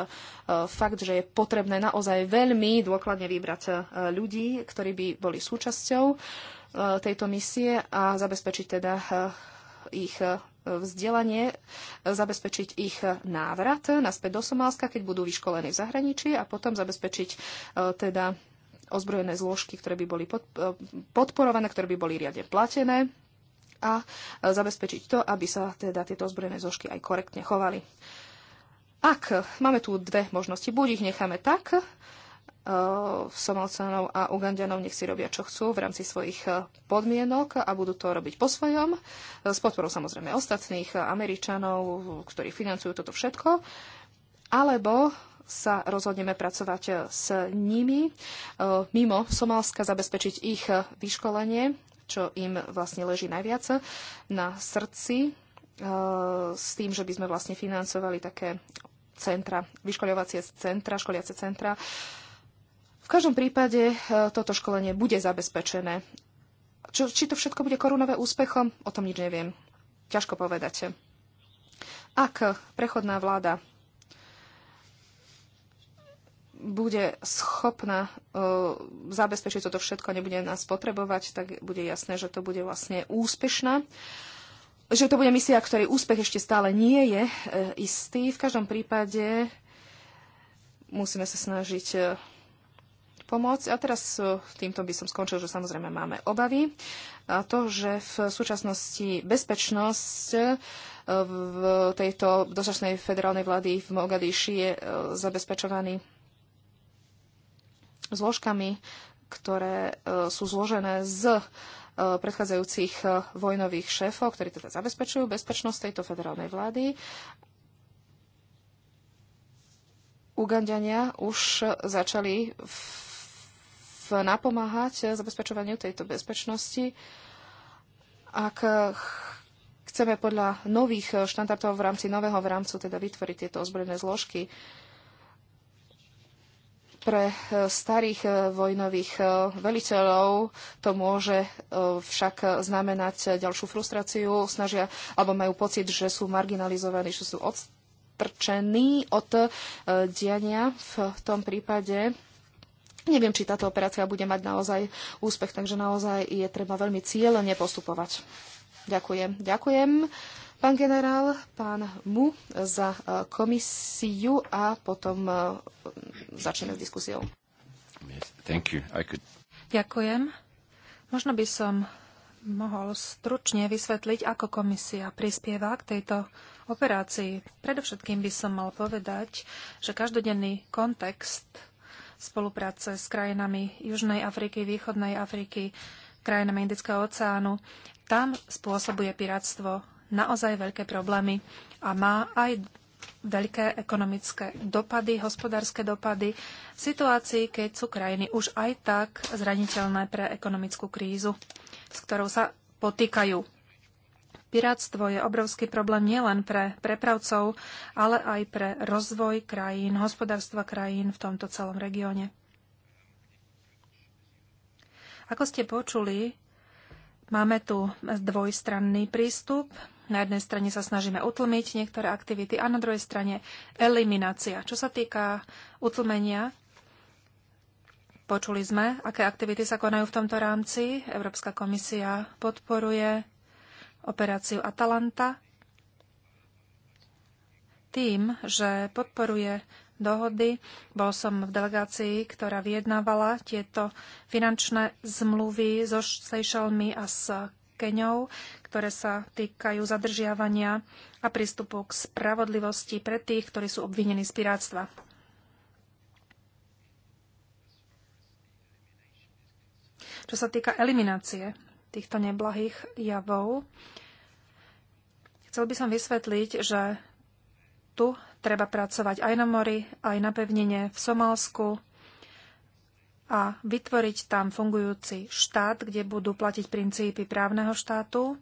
fakt, že je potrebné naozaj veľmi dôkladne vybrať e, ľudí, ktorí by boli súčasťou tejto misie a zabezpečiť teda ich vzdelanie, zabezpečiť ich návrat naspäť do Somálska, keď budú vyškolení v zahraničí a potom zabezpečiť teda ozbrojené zložky, ktoré by boli podporované, ktoré by boli riadne platené a zabezpečiť to, aby sa teda tieto ozbrojené zložky aj korektne chovali. Ak máme tu dve možnosti, buď ich necháme tak, e, Somalcanov a Ugandianov nech si robia, čo chcú v rámci svojich e, podmienok a budú to robiť po svojom, e, s podporou samozrejme ostatných Američanov, ktorí financujú toto všetko, alebo sa rozhodneme pracovať s nimi, mimo Somálska zabezpečiť ich vyškolenie čo im vlastne leží najviac na srdci, eh, s tým, že by sme vlastne financovali také centra, vyškoľovacie centra, školiace centra. V každom prípade eh, toto školenie bude zabezpečené. Čo, či to všetko bude korunové úspechom, o tom nič neviem. Ťažko povedať. Ak prechodná vláda bude schopná e, zabezpečiť toto všetko a nebude nás potrebovať, tak bude jasné, že to bude vlastne úspešná. Že to bude misia, ktorej úspech ešte stále nie je e, istý. V každom prípade musíme sa snažiť e, pomôcť. A teraz týmto by som skončil, že samozrejme máme obavy. A to, že v súčasnosti bezpečnosť v tejto dosačnej federálnej vlády v Mogadiši je zabezpečovaný zložkami, ktoré e, sú zložené z e, predchádzajúcich e, vojnových šéfov, ktorí teda zabezpečujú bezpečnosť tejto federálnej vlády. Ugandania už začali v, v napomáhať zabezpečovaniu tejto bezpečnosti. Ak chceme podľa nových štandardov v rámci nového v rámcu teda vytvoriť tieto ozbrojené zložky, pre e, starých e, vojnových e, veliteľov to môže však znamenať ďalšiu frustráciu. Snažia, alebo majú pocit, že sú marginalizovaní, že sú odstrčení od diania. V tom prípade Neviem, či táto operácia bude mať naozaj úspech, takže naozaj je treba veľmi cieľne postupovať. Ďakujem. Ďakujem pán generál, pán Mu za e, komisiu a potom e, začneme s diskusiou. Yes, thank you. I could... Ďakujem. Možno by som mohol stručne vysvetliť, ako komisia prispieva k tejto operácii. Predovšetkým by som mal povedať, že každodenný kontext spolupráce s krajinami Južnej Afriky, Východnej Afriky, krajinami Indického oceánu, tam spôsobuje piráctvo naozaj veľké problémy a má aj veľké ekonomické dopady, hospodárske dopady v situácii, keď sú krajiny už aj tak zraniteľné pre ekonomickú krízu, s ktorou sa potýkajú. Piráctvo je obrovský problém nielen pre prepravcov, ale aj pre rozvoj krajín, hospodárstva krajín v tomto celom regióne. Ako ste počuli, máme tu dvojstranný prístup na jednej strane sa snažíme utlmiť niektoré aktivity a na druhej strane eliminácia. Čo sa týka utlmenia, počuli sme, aké aktivity sa konajú v tomto rámci. Európska komisia podporuje operáciu Atalanta tým, že podporuje dohody. Bol som v delegácii, ktorá vyjednávala tieto finančné zmluvy so Seychellmi a s spravodajkeňou, ktoré sa týkajú zadržiavania a prístupu k spravodlivosti pre tých, ktorí sú obvinení z pirátstva. Čo sa týka eliminácie týchto neblahých javov, chcel by som vysvetliť, že tu treba pracovať aj na mori, aj na pevnine, v Somálsku, a vytvoriť tam fungujúci štát, kde budú platiť princípy právneho štátu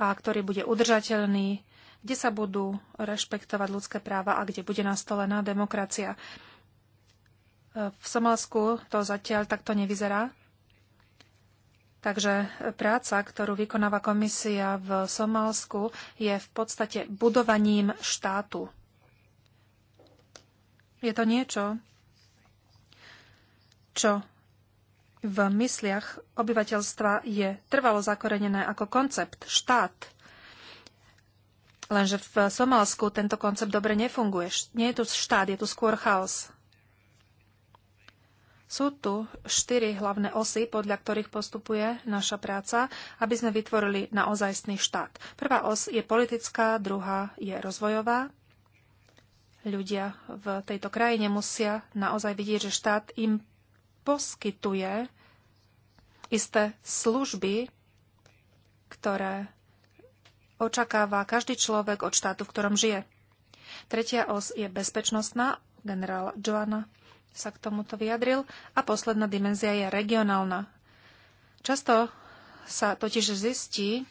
a ktorý bude udržateľný, kde sa budú rešpektovať ľudské práva a kde bude nastolená demokracia. E, v Somalsku to zatiaľ takto nevyzerá. Takže práca, ktorú vykonáva komisia v Somálsku, je v podstate budovaním štátu. Je to niečo, čo v mysliach obyvateľstva je trvalo zakorenené ako koncept, štát. Lenže v Somálsku tento koncept dobre nefunguje. Nie je tu štát, je tu skôr chaos. Sú tu štyri hlavné osy, podľa ktorých postupuje naša práca, aby sme vytvorili naozajstný štát. Prvá os je politická, druhá je rozvojová. Ľudia v tejto krajine musia naozaj vidieť, že štát im poskytuje isté služby, ktoré očakáva každý človek od štátu, v ktorom žije. Tretia os je bezpečnostná, generál Joana sa k tomuto vyjadril, a posledná dimenzia je regionálna. Často sa totiž zistí,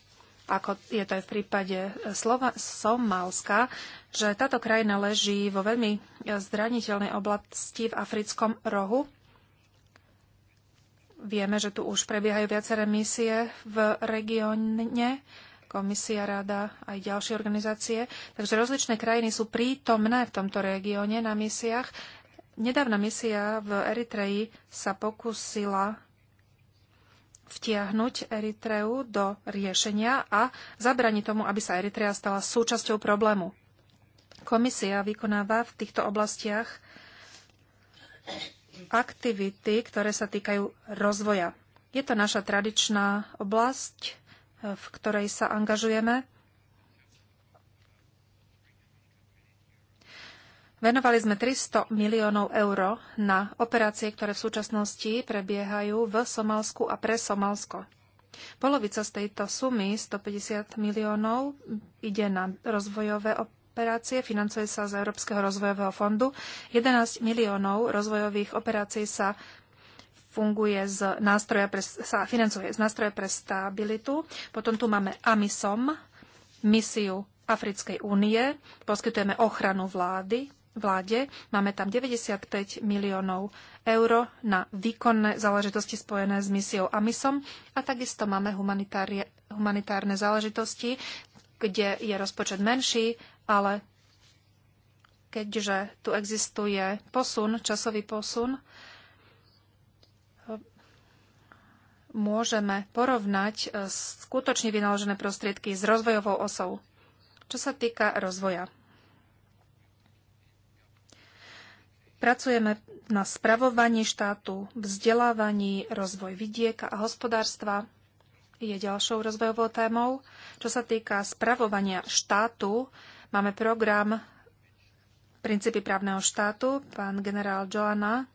ako je to aj v prípade e, Slova- Somálska, že táto krajina leží vo veľmi e, zraniteľnej oblasti v africkom rohu Vieme, že tu už prebiehajú viaceré misie v regióne, komisia, rada, aj ďalšie organizácie. Takže rozličné krajiny sú prítomné v tomto regióne na misiách. Nedávna misia v Eritreji sa pokusila vtiahnuť Eritreu do riešenia a zabrani tomu, aby sa Eritrea stala súčasťou problému. Komisia vykonáva v týchto oblastiach aktivity, ktoré sa týkajú rozvoja. Je to naša tradičná oblasť, e, v ktorej sa angažujeme. Venovali sme 300 miliónov eur na operácie, ktoré v súčasnosti prebiehajú v Somálsku a pre Somálsko. Polovica z tejto sumy, 150 miliónov, ide na rozvojové operácie, financuje sa z Európskeho rozvojového fondu. 11 miliónov rozvojových operácií sa funguje z nástroja pre, sa financuje z nástroja pre stabilitu. Potom tu máme AMISOM, misiu Africkej únie. Poskytujeme ochranu vlády, vláde. Máme tam 95 miliónov eur na výkonné záležitosti spojené s misiou AMISOM a takisto máme humanitárne záležitosti, kde je rozpočet menší ale keďže tu existuje posun, časový posun, môžeme porovnať e, skutočne vynaložené prostriedky s rozvojovou osou. Čo sa týka rozvoja. Pracujeme na spravovaní štátu, vzdelávaní, rozvoj vidieka a hospodárstva je ďalšou rozvojovou témou. Čo sa týka spravovania štátu, Máme program Princípy právneho štátu. Pán generál Joana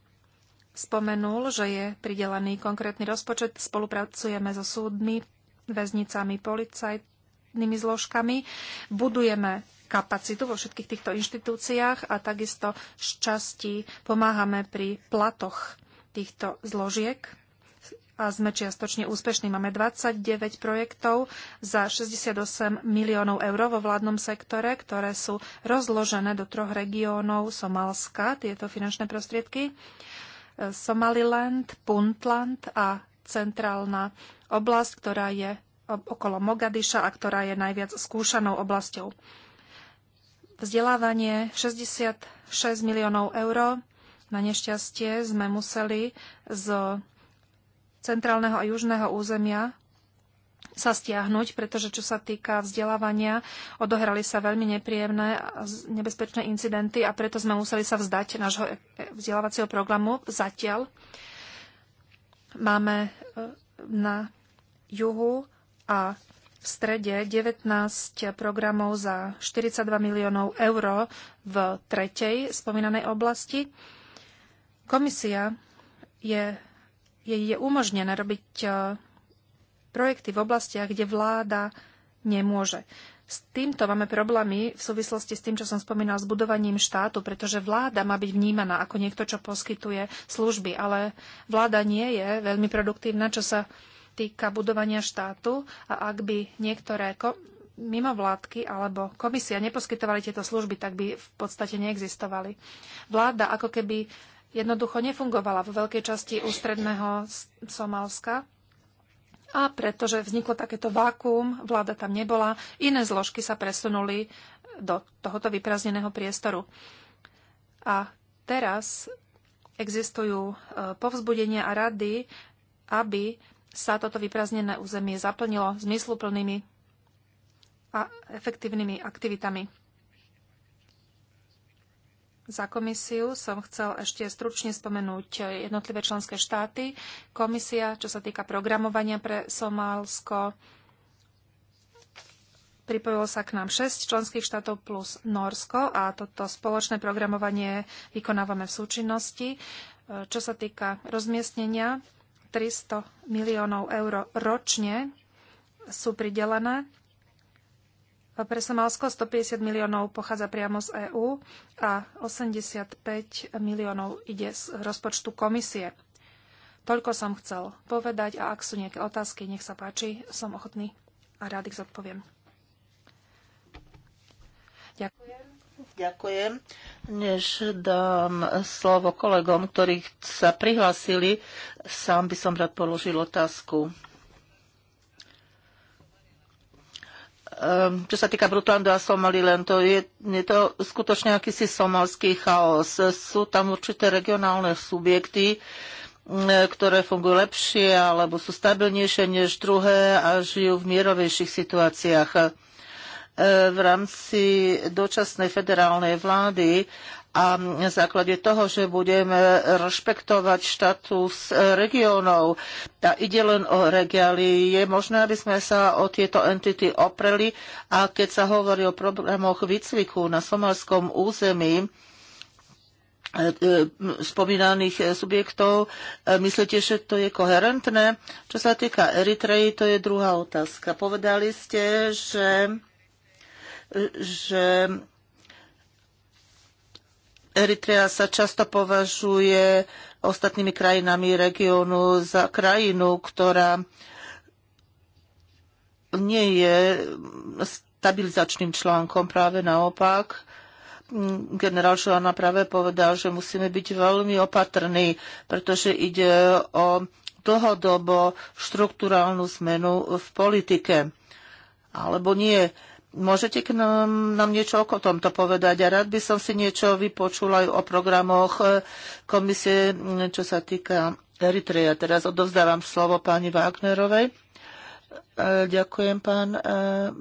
spomenul, že je pridelený konkrétny rozpočet. Spolupracujeme so súdmi, väznicami, policajnými zložkami. Budujeme kapacitu vo všetkých týchto inštitúciách a takisto z časti pomáhame pri platoch týchto zložiek a sme čiastočne úspešní. Máme 29 projektov za 68 miliónov eur vo vládnom sektore, ktoré sú rozložené do troch regiónov Somálska, tieto finančné prostriedky. E, Somaliland, Puntland a centrálna oblasť, ktorá je okolo Mogadiša a ktorá je najviac skúšanou oblasťou. Vzdelávanie 66 miliónov eur. Na nešťastie sme museli z centrálneho a južného územia sa stiahnuť, pretože čo sa týka vzdelávania, odohrali sa veľmi nepríjemné a nebezpečné incidenty a preto sme museli sa vzdať nášho e- e- vzdelávacieho programu. Zatiaľ máme e, na juhu a v strede 19 programov za 42 miliónov eur v tretej spomínanej oblasti. Komisia je jej je umožnené robiť e, projekty v oblastiach, kde vláda nemôže. S týmto máme problémy v súvislosti s tým, čo som spomínal, s budovaním štátu, pretože vláda má byť vnímaná ako niekto, čo poskytuje služby, ale vláda nie je veľmi produktívna, čo sa týka budovania štátu a ak by niektoré mimo vládky alebo komisia neposkytovali tieto služby, tak by v podstate neexistovali. Vláda ako keby jednoducho nefungovala vo veľkej časti ústredného Somálska. A pretože vzniklo takéto vákuum, vláda tam nebola, iné zložky sa presunuli do tohoto vyprázdneného priestoru. A teraz existujú e, povzbudenia a rady, aby sa toto vyprázdnené územie zaplnilo zmysluplnými a efektívnymi aktivitami. Za komisiu som chcel ešte stručne spomenúť jednotlivé členské štáty. Komisia, čo sa týka programovania pre Somálsko, pripojilo sa k nám 6 členských štátov plus Norsko a toto spoločné programovanie vykonávame v súčinnosti. Čo sa týka rozmiestnenia, 300 miliónov eur ročne sú pridelené pre Somálsko 150 miliónov pochádza priamo z EÚ a 85 miliónov ide z rozpočtu komisie. Toľko som chcel povedať a ak sú nejaké otázky, nech sa páči, som ochotný a rád ich zodpoviem. Ďakujem. Ďakujem. Než dám slovo kolegom, ktorí sa prihlasili, sám by som rád položil otázku. Ehm, čo sa týka Brutlandu a Somaliland, to je, je to skutočne akýsi somalský chaos. Sú tam určité regionálne subjekty, mm, ktoré fungujú lepšie alebo sú stabilnejšie než druhé a žijú v mierovejších situáciách. Ehm, v rámci dočasnej federálnej vlády a na základe toho, že budeme rešpektovať štatus e, regiónov a ide len o regiály, je možné, aby sme sa o tieto entity opreli a keď sa hovorí o problémoch výcviku na somalskom území, e, e, spomínaných subjektov. Myslíte, že to je koherentné? Čo sa týka Eritreji, to je druhá otázka. Povedali ste, že, že Eritrea sa často považuje ostatnými krajinami regiónu za krajinu, ktorá nie je stabilizačným článkom, práve naopak generál Žilana práve povedal, že musíme byť veľmi opatrní, pretože ide o dlhodobo štruktúrálnu zmenu v politike. Alebo nie. Môžete k nám, nám niečo o tomto povedať? A rád by som si niečo vypočula aj o programoch eh, komisie, mm, čo sa týka Eritreja. Teraz odovzdávam slovo pani Wagnerovej. Eh, ďakujem, pán, eh,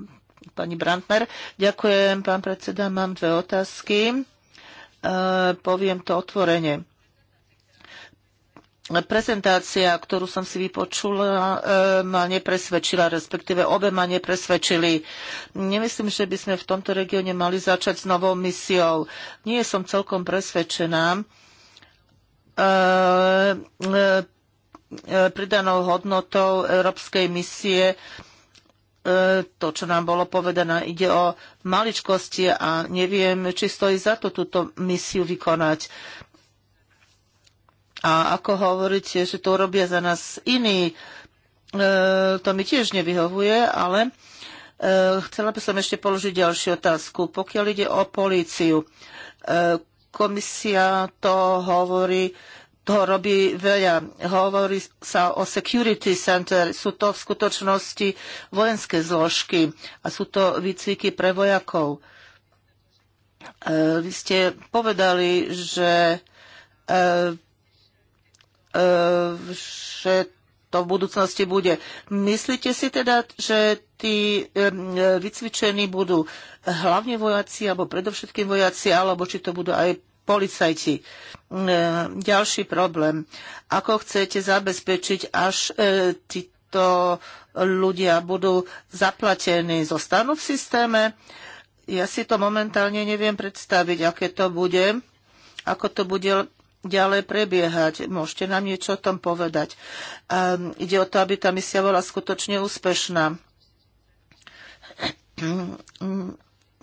pani Brandner. Ďakujem, pán predseda. Mám dve otázky. Poviem to otvorene prezentácia, ktorú som si vypočula, e, ma nepresvedčila, respektíve obe ma nepresvedčili. Nemyslím, že by sme v tomto regióne mali začať s novou misiou. Nie som celkom presvedčená e, e, pridanou hodnotou Európskej misie to, čo nám bolo povedané, ide o maličkosti a neviem, či stojí za to túto misiu vykonať. A ako hovoríte, že to robia za nás iní, e, to mi tiež nevyhovuje, ale e, chcela by som ešte položiť ďalšiu otázku. Pokiaľ ide o políciu, e, komisia to hovorí, to robí veľa. Hovorí sa o security center. Sú to v skutočnosti vojenské zložky a sú to výcviky pre vojakov. Vy ste povedali, že E, že to v budúcnosti bude. Myslíte si teda, že tí e, e, vycvičení budú hlavne vojaci, alebo predovšetkým vojaci, alebo či to budú aj policajti. Ďalší problém. Ako chcete zabezpečiť, až títo ľudia budú zaplatení, zostanú v systéme? Ja si to momentálne neviem predstaviť, aké to bude, ako to bude ďalej prebiehať. Môžete nám niečo o tom povedať. Um, ide o to, aby tá misia bola skutočne úspešná.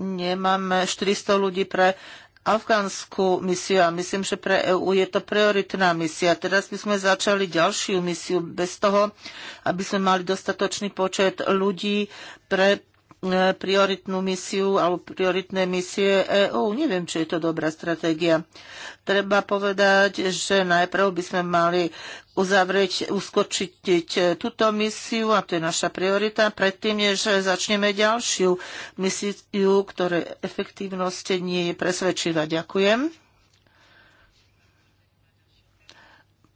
Nemáme 400 ľudí pre afgánsku misiu a myslím, že pre EU je to prioritná misia. Teraz by sme začali ďalšiu misiu bez toho, aby sme mali dostatočný počet ľudí pre E, prioritnú misiu alebo prioritné misie EÚ. Neviem, či je to dobrá stratégia. Treba povedať, že najprv by sme mali uzavrieť, uskočiť túto misiu, a to je naša priorita, predtým, než začneme ďalšiu misiu, ktoré efektívnosť nie je presvedčivá. Ďakujem.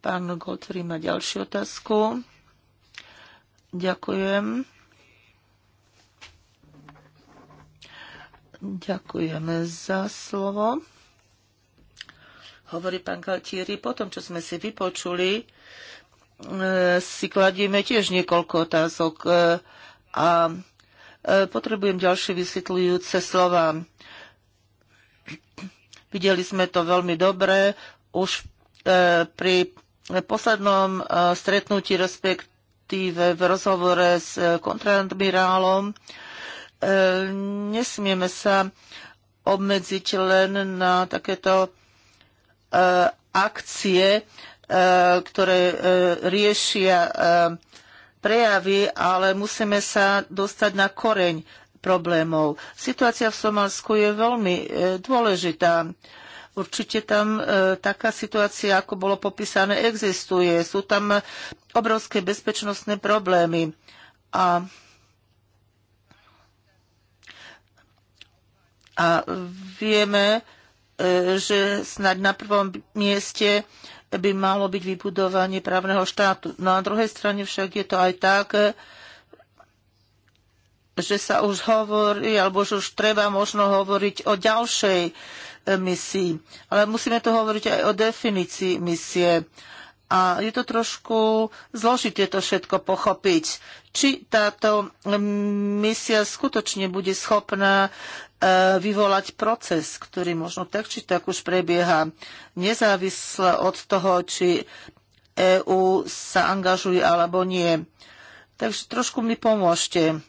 Pán Gottfried má ďalšiu otázku. Ďakujem. Ďakujeme za slovo. Hovorí pán Galtieri, po tom, čo sme si vypočuli, e, si kladieme tiež niekoľko otázok e, a e, potrebujem ďalšie vysvetľujúce slova. Videli sme to veľmi dobre už pri poslednom stretnutí, respektíve v rozhovore s kontradmirálom, E, nesmieme sa obmedziť len na takéto e, akcie, e, ktoré riešia prejavy, ale musíme sa dostať na koreň problémov. Situácia v Somálsku je veľmi dôležitá. Určite tam e, taká situácia, ako bolo popísané, existuje. Sú tam obrovské bezpečnostné problémy. A A vieme, e, že snad na prvom mieste by malo byť vybudovanie právneho štátu. No a druhej strane však je to aj tak, e, že sa už hovorí, alebo že už treba možno hovoriť o ďalšej misii. Ale musíme to hovoriť aj o definícii misie. A je to trošku zložité to všetko pochopiť, či táto misia skutočne bude schopná e, vyvolať proces, ktorý možno tak či tak už prebieha, nezávisle od toho, či EÚ sa angažuje alebo nie. Takže trošku mi pomôžte.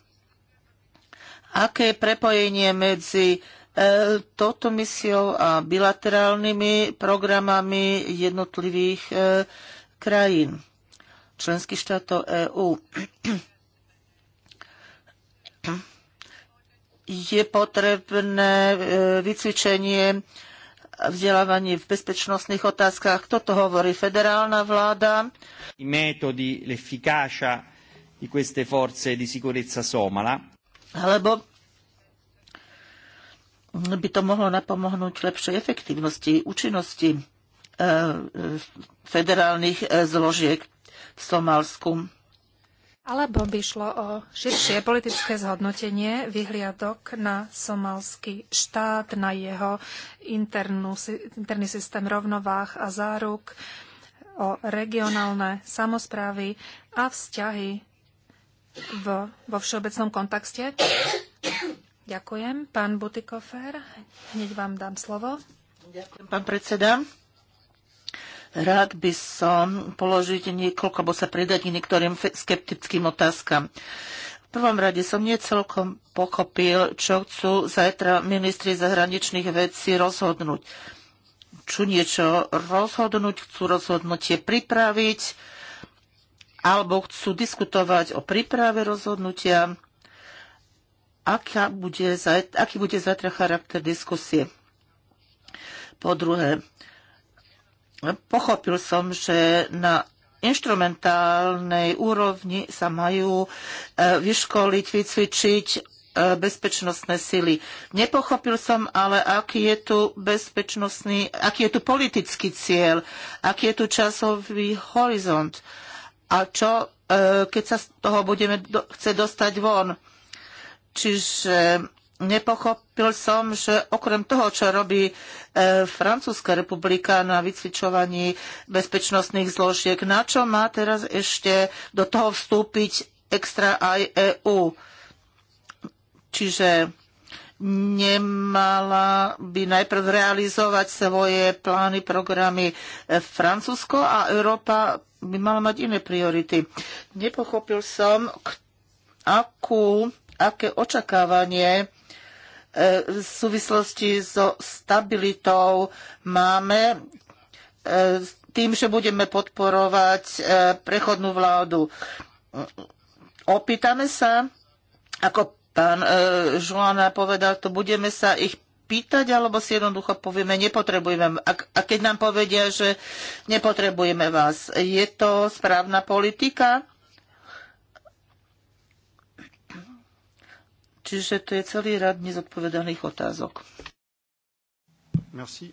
Aké je prepojenie medzi e, touto misiou a bilaterálnymi programami jednotlivých e, krajín členských štátov EÚ. Je potrebné e, vycvičenie a vzdelávanie v bezpečnostných otázkach. Kto to hovorí? Federálna vláda? I metodi, l'efficacia di queste forze di sicurezza somala. Alebo by to mohlo napomohnúť lepšej efektívnosti, účinnosti E, federálnych e, zložiek v Somálsku. Alebo by šlo o širšie politické zhodnotenie vyhliadok na somalský štát, na jeho internú, interný systém rovnováh a záruk, o regionálne samozprávy a vzťahy v, vo všeobecnom kontexte. Ďakujem. Pán Butikofer, hneď vám dám slovo. Ďakujem, pán predseda. Rád by som položiť niekoľko, bo sa pridať niektorým skeptickým otázkam. V prvom rade som nie celkom pochopil, čo chcú zajtra ministri zahraničných vecí rozhodnúť. čo niečo rozhodnúť, chcú rozhodnutie pripraviť, alebo chcú diskutovať o príprave rozhodnutia, aká bude zajtra, aký bude zajtra charakter diskusie. Po druhé, pochopil som, že na inštrumentálnej úrovni sa majú e, vyškoliť, vycvičiť e, bezpečnostné sily. Nepochopil som ale, aký je tu bezpečnostný, aký je tu politický cieľ, aký je tu časový horizont a čo, e, keď sa z toho budeme chce dostať von. Čiže nepochopil som, že okrem toho, čo robí e, Francúzska republika na vycvičovaní bezpečnostných zložiek, na čo má teraz ešte do toho vstúpiť extra aj EÚ? Čiže nemala by najprv realizovať svoje plány, programy e, Francúzsko a Európa by mala mať iné priority. Nepochopil som, akú, aké očakávanie E, v súvislosti so stabilitou máme e, tým, že budeme podporovať e, prechodnú vládu. Opýtame sa, ako pán Žuana povedal, to budeme sa ich pýtať, alebo si jednoducho povieme, nepotrebujeme. A, a keď nám povedia, že nepotrebujeme vás, je to správna politika? Čiže tu je celý rad nezodpovedaných otázok. Merci.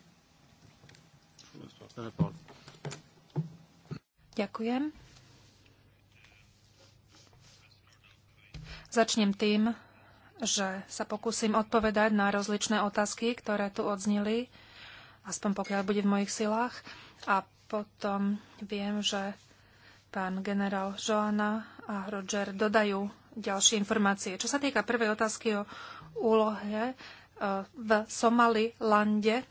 Ďakujem. Začnem tým, že sa pokúsim odpovedať na rozličné otázky, ktoré tu odznili, aspoň pokiaľ bude v mojich silách. A potom viem, že pán generál Joana a Roger dodajú ďalšie informácie. Čo sa týka prvej otázky o úlohe e, v Somalilande,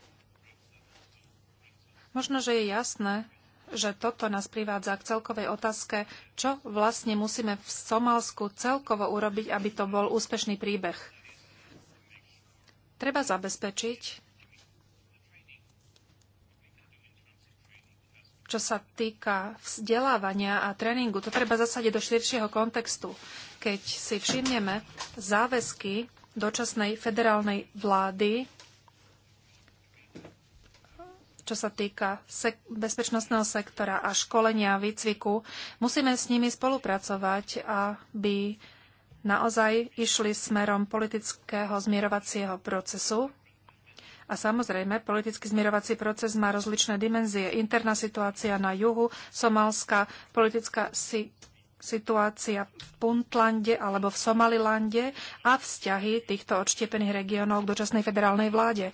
možno, že je jasné, že toto nás privádza k celkovej otázke, čo vlastne musíme v Somalsku celkovo urobiť, aby to bol úspešný príbeh. Treba zabezpečiť, čo sa týka vzdelávania a tréningu, to treba zasadiť do širšieho kontextu. Keď si všimneme záväzky dočasnej federálnej vlády, čo sa týka sek- bezpečnostného sektora a školenia, a výcviku, musíme s nimi spolupracovať, aby naozaj išli smerom politického zmierovacieho procesu a samozrejme, politický zmierovací proces má rozličné dimenzie. Interná situácia na juhu Somalská politická si- situácia v Puntlande alebo v Somalilande a vzťahy týchto odštiepených regiónov k dočasnej federálnej vláde.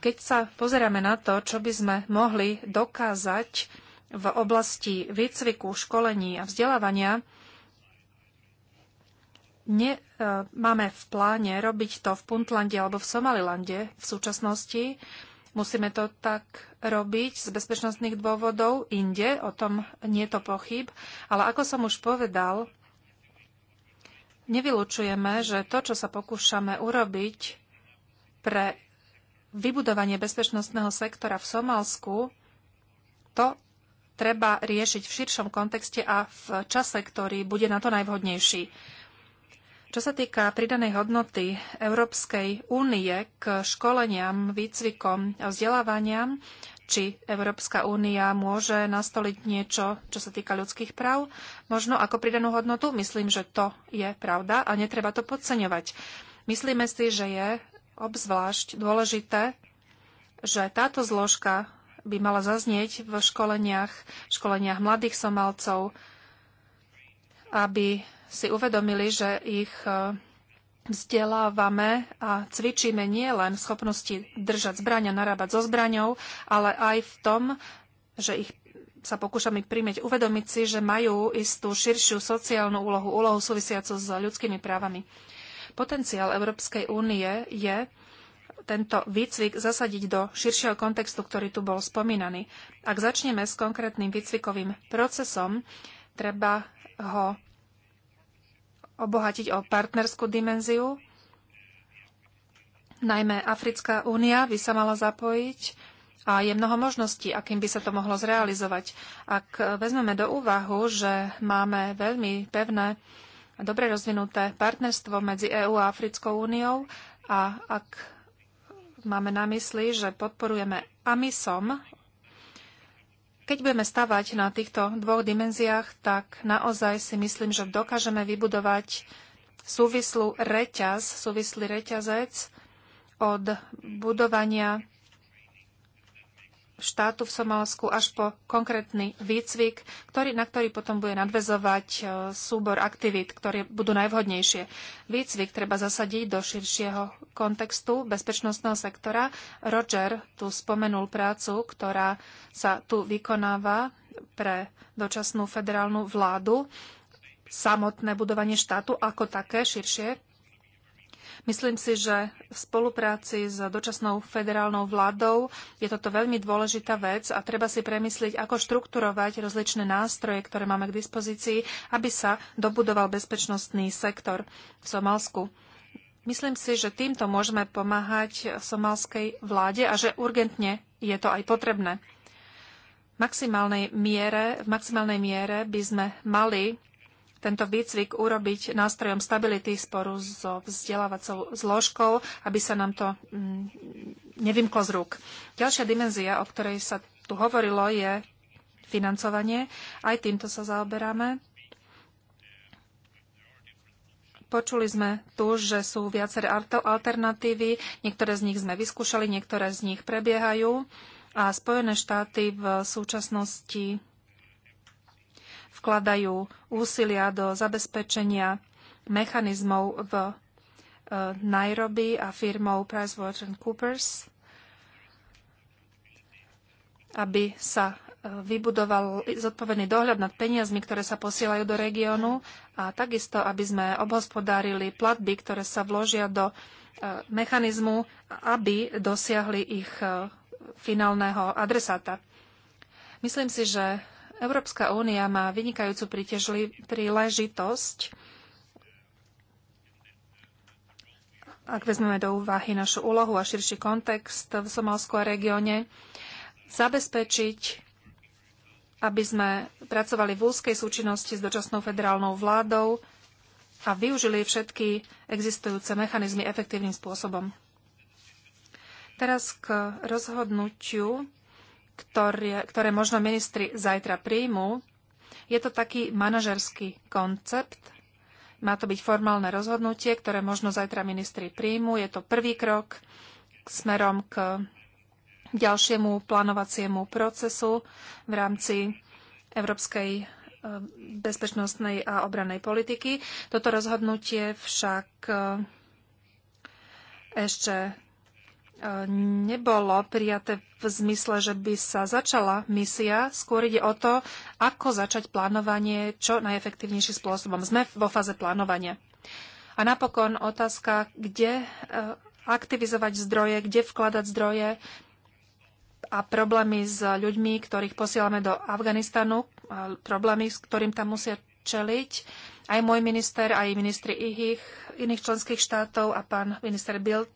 Keď sa pozeráme na to, čo by sme mohli dokázať v oblasti výcviku, školení a vzdelávania, ne, e, máme v pláne robiť to v Puntlande alebo v Somalilande v súčasnosti. Musíme to tak robiť z bezpečnostných dôvodov inde, o tom nie je to pochyb. Ale ako som už povedal, nevylučujeme, že to, čo sa pokúšame urobiť pre vybudovanie bezpečnostného sektora v Somálsku, to treba riešiť v širšom kontexte a v čase, ktorý bude na to najvhodnejší. Čo sa týka pridanej hodnoty Európskej únie k školeniam, výcvikom a vzdelávaniam, či Európska únia môže nastoliť niečo, čo sa týka ľudských práv, možno ako pridanú hodnotu, myslím, že to je pravda a netreba to podceňovať. Myslíme si, že je obzvlášť dôležité, že táto zložka by mala zaznieť v školeniach, školeniach mladých somalcov, aby si uvedomili, že ich e, vzdelávame a cvičíme nie len v schopnosti držať zbraň a narábať so zbraňou, ale aj v tom, že ich sa ich prímeť, uvedomiť si, že majú istú širšiu sociálnu úlohu, úlohu súvisiacu s ľudskými právami. Potenciál Európskej únie je tento výcvik zasadiť do širšieho kontextu, ktorý tu bol spomínaný. Ak začneme s konkrétnym výcvikovým procesom, treba ho obohatiť o partnerskú dimenziu. Najmä Africká únia by sa mala zapojiť a je mnoho možností, akým by sa to mohlo zrealizovať. Ak vezmeme do úvahu, že máme veľmi pevné a dobre rozvinuté partnerstvo medzi EÚ a Africkou úniou a ak máme na mysli, že podporujeme AMISOM keď budeme stavať na týchto dvoch dimenziách, tak naozaj si myslím, že dokážeme vybudovať súvislú reťaz, súvislý reťazec od budovania štátu v Somálsku až po konkrétny výcvik, ktorý, na ktorý potom bude nadvezovať e, súbor aktivít, ktoré budú najvhodnejšie. Výcvik treba zasadiť do širšieho kontextu bezpečnostného sektora. Roger tu spomenul prácu, ktorá sa tu vykonáva pre dočasnú federálnu vládu samotné budovanie štátu ako také širšie Myslím si, že v spolupráci s dočasnou federálnou vládou je toto veľmi dôležitá vec a treba si premyslieť, ako štrukturovať rozličné nástroje, ktoré máme k dispozícii, aby sa dobudoval bezpečnostný sektor v Somalsku. Myslím si, že týmto môžeme pomáhať somalskej vláde a že urgentne je to aj potrebné. V maximálnej miere, v maximálnej miere by sme mali tento výcvik urobiť nástrojom stability sporu so vzdelávacou zložkou, aby sa nám to mm, nevymklo z rúk. Ďalšia dimenzia, o ktorej sa tu hovorilo, je financovanie. Aj týmto sa zaoberáme. Počuli sme tu, že sú viaceré alternatívy. Niektoré z nich sme vyskúšali, niektoré z nich prebiehajú. A Spojené štáty v súčasnosti vkladajú úsilia do zabezpečenia mechanizmov v e, Nairobi a firmou PricewaterhouseCoopers, aby sa e, vybudoval zodpovedný dohľad nad peniazmi, ktoré sa posielajú do regiónu a takisto, aby sme obhospodárili platby, ktoré sa vložia do e, mechanizmu, aby dosiahli ich finálneho adresáta. Myslím si, že Európska únia má vynikajúcu príležitosť, ak vezmeme do úvahy našu úlohu a širší kontext v somalskom regióne, zabezpečiť, aby sme pracovali v úzkej súčinnosti s dočasnou federálnou vládou a využili všetky existujúce mechanizmy efektívnym spôsobom. Teraz k rozhodnutiu ktoré, ktoré možno ministri zajtra príjmú. Je to taký manažerský koncept. Má to byť formálne rozhodnutie, ktoré možno zajtra ministri príjmu. Je to prvý krok k smerom k ďalšiemu plánovaciemu procesu v rámci Európskej e, bezpečnostnej a obranej politiky. Toto rozhodnutie však e, ešte nebolo prijaté v zmysle, že by sa začala misia. Skôr ide o to, ako začať plánovanie čo najefektívnejším spôsobom. Sme vo fáze plánovania. A napokon otázka, kde e, aktivizovať zdroje, kde vkladať zdroje a problémy s ľuďmi, ktorých posielame do Afganistanu, problémy, s ktorým tam musia čeliť. Aj môj minister, aj ministri ich iných členských štátov a pán minister Bild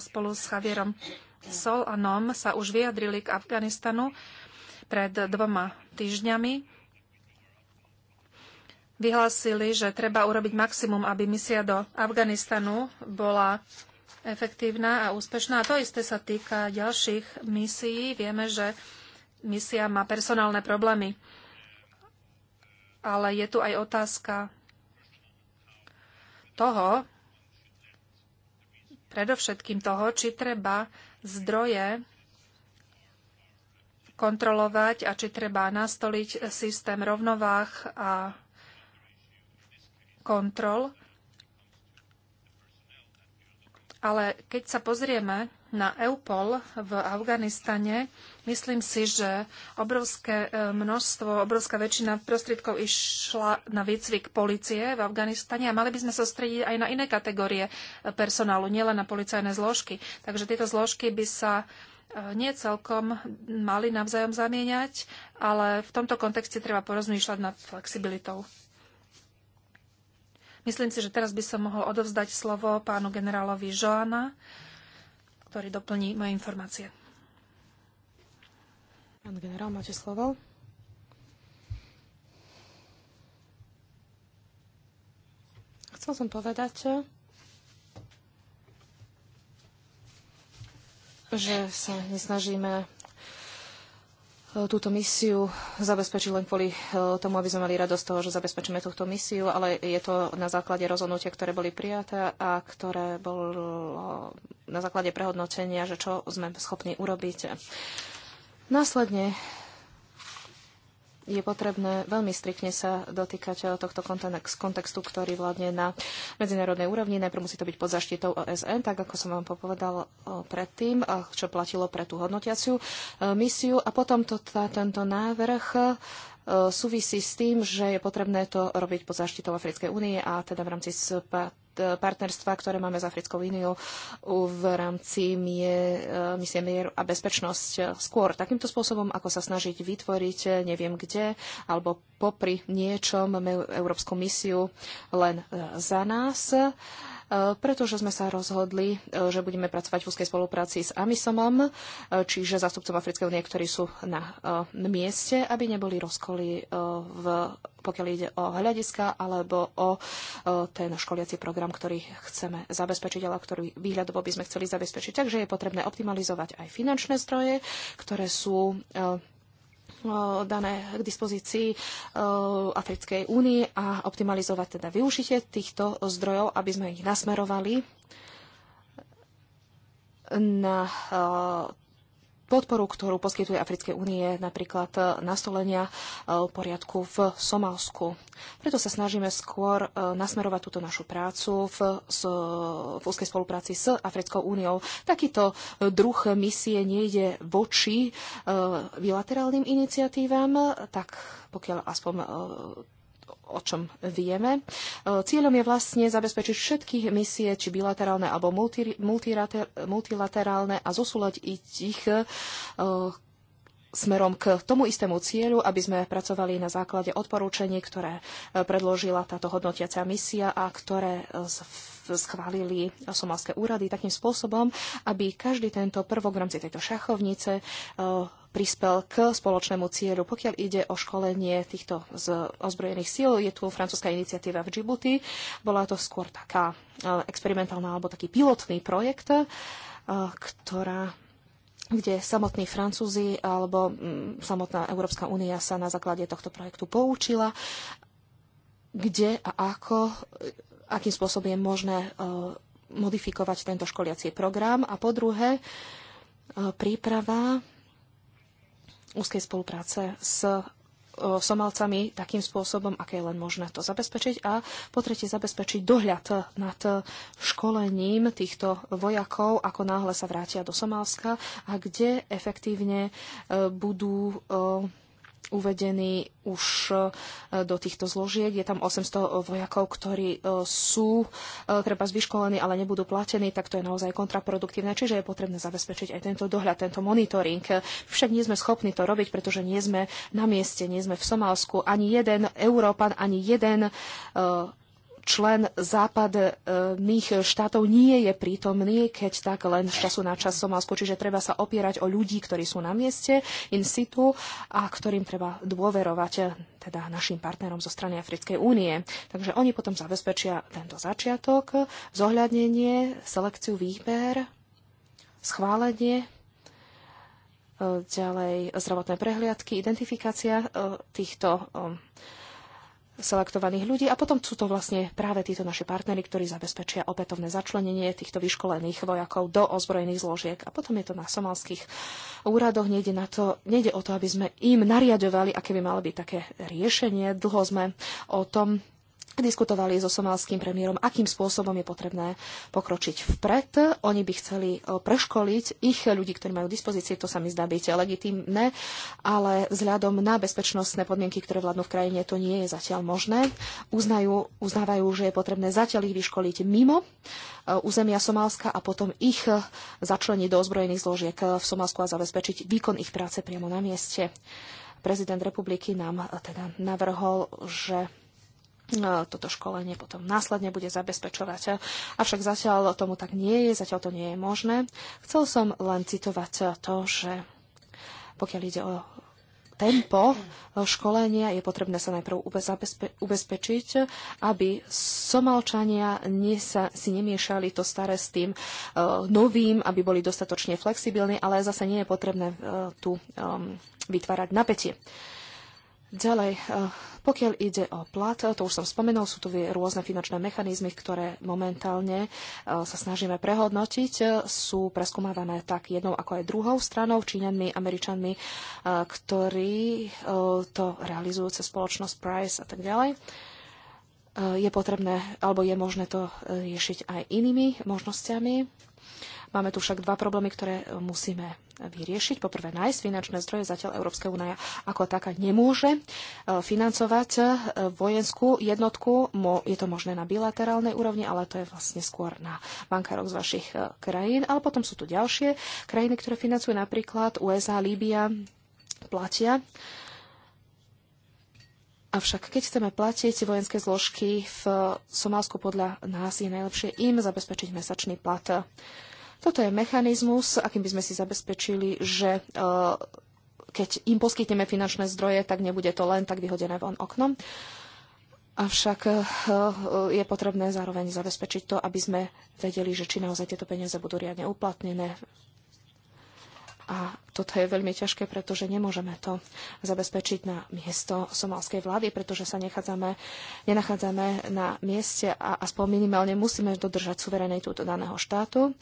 spolu s Javierom Sol a Nom sa už vyjadrili k Afganistanu pred dvoma týždňami. Vyhlásili, že treba urobiť maximum, aby misia do Afganistanu bola efektívna a úspešná. A to isté sa týka ďalších misií. Vieme, že misia má personálne problémy. Ale je tu aj otázka toho, predovšetkým toho, či treba zdroje kontrolovať a či treba nastoliť systém rovnováh a kontrol. Ale keď sa pozrieme na EUPOL v Afganistane, myslím si, že obrovské e, množstvo, obrovská väčšina prostriedkov išla na výcvik policie v Afganistane a mali by sme strediť aj na iné kategórie e, personálu, nielen na policajné zložky. Takže tieto zložky by sa e, nie celkom mali navzájom zamieňať, ale v tomto kontexte treba porozmýšľať nad flexibilitou. Myslím si, že teraz by som mohol odovzdať slovo pánu generálovi Joana, ktorý doplní moje informácie. Pán generál, máte slovo. Chcel som povedať, že sa nesnažíme E, túto misiu zabezpečiť len kvôli e, tomu, aby sme mali radosť toho, že zabezpečíme túto misiu, ale je to na základe rozhodnutia, ktoré boli prijaté a ktoré bolo na základe prehodnotenia, že čo sme schopní urobiť. Následne je potrebné veľmi striktne sa dotýkať eh, tohto kontextu, ktorý vládne na medzinárodnej úrovni. Najprv musí to byť pod zaštitou OSN, tak ako som vám popovedal eh, predtým, eh, čo platilo pre tú hodnotiaciu misiu. A potom to, tá, tento návrh súvisí s tým, že je potrebné to robiť pod zaštitou Africkej únie a teda v rámci SPA partnerstva, ktoré máme s Africkou úniou v rámci mie, eh, misie mier a bezpečnosť skôr takýmto spôsobom, ako sa snažiť vytvoriť eh, neviem kde, alebo popri niečom európsku misiu len eh, za nás pretože sme sa rozhodli, že budeme pracovať v úzkej spolupráci s Amisomom, čiže zástupcom Africkej únie, ktorí sú na mieste, aby neboli rozkoly, v, pokiaľ ide o hľadiska alebo o ten školiaci program program, ktorý chceme zabezpečiť, ale ktorý výhľadovo by sme chceli zabezpečiť. Takže je potrebné optimalizovať aj finančné zdroje, ktoré sú e, e, dané k dispozícii e, Africkej únie a optimalizovať teda využitie týchto zdrojov, aby sme ich nasmerovali na podporu, ktorú poskytuje Africké únie, napríklad eh, nastolenia eh, poriadku v Somálsku. Preto sa snažíme skôr eh, nasmerovať túto našu prácu v, s, v úzkej spolupráci s Africkou úniou. Takýto druh misie nejde voči bilaterálnym iniciatívam, tak pokiaľ aspoň o čom vieme. E, cieľom je vlastne zabezpečiť všetky misie, či bilaterálne alebo multilaterálne a zosúľať ich e, smerom k tomu istému cieľu, aby sme pracovali na základe odporúčení, ktoré e, predložila táto hodnotiacia misia a ktoré schválili somalské úrady takým spôsobom, aby každý tento prvok v rámci tejto šachovnice prispel k spoločnému cieľu. Pokiaľ ide o školenie týchto z ozbrojených síl, je tu francúzska iniciatíva v Džibuti. Bola to skôr taká eh, experimentálna alebo taký pilotný projekt, eh, ktorá kde samotní Francúzi alebo mm, samotná Európska únia sa na základe tohto projektu poučila, kde a ako, eh, akým spôsobom je možné modifikovať tento školiaci program. A po druhé, príprava úzkej spolupráce s e, Somalcami takým spôsobom, aké je len možné to zabezpečiť a po tretie zabezpečiť dohľad nad školením týchto vojakov, ako náhle sa vrátia do Somálska a kde efektívne e, budú e, uvedení už e, do týchto zložiek. Je tam 800 vojakov, ktorí e, sú e, treba vyškolení, ale nebudú platení, tak to je naozaj kontraproduktívne. Čiže je potrebné zabezpečiť aj tento dohľad, tento monitoring. Však nie sme schopní to robiť, pretože nie sme na mieste, nie sme v Somálsku. Ani jeden Európan, ani jeden člen západných štátov nie je prítomný, keď tak len z času na čas Somálsku. Čiže treba sa opierať o ľudí, ktorí sú na mieste in situ a ktorým treba dôverovať teda našim partnerom zo strany Africkej únie. Takže oni potom zabezpečia tento začiatok, zohľadnenie, selekciu, výber, schválenie, e, ďalej zdravotné prehliadky, identifikácia e, týchto e, selektovaných ľudí a potom sú to vlastne práve títo naši partnery, ktorí zabezpečia opätovné začlenenie týchto vyškolených vojakov do ozbrojených zložiek. A potom je to na somalských úradoch. Nejde, na to, nejde o to, aby sme im nariadovali, aké by malo byť také riešenie. Dlho sme o tom diskutovali so somalským premiérom, akým spôsobom je potrebné pokročiť vpred. Oni by chceli e, preškoliť ich ľudí, ktorí majú dispozície, to sa mi zdá byť legitimné, ale vzhľadom na bezpečnostné podmienky, ktoré vládnu v krajine, to nie je zatiaľ možné. Uznajú, uznávajú, že je potrebné zatiaľ ich vyškoliť mimo e, územia Somálska a potom ich e, začleniť do ozbrojených zložiek v Somálsku a zabezpečiť výkon ich práce priamo na mieste. Prezident republiky nám teda navrhol, že E, toto školenie potom následne bude zabezpečovať. Avšak zatiaľ tomu tak nie je, zatiaľ to nie je možné. Chcel som len citovať to, že pokiaľ ide o tempo školenia je potrebné sa najprv ubezpe ubezpečiť, aby Somalčania nie sa, si nemiešali to staré s tým uh, novým, aby boli dostatočne flexibilní, ale zase nie je potrebné uh, tu um, vytvárať napätie. Ďalej, eh, pokiaľ ide o plat, to už som spomenul, sú tu rôzne finančné mechanizmy, ktoré momentálne eh, sa snažíme prehodnotiť. Eh, sú preskúmavané tak jednou ako aj druhou stranou, Číňanmi, Američanmi, ktorí to realizujú cez spoločnosť Price a tak ďalej je potrebné, alebo je možné to riešiť aj inými možnosťami. Máme tu však dva problémy, ktoré e, musíme vyriešiť. Poprvé, nájsť finančné zdroje. Zatiaľ Európska únia ako taká nemôže e, financovať e, vojenskú jednotku. Je to možné na bilaterálnej úrovni, ale to je vlastne skôr na bankárok z vašich krajín. Ale potom sú tu ďalšie krajiny, ktoré financujú napríklad USA, Líbia, platia. Avšak keď chceme platiť vojenské zložky v Somálsku podľa nás je najlepšie im zabezpečiť mesačný plat. Toto je mechanizmus, akým by sme si zabezpečili, že e, keď im poskytneme finančné zdroje, tak nebude to len tak vyhodené von oknom. Avšak e, e, je potrebné zároveň zabezpečiť to, aby sme vedeli, že či naozaj tieto peniaze budú riadne uplatnené a toto je veľmi ťažké, pretože nemôžeme to zabezpečiť na miesto somalskej vlády, pretože sa nechádzame, nenachádzame na mieste a aspoň minimálne musíme dodržať suverenitu daného štátu.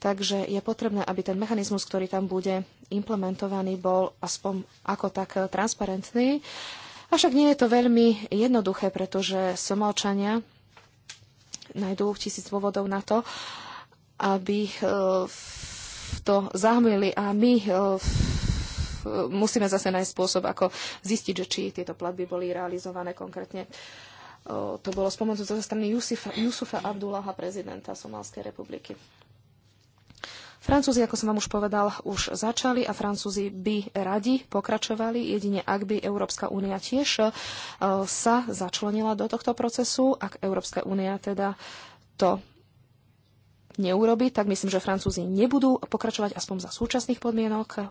Takže je potrebné, aby ten mechanizmus, ktorý tam bude implementovaný, bol aspoň ako tak transparentný. Avšak nie je to veľmi jednoduché, pretože Somalčania nájdú tisíc dôvodov na to, aby v eh, takto zahmlili a my eh, musíme zase nájsť spôsob, ako zistiť, že či tieto platby boli realizované konkrétne. Eh, to bolo pomocou zo strany Jusufa, Jusufa Abdullaha, prezidenta Somálskej republiky. Francúzi, ako som vám už povedal, už začali a Francúzi by radi pokračovali, jedine ak by Európska únia tiež eh, sa začlenila do tohto procesu, ak Európska únia teda to neurobi, tak myslím, že Francúzi nebudú pokračovať aspoň za súčasných podmienok.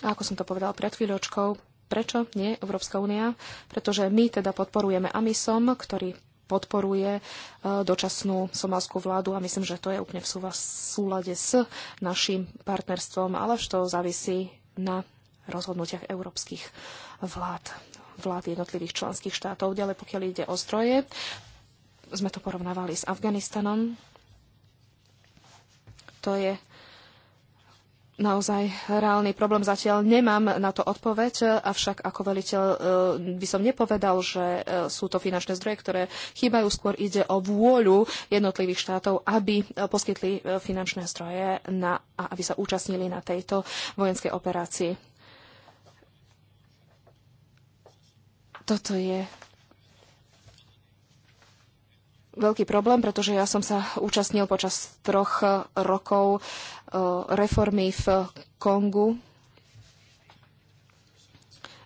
A ako som to povedal pred chvíľočkou, prečo nie Európska únia? Pretože my teda podporujeme AMISOM, ktorý podporuje e, dočasnú somalskú vládu a myslím, že to je úplne v súlade s našim partnerstvom, ale to závisí na rozhodnutiach európskych vlád vlád jednotlivých členských štátov. Ďalej, pokiaľ ide o zdroje, sme to porovnávali s Afganistanom. To je naozaj reálny problém. Zatiaľ nemám na to odpoveď, avšak ako veliteľ e, by som nepovedal, že e, sú to finančné zdroje, ktoré chýbajú. Skôr ide o vôľu jednotlivých štátov, aby e, poskytli finančné zdroje na, a aby sa účastnili na tejto vojenskej operácii. Toto je veľký problém, pretože ja som sa účastnil počas troch rokov e, reformy v Kongu.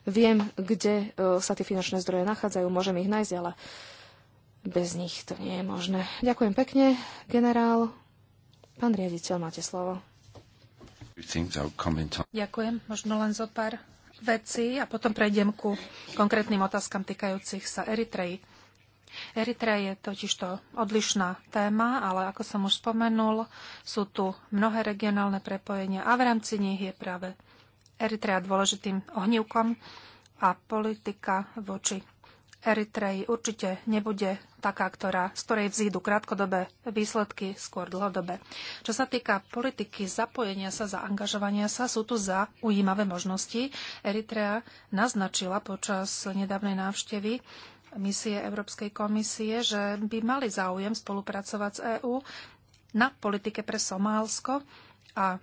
Viem, kde e, sa tie finančné zdroje nachádzajú, môžem ich nájsť, ale bez nich to nie je možné. Ďakujem pekne, generál. Pán riaditeľ, máte slovo. Ďakujem. Možno len zo pár vecí a potom prejdem ku konkrétnym otázkam týkajúcich sa Eritreji. Eritrea je totižto odlišná téma, ale ako som už spomenul, sú tu mnohé regionálne prepojenia a v rámci nich je práve Eritrea dôležitým ohnívkom a politika voči Eritreji určite nebude taká, ktorá, z ktorej vzídu krátkodobé výsledky, skôr dlhodobé. Čo sa týka politiky zapojenia sa, zaangažovania sa, sú tu za ujímavé možnosti. Eritrea naznačila počas nedávnej návštevy misie Európskej komisie, že by mali záujem spolupracovať s EÚ na politike pre Somálsko a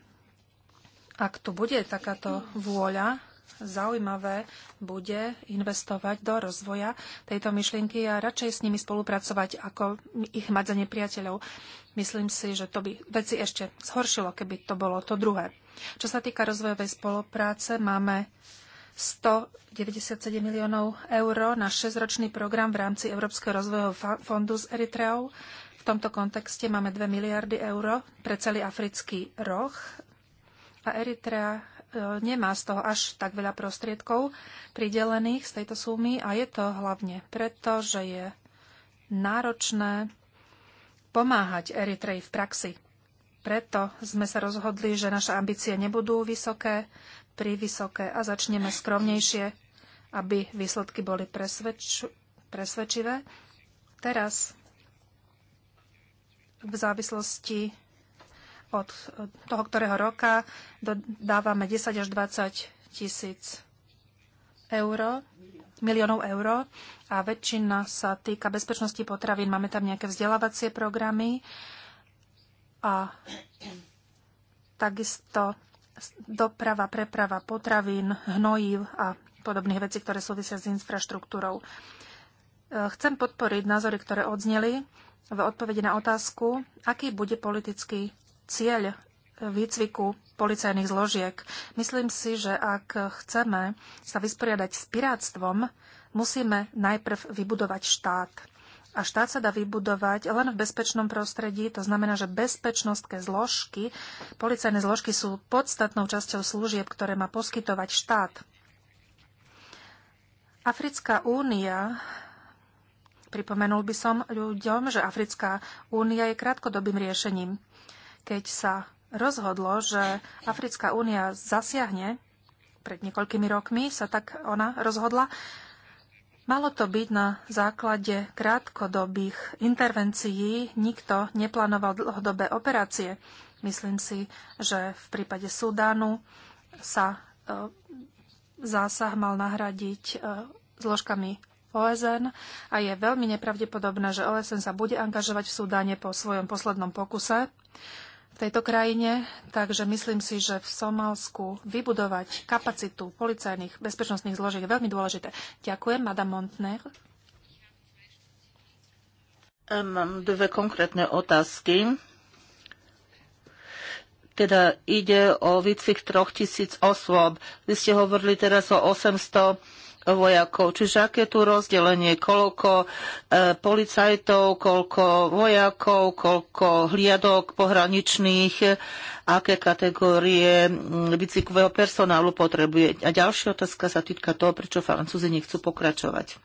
ak tu bude takáto vôľa, zaujímavé bude investovať do rozvoja tejto myšlienky a radšej s nimi spolupracovať, ako ich mať za nepriateľov. Myslím si, že to by veci ešte zhoršilo, keby to bolo to druhé. Čo sa týka rozvojovej spolupráce, máme 197 miliónov eur na 6-ročný program v rámci Európskeho rozvojového fondu s Eritreou. V tomto kontexte máme 2 miliardy eur pre celý africký roh a Eritrea e, nemá z toho až tak veľa prostriedkov pridelených z tejto sumy a je to hlavne preto, že je náročné pomáhať Eritreji v praxi. Preto sme sa rozhodli, že naše ambície nebudú vysoké privysoké a začneme skromnejšie, aby výsledky boli presvedč- presvedčivé. Teraz v závislosti od toho, ktorého roka dávame 10 až 20 tisíc eur, miliónov eur a väčšina sa týka bezpečnosti potravín. Máme tam nejaké vzdelávacie programy a takisto doprava, preprava potravín, hnojív a podobných vecí, ktoré súvisia s infraštruktúrou. E, chcem podporiť názory, ktoré odzneli v odpovedi na otázku, aký bude politický cieľ výcviku policajných zložiek. Myslím si, že ak chceme sa vysporiadať s pirátstvom, musíme najprv vybudovať štát. A štát sa dá vybudovať len v bezpečnom prostredí, to znamená, že bezpečnostné zložky, policajné zložky sú podstatnou časťou služieb, ktoré má poskytovať štát. Africká únia Pripomenul by som ľuďom, že Africká únia je krátkodobým riešením. Keď sa rozhodlo, že Africká únia zasiahne, pred niekoľkými rokmi sa tak ona rozhodla, Malo to byť na základe krátkodobých intervencií, nikto neplánoval dlhodobé operácie. Myslím si, že v prípade Sudánu sa e, zásah mal nahradiť e, zložkami OSN a je veľmi nepravdepodobné, že OSN sa bude angažovať v Sudáne po svojom poslednom pokuse tejto krajine, takže myslím si, že v Somálsku vybudovať kapacitu policajných bezpečnostných zložiek je veľmi dôležité. Ďakujem, Madame Montner. Mám dve konkrétne otázky. Teda ide o výcvik tisíc osôb. Vy ste hovorili teraz o 800 vojakov. Čiže aké tu rozdelenie, koľko e, policajtov, koľko vojakov, koľko hliadok pohraničných, aké kategórie mm, bicykového personálu potrebuje. A ďalšia otázka sa týka toho, prečo Francúzi nechcú pokračovať.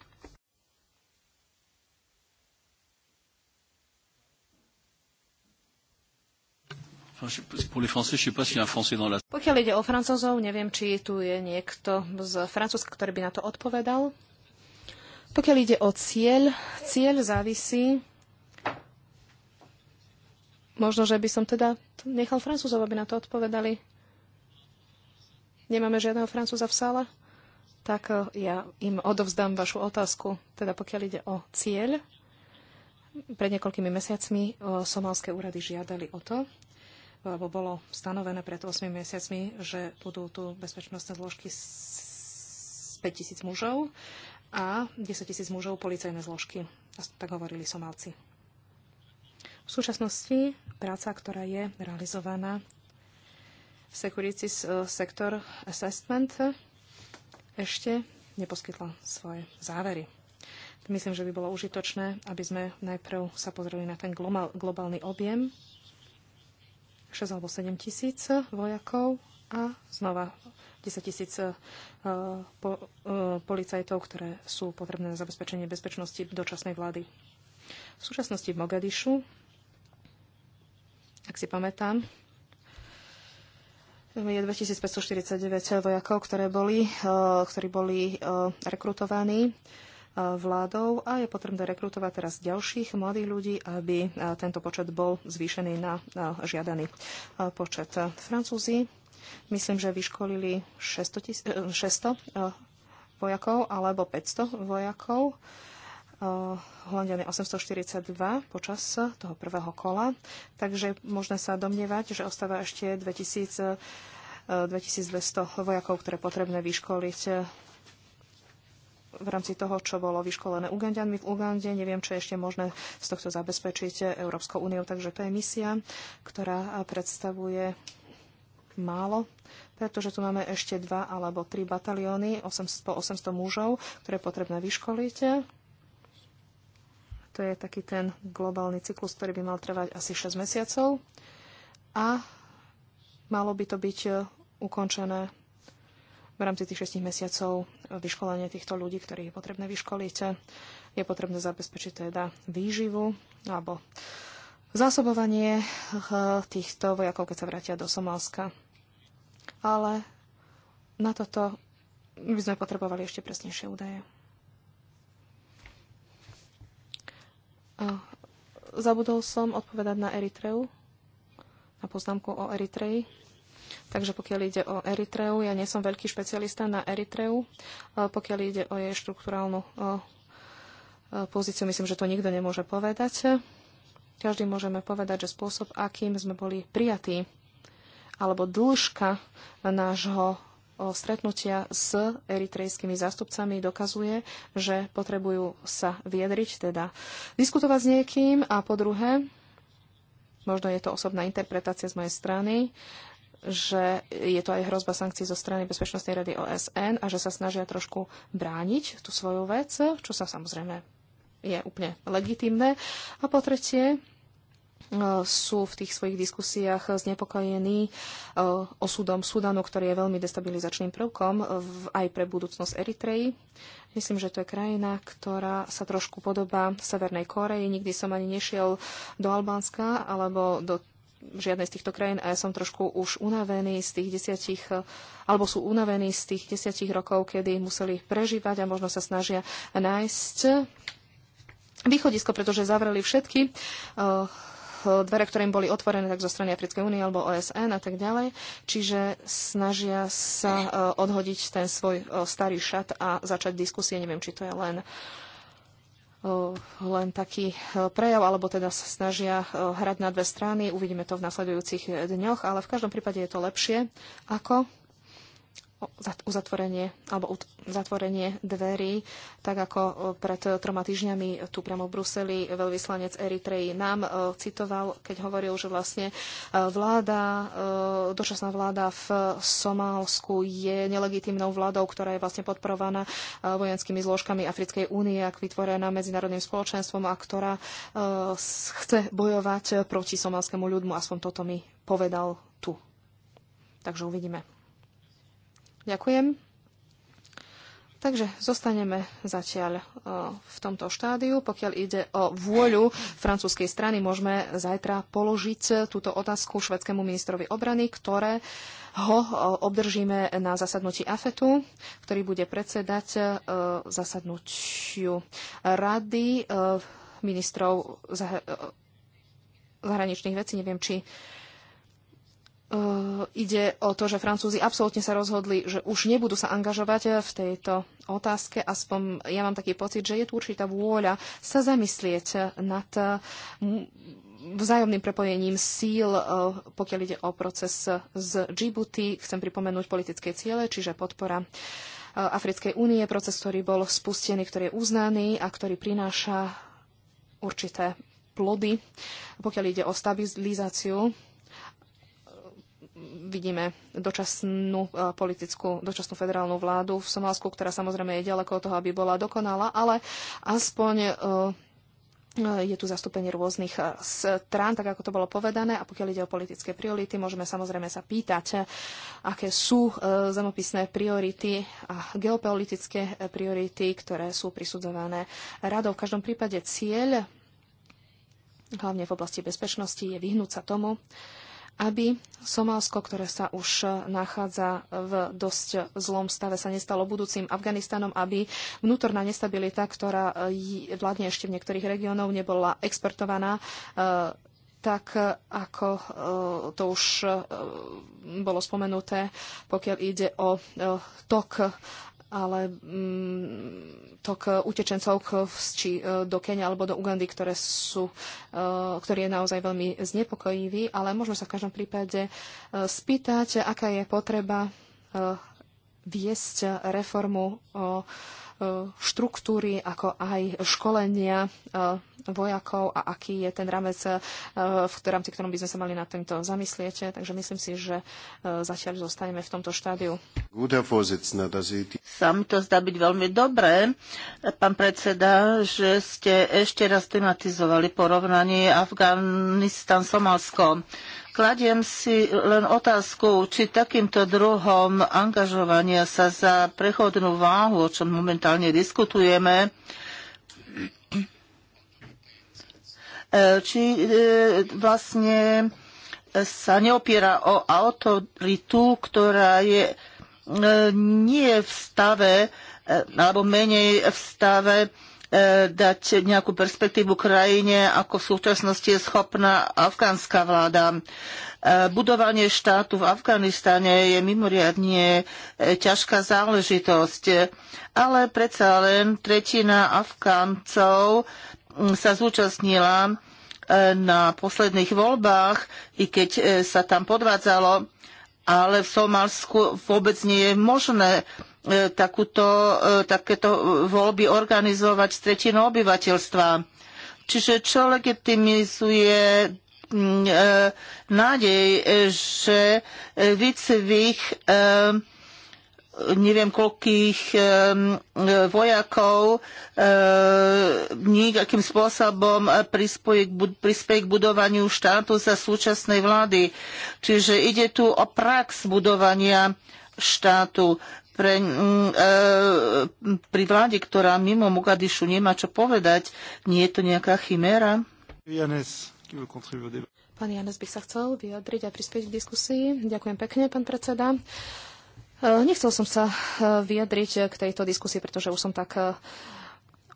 Pokiaľ ide o Francúzov, neviem, či tu je niekto z Francúzska, ktorý by na to odpovedal. Pokiaľ ide o cieľ, cieľ závisí. Možno, že by som teda nechal Francúzov, aby na to odpovedali. Nemáme žiadneho Francúza v sále? Tak eh, ja im odovzdám vašu otázku. Teda pokiaľ ide o cieľ, pred niekoľkými mesiacmi eh, somalské úrady žiadali o to, alebo bolo stanovené pred 8 mesiacmi, že budú tu bezpečnostné zložky s tisíc mužov a 10 tisíc mužov policajné zložky. Tak hovorili Somálci. V súčasnosti práca, ktorá je realizovaná v Security eh, Sector Assessment, ešte neposkytla svoje závery. Myslím, že by bolo užitočné, aby sme najprv sa pozreli na ten globálny objem 6 alebo 7 tisíc eh, vojakov a znova 10 tisíc eh, eh, policajtov, ktoré sú potrebné na zabezpečenie bezpečnosti dočasnej vlády. V súčasnosti v Mogadišu, ak si pamätám, je 2549 vojakov, ktoré boli, ktorí boli rekrutovaní vládou a je potrebné rekrutovať teraz ďalších mladých ľudí, aby tento počet bol zvýšený na žiadaný počet. Francúzi, myslím, že vyškolili 600, 600 e, e, vojakov alebo 500 vojakov. E, Holandiany 842 počas toho prvého kola. Takže možno sa domnievať, že ostáva ešte 2000 2200 vojakov, ktoré potrebné vyškoliť v rámci toho, čo bolo vyškolené Ugandianmi v Ugande. Neviem, čo je ešte možné z tohto zabezpečiť Európskou úniou. Takže to je misia, ktorá predstavuje málo, pretože tu máme ešte dva alebo tri batalióny, 800, po 800 mužov, ktoré je potrebné vyškoliť. To je taký ten globálny cyklus, ktorý by mal trvať asi 6 mesiacov. A malo by to byť ukončené v rámci tých 6 mesiacov vyškolenie týchto ľudí, ktorých je potrebné vyškoliť. Je potrebné zabezpečiť teda výživu alebo zásobovanie týchto vojakov, keď sa vrátia do Somálska. Ale na toto by sme potrebovali ešte presnejšie údaje. Zabudol som odpovedať na Eritreu, na poznámku o Eritreji. Takže pokiaľ ide o Eritreu, ja nie som veľký špecialista na Eritreu, e, pokiaľ ide o jej štruktúrálnu e, e, pozíciu, myslím, že to nikto nemôže povedať. Každý môžeme povedať, že spôsob, akým sme boli prijatí, alebo dĺžka nášho stretnutia s eritrejskými zástupcami dokazuje, že potrebujú sa viedriť, teda diskutovať s niekým a po druhé, možno je to osobná interpretácia z mojej strany, že je to aj hrozba sankcií zo strany Bezpečnostnej rady OSN a že sa snažia trošku brániť tú svoju vec, čo sa samozrejme je úplne legitimné. A po tretie, e, sú v tých svojich diskusiách znepokojení e, osudom Sudanu, ktorý je veľmi destabilizačným prvkom aj pre budúcnosť Eritreji. Myslím, že to je krajina, ktorá sa trošku podobá Severnej Koreji. Nikdy som ani nešiel do Albánska alebo do žiadnej z týchto krajín a ja som trošku už unavený z tých desiatich, alebo sú unavení z tých desiatich rokov, kedy museli prežívať a možno sa snažia nájsť východisko, pretože zavreli všetky eh, dvere, ktoré im boli otvorené tak zo strany Africkej únie alebo OSN a tak ďalej. Čiže snažia sa eh, odhodiť ten svoj eh, starý šat a začať diskusie. Neviem, či to je len uh, Eh, len taký eh, prejav, alebo teda sa snažia eh, hrať na dve strany. Uvidíme to v nasledujúcich dňoch, ale v každom prípade je to lepšie ako uzatvorenie alebo zatvorenie dverí, tak ako e, pred e, troma týždňami tu priamo v Bruseli veľvyslanec Eritreji nám e, citoval, keď hovoril, že vlastne vláda, dočasná vláda v Somálsku je nelegitímnou vládou, ktorá je vlastne podporovaná vojenskými zložkami Africkej únie, ak vytvorená medzinárodným spoločenstvom a ktorá chce bojovať proti somálskému ľudmu. Aspoň toto mi povedal tu. Takže uvidíme. Ďakujem. Takže zostaneme zatiaľ e, v tomto štádiu. Pokiaľ ide o vôľu francúzskej strany, môžeme zajtra položiť túto otázku švedskému ministrovi obrany, ktoré ho e, obdržíme na zasadnutí AFETu, ktorý bude predsedať e, zasadnutiu rady ministrov zahraničných vecí. Neviem, či Eh, ide o to, že Francúzi absolútne sa rozhodli, že už nebudú sa angažovať eh, v tejto otázke. Aspoň ja mám taký pocit, že je tu určitá vôľa sa zamyslieť nad eh, vzájomným prepojením síl, pokiaľ ide o proces z Djibouti. Chcem pripomenúť politické ciele, čiže podpora Africkej únie, proces, ktorý bol spustený, ktorý je uznaný a ktorý prináša určité plody, pokiaľ ide o stabilizáciu vidíme dočasnú e, politickú, dočasnú federálnu vládu v Somálsku, ktorá samozrejme je ďaleko od toho, aby bola dokonalá, ale aspoň e, e, je tu zastúpenie rôznych strán, tak ako to bolo povedané. A pokiaľ ide o politické priority, môžeme samozrejme sa pýtať, aké sú zemopisné priority a geopolitické priority, ktoré sú prisudzované radou. V každom prípade cieľ, hlavne v oblasti bezpečnosti, je vyhnúť sa tomu, aby Somálsko, ktoré sa už nachádza v dosť zlom stave, sa nestalo budúcim Afganistanom, aby vnútorná nestabilita, ktorá vládne ešte v niektorých regiónoch nebola exportovaná e, tak ako e, to už e, bolo spomenuté, pokiaľ ide o tok ale mm, tok utečencov k, či e, do Kenia alebo do Ugandy, ktoré sú, e, ktorý je naozaj veľmi znepokojivý, ale môžeme sa v každom prípade e, spýtať, aká je potreba viesť reformu o štruktúry, ako aj školenia e, vojakov a aký je ten ramec, e, v rámci ktorom by sme sa mali na tento zamyslieť. Takže myslím si, že e, zatiaľ zostaneme v tomto štádiu. Sa mi to zdá byť veľmi dobré, pán predseda, že ste ešte raz tematizovali porovnanie Afganistan-Somalsko. Kladiem si len otázku, či takýmto druhom angažovania sa za prechodnú váhu, o čom momentálne diskutujeme, či e, vlastne sa neopiera o autoritu, ktorá je e, nie v stave, e, alebo menej v stave E, dať nejakú perspektívu krajine, ako v súčasnosti je schopná afgánska vláda. E, budovanie štátu v Afganistane je mimoriadne e, ťažká záležitosť, ale predsa len tretina Afgáncov sa zúčastnila na posledných voľbách, i keď sa tam podvádzalo, ale v Somálsku vôbec nie je možné E, takúto, e, takéto voľby organizovať s tretinou obyvateľstva. Čiže čo legitimizuje mm, e, nádej, že vícevých neviem koľkých vojakov nejakým spôsobom prispieje k budovaniu štátu za súčasnej vlády. Čiže ide tu o prax budovania štátu pre, mm, e, pri vláde, ktorá mimo Mogadišu nemá čo povedať. Nie je to nejaká chiméra? Janes, Pán Janes by sa chcel vyjadriť a prispieť k diskusii. Ďakujem pekne, pán predseda. E, nechcel som sa e, vyjadriť k tejto diskusii, pretože už som tak e,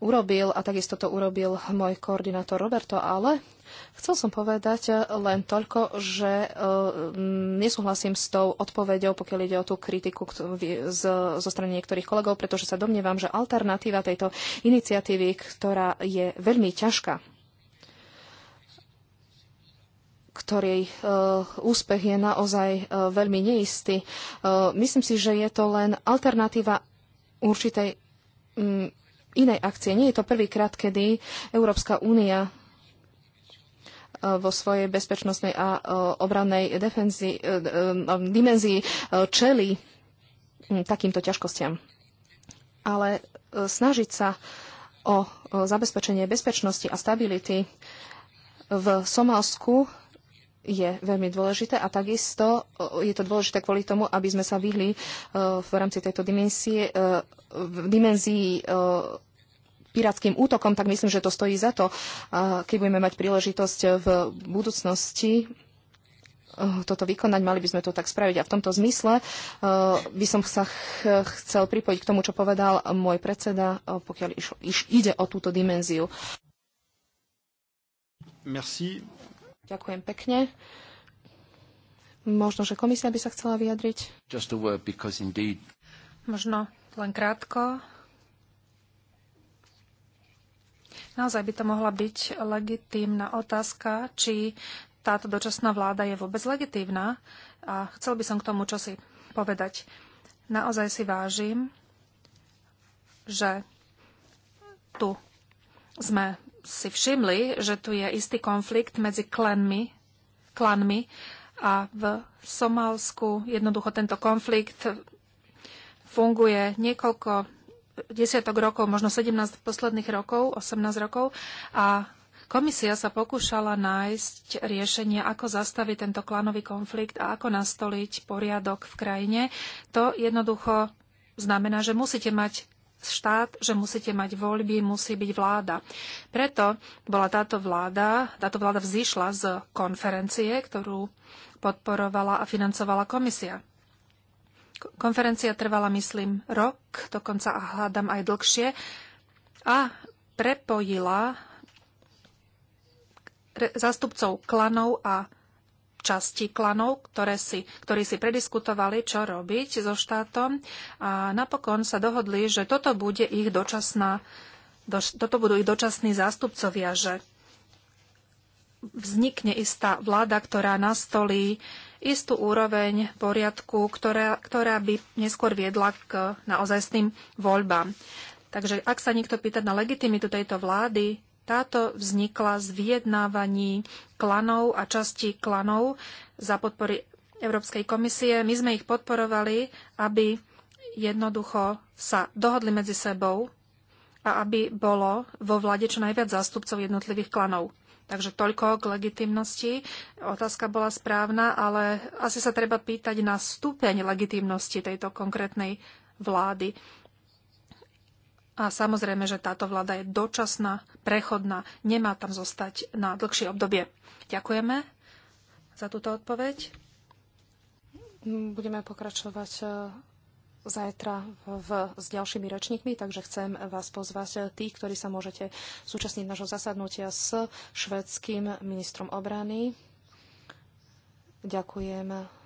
urobil a takisto to urobil môj koordinátor Roberto, ale Chcel som povedať len toľko, že eh, nesúhlasím s tou odpoveďou, pokiaľ ide o tú kritiku zo strany niektorých kolegov, pretože sa domnievam, že alternatíva tejto iniciatívy, ktorá je veľmi ťažká, ktorej eh, úspech je naozaj eh, veľmi neistý. Myslím si, že je to len alternatíva určitej mm, inej akcie. Nie je to prvýkrát, kedy Európska únia e, vo svojej bezpečnostnej a e, obrannej defenzi, e, no, dimenzii čeli takýmto ťažkostiam. Ale snažiť sa o zabezpečenie bezpečnosti a stability v Somálsku je veľmi dôležité a takisto e, je to dôležité kvôli tomu, aby sme sa vyhli e, v rámci tejto dimenzie, e, v dimenzii pirátským útokom, tak myslím, že to stojí za to, keď budeme mať príležitosť v budúcnosti toto vykonať, mali by sme to tak spraviť. A v tomto zmysle by som sa chcel pripojiť k tomu, čo povedal môj predseda, pokiaľ iš, iš, ide o túto dimenziu. Merci. Ďakujem pekne. Možno, že komisia by sa chcela vyjadriť. Just a word, because indeed... Možno len krátko. Naozaj by to mohla byť legitímna otázka, či táto dočasná vláda je vôbec legitívna a chcel by som k tomu čosi povedať. Naozaj si vážim, že tu sme si všimli, že tu je istý konflikt medzi klanmi, klanmi a v Somálsku jednoducho tento konflikt funguje niekoľko desiatok rokov, možno 17 posledných rokov, 18 rokov a komisia sa pokúšala nájsť riešenie, ako zastaviť tento klanový konflikt a ako nastoliť poriadok v krajine. To jednoducho znamená, že musíte mať štát, že musíte mať voľby, musí byť vláda. Preto bola táto vláda, táto vláda vzýšla z konferencie, ktorú podporovala a financovala komisia. Konferencia trvala, myslím, rok, dokonca a hľadám aj dlhšie, a prepojila zástupcov klanov a časti klanov, ktoré si, ktorí si prediskutovali, čo robiť so štátom a napokon sa dohodli, že toto, bude ich dočasná, do, toto budú ich dočasní zástupcovia, že vznikne istá vláda, ktorá nastolí istú úroveň poriadku, ktorá, ktorá by neskôr viedla k naozajstným voľbám. Takže ak sa niekto pýta na legitimitu tejto vlády, táto vznikla z vyjednávaní klanov a častí klanov za podpory Európskej komisie. My sme ich podporovali, aby jednoducho sa dohodli medzi sebou a aby bolo vo vláde čo najviac zástupcov jednotlivých klanov. Takže toľko k legitimnosti. Otázka bola správna, ale asi sa treba pýtať na stupeň legitimnosti tejto konkrétnej vlády. A samozrejme, že táto vláda je dočasná, prechodná, nemá tam zostať na dlhšie obdobie. Ďakujeme za túto odpoveď. Budeme pokračovať e, zajtra v, s ďalšími rečníkmi, takže chcem vás pozvať e, tých, ktorí sa môžete súčasniť našho zasadnutia s švedským ministrom obrany. Ďakujem